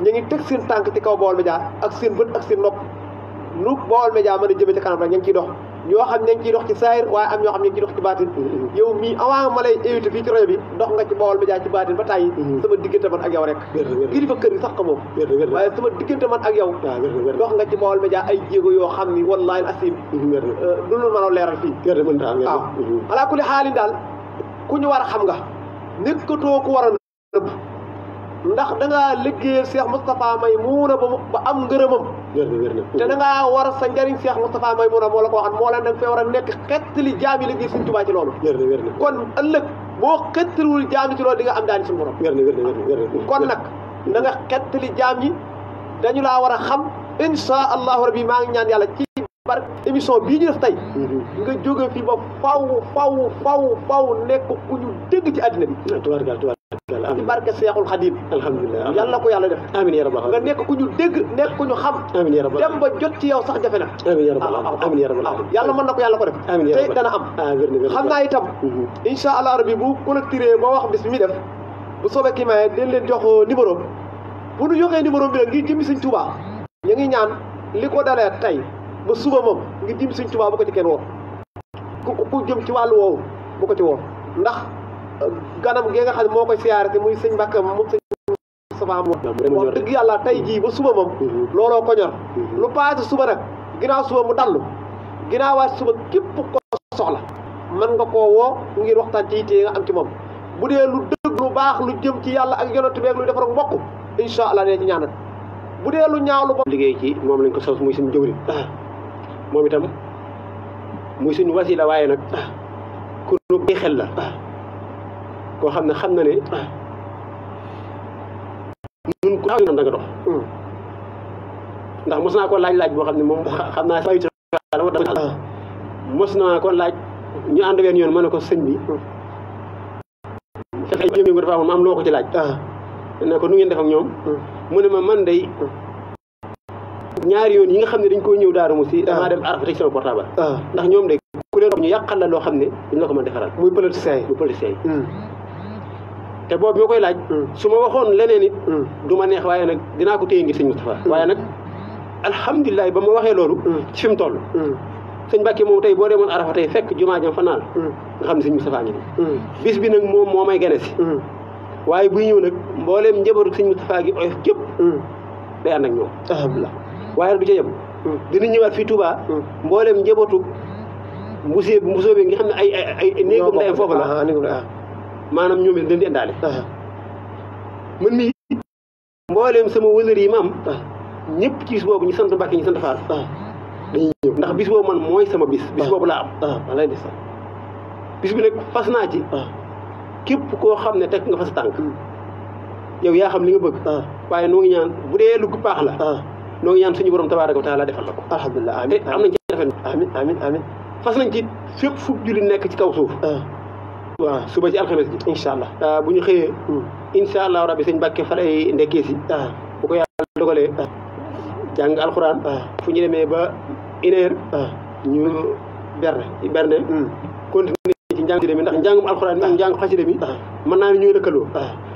ñu ngi teg seen tànk ci kaw Baol jaa ak seen bët ak seen nopp lu bool média mën a jëme ci kanam rek ña ñoo xam ña ci saayir waaye am ñoo xam ña ngi ciy dox ci baatin yow mii ma lay invité fii ci rajo bi dox nga ci bool média ci baatin ba tàyyi mm-hmm. sama sax ko moom waaye sama diggante man ak yow ah, dox nga ci bool média ay jéego yoo xam ni wallaahi asim du lu mënoo leeral fii waaw mm-hmm. alaa kulli xaalin daal ku ñu war a xam nga nekkatoo ku war a ndax da ngaa liggéeyal Cheikh Moustapha Maymouna ba am ngërëmam te da ngaa war sa njariñ Cheikh Moustapha Maymouna moo la ko waxan moo leen da nga fee a nekk xettali jaami liggéey Sëñ Tuubaa ci loolu kon ëllëg ci loolu di nga am daani suñu borom kon nag na nga xettali jaam yi dañu laa war a xam insha allahu rabbi maa ngi ñaan yàlla ci barke émission bii ñu def tey mm-hmm. nga jóge fi ba faw faw faw faw nekk ku ñu dégg ci àddina bi ci barke Seexul Xadim alhamdulilah yàlla na ko yàlla def amin ya rabbal nga nekk ku ñu dégg nekk ku ñu xam amin ba jot ci yow sax jafe na ya rabbal amin ya rabbal ah, ah, ah. yàlla mën na ko yàlla ko def amin ya rabbal dana am xam naa itam mm-hmm. insha allah rabbi bu connecté ba wax bis bi mi def bu soobee kii maye dañ leen jox numéro bu ñu joxee numéro bi ngir jëmmi Sëñ Tuubaa ñu ngi ñaan li ko dalee tey ba suba moom ngir jëmmi Sëñ Tuubaa bu ko ci kenn woo ku ku jëm ci wàll woowu bu ko ci woo ndax ganam gi nga xam moo koy siyaare te muy sëñ Mbàkke moom sëñ Moustapha dëgg yàlla tey jii ba suba moom mm-hmm. looloo ko ñor mm-hmm. lu paase suba nag ginnaaw suba mu dallu ginnaawaat suba képp ko soxla mën nga koo woo ngir waxtaan ci yitte nga am ci moom bu dee lu dëgg lu baax lu jëm ci yàlla ak yonent bi luy defar mbokk incha allah nee ci ñaanal bu dee lu ñaaw lu bopp liggéey ci moom lañ ko sos muy suñu jëwriñ moom itam muy suñu wasila waaye nag ku xel la koo xam ne xam na ne ñun ku taxaw da nga dox hmm. ndax mos naa ko laaj laaj boo xam ne moom xam naa sax mos naa ko laaj ñu ànd benn yoon ma ne ko sëñ bi hmm. fexe yëngu loo ko ci laaj ah. ne ko nu ngeen def ak ñoom hmm. mu ne ma man day ñaar yoon yi nga xam ne dañ koo ñëw daaru mu si ah. damaa dem araf teg sama portable ah. ndax ñoom de ku leen ñu yàqal la loo xam ne duñ la ko mën defaral muy politicien yi muy politicien yi te boob moo koy laaj hmm. su ma waxoon leneen it hmm. du ma neex waaye nag dinaa ko téye ngir sëñ Moustapha hmm. waaye nag alhamdulilah ba ma waxee loolu ci fi mu toll sëñ Mbàkke moom tey boo demoon Arafa tey fekk jumaa jam fa naal nga xam ne bi nag moom moo may gane si waaye buy ñëw nag mbooleem njabootu sëñ Moustapha gi oyof képp day ànd ñoom alhamdulilah waaye du ca yem dina ñëwaat fii Touba mbooleem njabootu mbusee mbusoo bi nga xam ne ay ay ay néegum ndeyam foofu la ah, maanaam ñoom it dañ di indaale man mii mbooleem sama wëlër yi ma am ñëpp ci bis boobu ñu sant Mbàkke ñu sant Faal dañuy ñëw ndax bis boobu man mooy sama bis bis laa am lay des bis bi nag fas naa ci képp koo xam ne teg nga fas tànk hmm. yow yaa xam li nga bëgg waaye noo ngi ñaan bu dee lu baax la noo ngi ñaan suñu borom tabaaraka wa taala defal la ko alhamdulilah amiin am nañ ci rafet amiin amiin amiin fas nañ ci fépp fu julli nekk ci kaw suuf waaw suba ci alxames ji incha allah ah, bu ñu xëyee hmm, incha allah rabbi sëñ Mbàkke fa lay ndekkee si ah, bu ko yàlla dogalee ah, jàng alxuraan fu ñu demee ba une heure ñu berne berne hmm, continuer ci njàng xasida mi ndax njàngum alxuraan mi ak njàng xasida mi mën naa ne ñooy lëkkaloo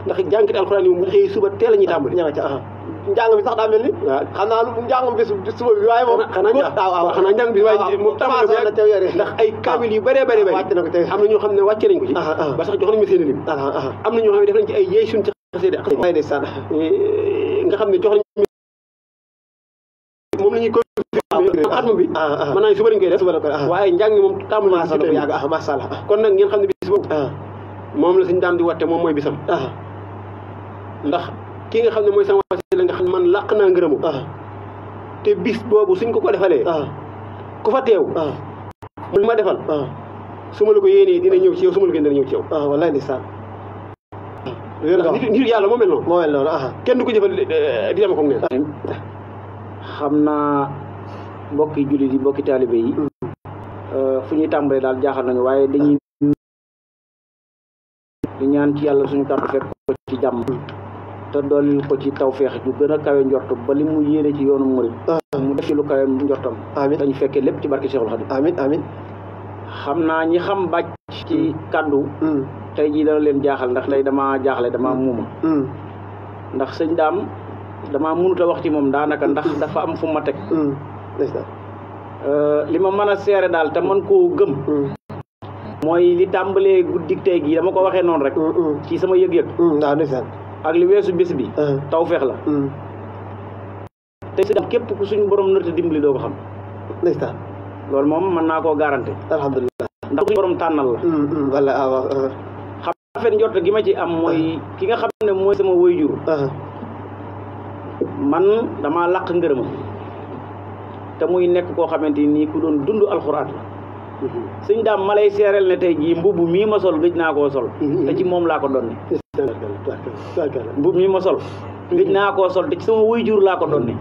ndax jàngkat alxuraan yi moom bu xëyee suba teel a ñuy tàmbali ña nga ca njàng bi sax daa mel ni xam naa lu njàngam bi suba bi waaye moom ne waaw waaw xanaa njàng bi waaye moom tamasoon na ndax ay kaamil ko teew am na ñoo xam ne wàcce nañ ko ci ah, ah. seen ah, na ñoo xam ne def nañ ci ay yey suñ eh, la ko yàgg ah masha ne bis boobu moom la suñ daan di watte moom mooy bisam ndax ki nga xam ne mooy sama làq naa ngërëmu ah. te bis boobu suñ ko ko defalee ah. ku fa ah. mu ma defal su ma la ko yéenee dina ñëw ci yow su ma la yàlla moo mel noonu kenn du ko jëfal eh, eh, di dama ko neen xam naa mbokki jullit yi mbokki taalibe yi mm. euh, fu ñuy tàmbalee daal jaaxal nañu waaye dañuy di ñaan yàlla suñu kàddu fekk ko ci jàmm te doolil ko ci taw tawféex ju gën a kawe njortu ba li mu yéene ci yoonu murit mu def ci lu kawe njortam amiin dañu fekkee lépp ci barke Cheikhul Khadim amiin amiin xam naa ñi xam bàcc ci mm. kàddu mm. tey jii dana leen jaaxal ndax tey damaa jaaxle damaa mm. muuma ndax sëñ daam damaa mënut a wax ci moom daanaka ndax dafa am fu ma teg euh, li ma mën a seere daal te man koo gëm mooy li tàmbalee guddik tey gii dama ko waxee noonu rek ci sama yëg-yëg ak li weesu bés bi ah. taw feex la hmm. tey suñu borom nërte dimbali doo ko loolu moom mën naa koo garanté ndax suñu tànnal la hmm, hmm, wala ah, ah. gi ma ci am mooy ki nga xam ne mooy sama waajur man damaa làq ngërëmam te muy nekk koo xamante nii ku doon dund alxuraan la suñ daam ma lay seereel ne tey jii mbubb mii ma sol gëj naa koo sol te ci moom laa ko doon mbubb mi ma sol gëj naa ko sol te sama wuy jur laa ko doon ne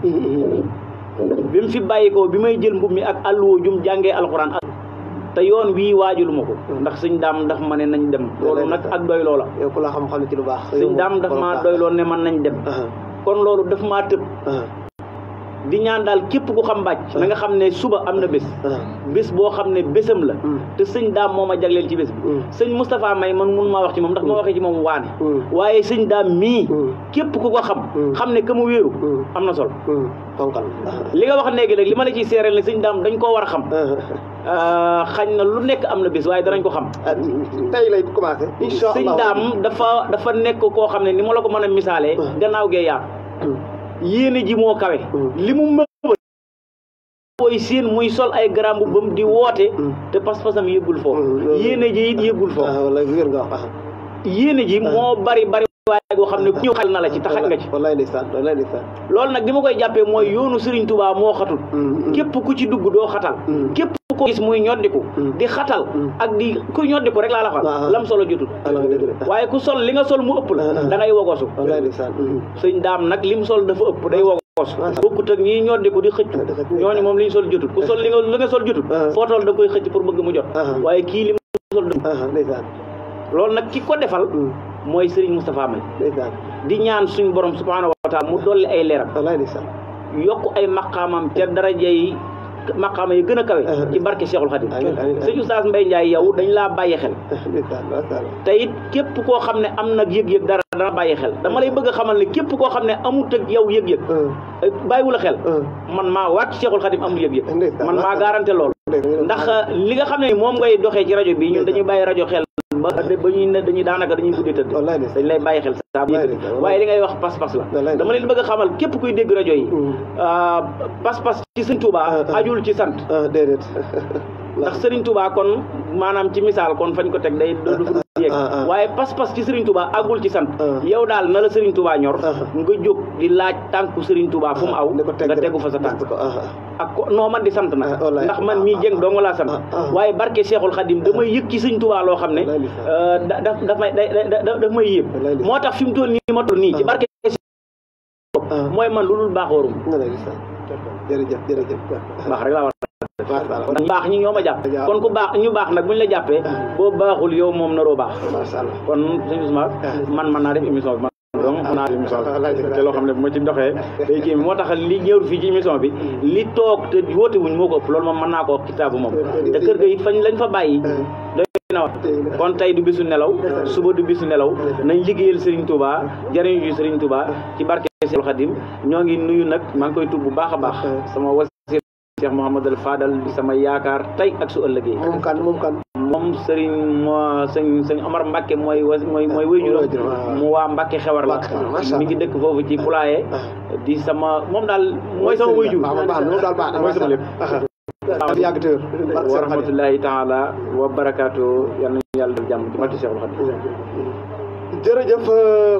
bi mu fi bàyyi bi may jël mbubb mi ak àlluwa jum jàngee alxuraan te yoon wii waajulu ma ko mm. ndax sëñ daam ndax ma ne nañ dem mm. loolu nag ak doy loola yow ku la xam-xam ci lu baax sëñ daam ndax ma doy lool ne man nañ dem uh-huh. kon loolu daf maa tëb uh-huh. di ñaan daal képp ku xam Mbàcc na nga xam ne suba am na bés ah. bés boo xam ne bésam la hmm. te sëñ daam moo ma jagleel ci bés bi hmm. sëñ Moustapha May man mun maa wax ci moom ndax ma hmm. waxee ci moom waane waaye sëñ daam mii képp ku ko xam xam ne ka mu wéeru am na solo fonkal li nga wax léegi nag li ma la ciy seereel ne sëñ daam dañ koo war a xam [LAUGHS] ah, xañ na lu nekk am na bés waaye danañ ko xam ah, tey lay commencé sëñ daam dafa dafa nekk koo xam ne ni ma la ko mën a misaalee gannaaw gee yaa yéene ji moo kawe mm. li mu mëbët booy seen muy sol ay garambu bam di woote mm. te pas-pasam yëbbul foofu mm, yéene ji it yëbbul foofu ah, yéene ji ah. moo bari bari waaye mm, mm. Mm. ku ko gis muy ñoddiku di xatal ak di ku ñoddiku rek laa la ah, ah. sol li nga sol mu ëpp la ah, da ngay wogosu sëñ daam nag lim sol dafa ëpp day wogosu bokkut ak ñii ñoddiku di xëccu ñooñu moom li sol jotul ku sol li nga sol jotul footool da koy xëcc pour bëgg mu jot waaye kii lim sol loolu nag ki ko defal mooy Serigne Moustapha May di ñaan suñu borom subhaanahu wa taala mu dolli ay leeram yokk ay maqaamam te dara yi maqaama yi gën a kawe ci barke Cheikhul Khadim sëñ Oustaz Mbaye Ndiaye yow dañ laa bàyyi xel [LAUGHS] it képp koo xam ne am nag yëg-yëg dara dana bàyyi xel dama lay bëgg a xamal ne képp koo xam ne amut ak yow yëg-yëg mm. eh, bàyyiwul a xel mm. man maa waat Cheikhul Khadim amul yëg-yëg man maa garanté loolu ndax eh, li nga xam ne moom ngay doxee ci rajo bi ñun dañuy bàyyi rajo xel ba ba ñuy ne dañuy daanaka dañuy guddi tëdd dañ lay bàyyi xel saa bu waaye li ngay wax pas-pas la dama leen bëgg a xamal képp kuy dégg rajo yi mm. ah, pas-pas ci sëñ Tuubaa ah, ah. ajul ci sant [LAUGHS] ndax Serigne Touba kon maanaam ci misaal kon fañ ko teg day doodu yéeg ah, ah, ah. waaye pas-pas ci Serigne Touba ci sant yow daal na la Serigne Touba ñor nga jóg laaj tànku Serigne Touba fu mu aw nga tegu fa sa tànk ak sant nag ndax man mii jëng doo nga laa sant waaye barke Cheikhul Khadim damay yëg ci Serigne Touba loo xam ne euh, da dafay daf may yëg moo tax fi mu toll nii ma toll nii ci barke mooy man lu dul baaxoorum jërëjëf jërëjëf baax rek laa war ndax baax ñi ñoo ma jàpp kon ku baax ñu baax nag buñ la jàppee ah. boo baaxul yow moom naroo baax kon sëñ Ousmane ah. man man naa def émission bi donc am naa ci émission te loo xam ne bu ma ci ndoxee day kii moo tax li ñëw fii ci émission bi li toog te woote wuñ moo ko ëpp loolu moom mën naa ko wax kitaabu moom te kër ga it fañ lañ fa bàyyi kon tey du bisu nelaw suba du bisu nelaw nañ liggéeyal Serigne Touba jariñu Serigne Touba ci barke Seexul Xadim ñoo ngi nuyu nag maa koy tudd bu baax a baax sama Cheikh Mouhamadul Fadal di sama yaakaar tey ak su ëllëgee. moom kan moom kan. moom Serigne moo sëñ sëñ Omar Mbacke mooy mooy mooy ah, wéyjuram ah, ah. mu waa Mbacke xewar la mi ngi dëkk foofu ci Poulaye di sama moom daal mooy sama wéyjur mooy sama lépp wa rahmatullahi taala wa barakaatu yal nañu yàlla def jàmm ci barke Cheikhul Khadim jërëjëf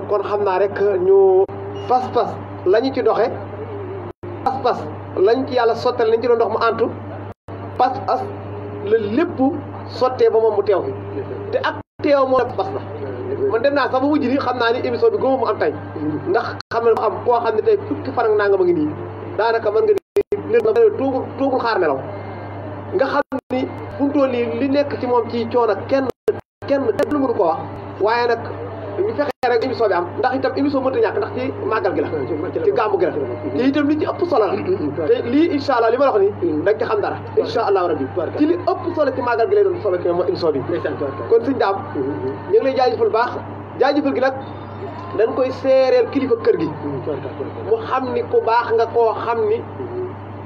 kon xam naa rek ñu pas-pas lañu ci doxe pas-pas lañ ci yàlla sottal lañ ci doon ndox mu antu pas-pas la lépp sottee ba moom mu teew te ak teew moo pas la man dem naa sax ba mujj nii xam naa ni émission bi góobu mu am tey ndax xam ne am koo xam ne tey fukki fan ak nangam a ngi nii daanaka mën nga ni tuugul tuugul xaar nelaw nga xam ni fu mu li nekk ci moom ci coono kenn kenn kenn lu mënu ko wax waaye nag ñu fexee rek émission bi am ndax itam émission mënta ñàkk ndax ci màggal gi la ci gàmmu gi la itam li ci ëpp solo la te lii incha allah li ma wax ni da nga ci xam dara incha allah rabbi ci li ëpp solo gi lay doon koy seereel kilifa kër gi mu xam ni ku baax nga koo xam ni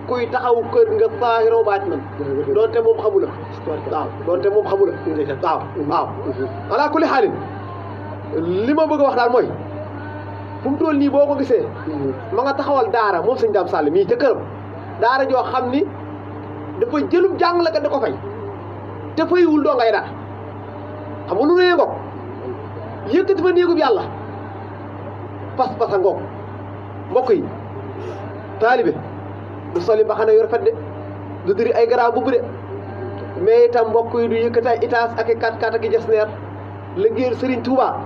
kuy taxaw kër nga saahiroo baat man doonte moom xamula waaw doonte moom xamula waaw waaw xaalin li ma bëgg a wax daal mooy fu mu nii boo ko gisee ma nga taxawal daara moom sëñ Dame Sall mii ca daara joo xam ni dafa jëlub jàngalekat da ko fay te faywul doo ngay dara xam nga lu ne ngoog yëkkati fa néegub yàlla pas-pas a ngoog mbokk yi taalibe du soli mbaxana yu rafet de du diri ay garaaw bubb de mais itam mbokk yi du yëkkati itaas ak i kat kat ak i jas neer liggéeyal Serigne Touba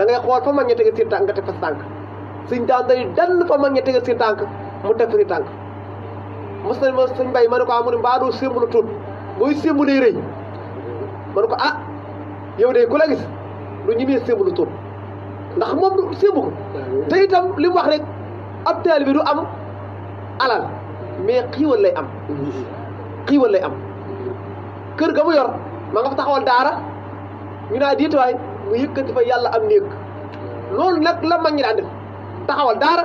da ngay xool fa mag ña tegal tànk nga teg fa tànk suñ daan day dal fa mag ña tegal tànk mu teg fa si tànk mos nañ ma ne ko ah mu ne mbaa doo sémb lu tuut ma ne ko ah yow de ku la gis lu ñimee sémb lu tuut ndax moom sémb ko te itam li wax rek ab taal bi du am alal mais xiiwal lay am xiiwal lay am kër ga mu yor ma nga fa taxawal daara ñu naa ah, diituwaay mu yëkkati fa yàlla am néeg loolu nag la mag ñi daan def taxawal daara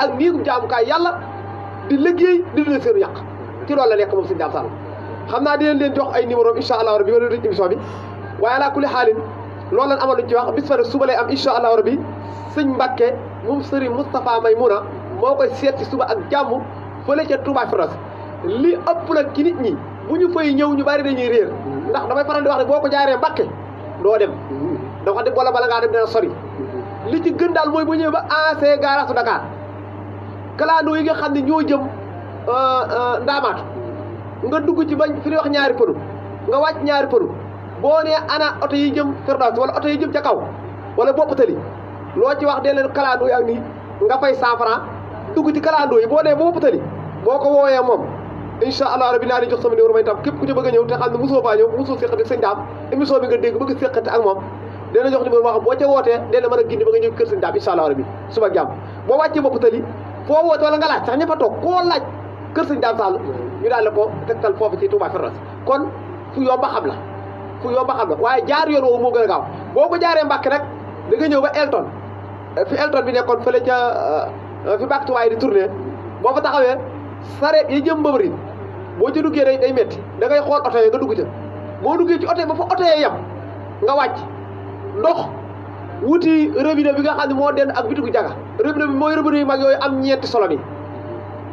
ak néegu jaamukaay yàlla di liggéey di dundal seenu yàq ci loolu la nekk moom sëñ Daam Sall xam naa dinañ leen jox ay numéro incha allah rabi wala dinañ émission bi waaye alaa kulli xaalin loolu lan amal luñ ci wax bis fa ne suba lay am incha allah rabi sëñ Mbàkke moom sëriñ Moustapha Maymuna moo koy seet ci suba ak jàmm fële ca Touba Firas li ëpp na ci nit ñi bu ñu fay ñëw ñu bari dañuy réer ndax damay faral di wax ne boo ko jaaree Mbàkke dem dama xam ne wala bala ngaa dem dina sori li ci gën daal mooy bu ñëwee ba ancien garage su Dakar clando yi nga xam ne ñoo jëm euh, euh, ndaamaatu nga dugg ci ba fi ñuy wax ñaari pënu nga wàcc ñaari pënu boo nee ana oto yi jëm Firdaws wala oto yi jëm ca kaw wala bopp tali loo ci wax dee leen clando yi ak nii nga fay cent franc dugg ci boo nee ba bopp tali boo ko woowee moom incha allah rabi naa di jox sama numéro may tam képp ku ci bëgg ñëw te xam ne mosoo faa ñëw mosoo séqati ak sëñ daam bi nga dégg bëgg séqati ak moom dina jox numéro boo xam boo ca wootee dina mën a gindi ba nga ñëw kër sëñ daam incha allah suba jàmm boo wàccee bopp tali foo woote wala nga laaj sax ña fa toog ko laaj kër sëñ daam Sall ñu daal la ko tegtal foofu ci Touba Ferros kon fu yomba xam la fu yomba xam la waaye jaar yoon woowu moo gën a gaaw boo ko jaaree Mbàkke rek da nga ñëw ba Elton fi Elton bi nekkoon fële ca euh, fi bàkk tuwaay di tourné boo fa taxawee sareet yi jëm Mbëbërin boo ca duggee day day métti dangay xool oto yi nga dugg boo duggee ci oto yi ba fa oto nga wàcc ndox wuti robinet bi nga xam ne moo den ak bitigu jaga robinet bi mooy robinet yu mag yooyu am ñeenti solom yi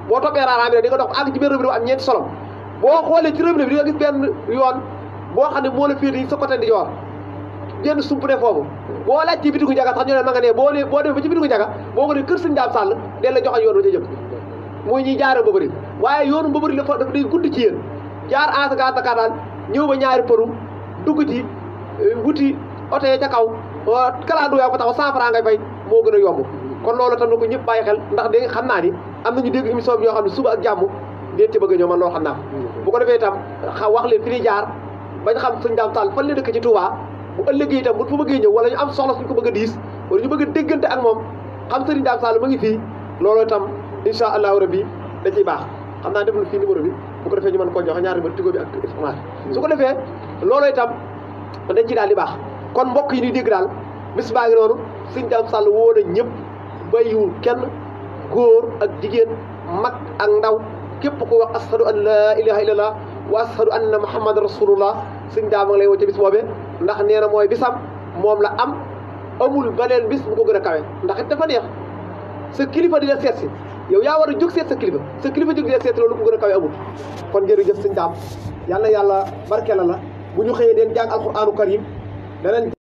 boo toppee raara bi ne di nga dox ba ak ci benn robinet bu am ñeenti solom boo xoolee ci robinet bi di gis benn yoon boo xam ne moo la féete sa côté ndijoor génn sump ne boo laaj ci bitigu jaga sax ñu ne boo nee boo demee ba boo ko ne kër sëñ daam sàll den la joxoon yoon ba ca jëm muy ñuy jaare ba bëri waaye yoonu ba bëri dafa day gudd ci yéen jaar asaka asaka daal ñëw ba ñaari përu dugg ci wuti oto yi ca kaw kalaandoo yaa ko taxaw cent francs ngay fay moo gën a yomb kon loolu tam na ko ñëpp bàyyi xel ndax dégg xam naa ni am nañu dégg émission bi ñoo xam ne suba ak jàmm déen ci bëgg ñoo man loolu xam naa mm. bu ko defee itam wax leen fi ñuy jaar bañ xam suñ daam sall fan la dëkk ci Touba bu ëllëgee itam bu fa bëggee ñëw wala ñu am soxla suñ ko bëgg a diis wala ñu bëgg a déggante ak moom xam sëriñ daam sall ma ngi fii loolu itam insha allahu rabbi da ciy baax xam naa def na fii numéro bi bu ko defee ñu mën koo joxe ñaari ba tigo bi ak information mm. su ko defee loolu itam dañ ci daal di baax kon mbokk yi ñuy dégg daal bis baa ngi noonu sëñ Dame Sall woo na ñëpp bàyyiwul kenn góor ak jigéen mag ak ndaw képp ku wax ashadu an laa ilaha illallah wa ashadu an muhammadan rasulullah sëñ a ma ngi lay woo ca bis boobee ndax nee na mooy moom la am amul beneen bis bu ko gën a kawe ndax it dafa neex sa kilifa di la seet si yow yaa war a jog seet sa kilifa sa kilifa jóg di la seet loolu ko gën a kawe amul kon jërëjëf sëñ Dame yàlla yàlla barkeela la bu ñu xëyee deen jàng alquranu karim beneen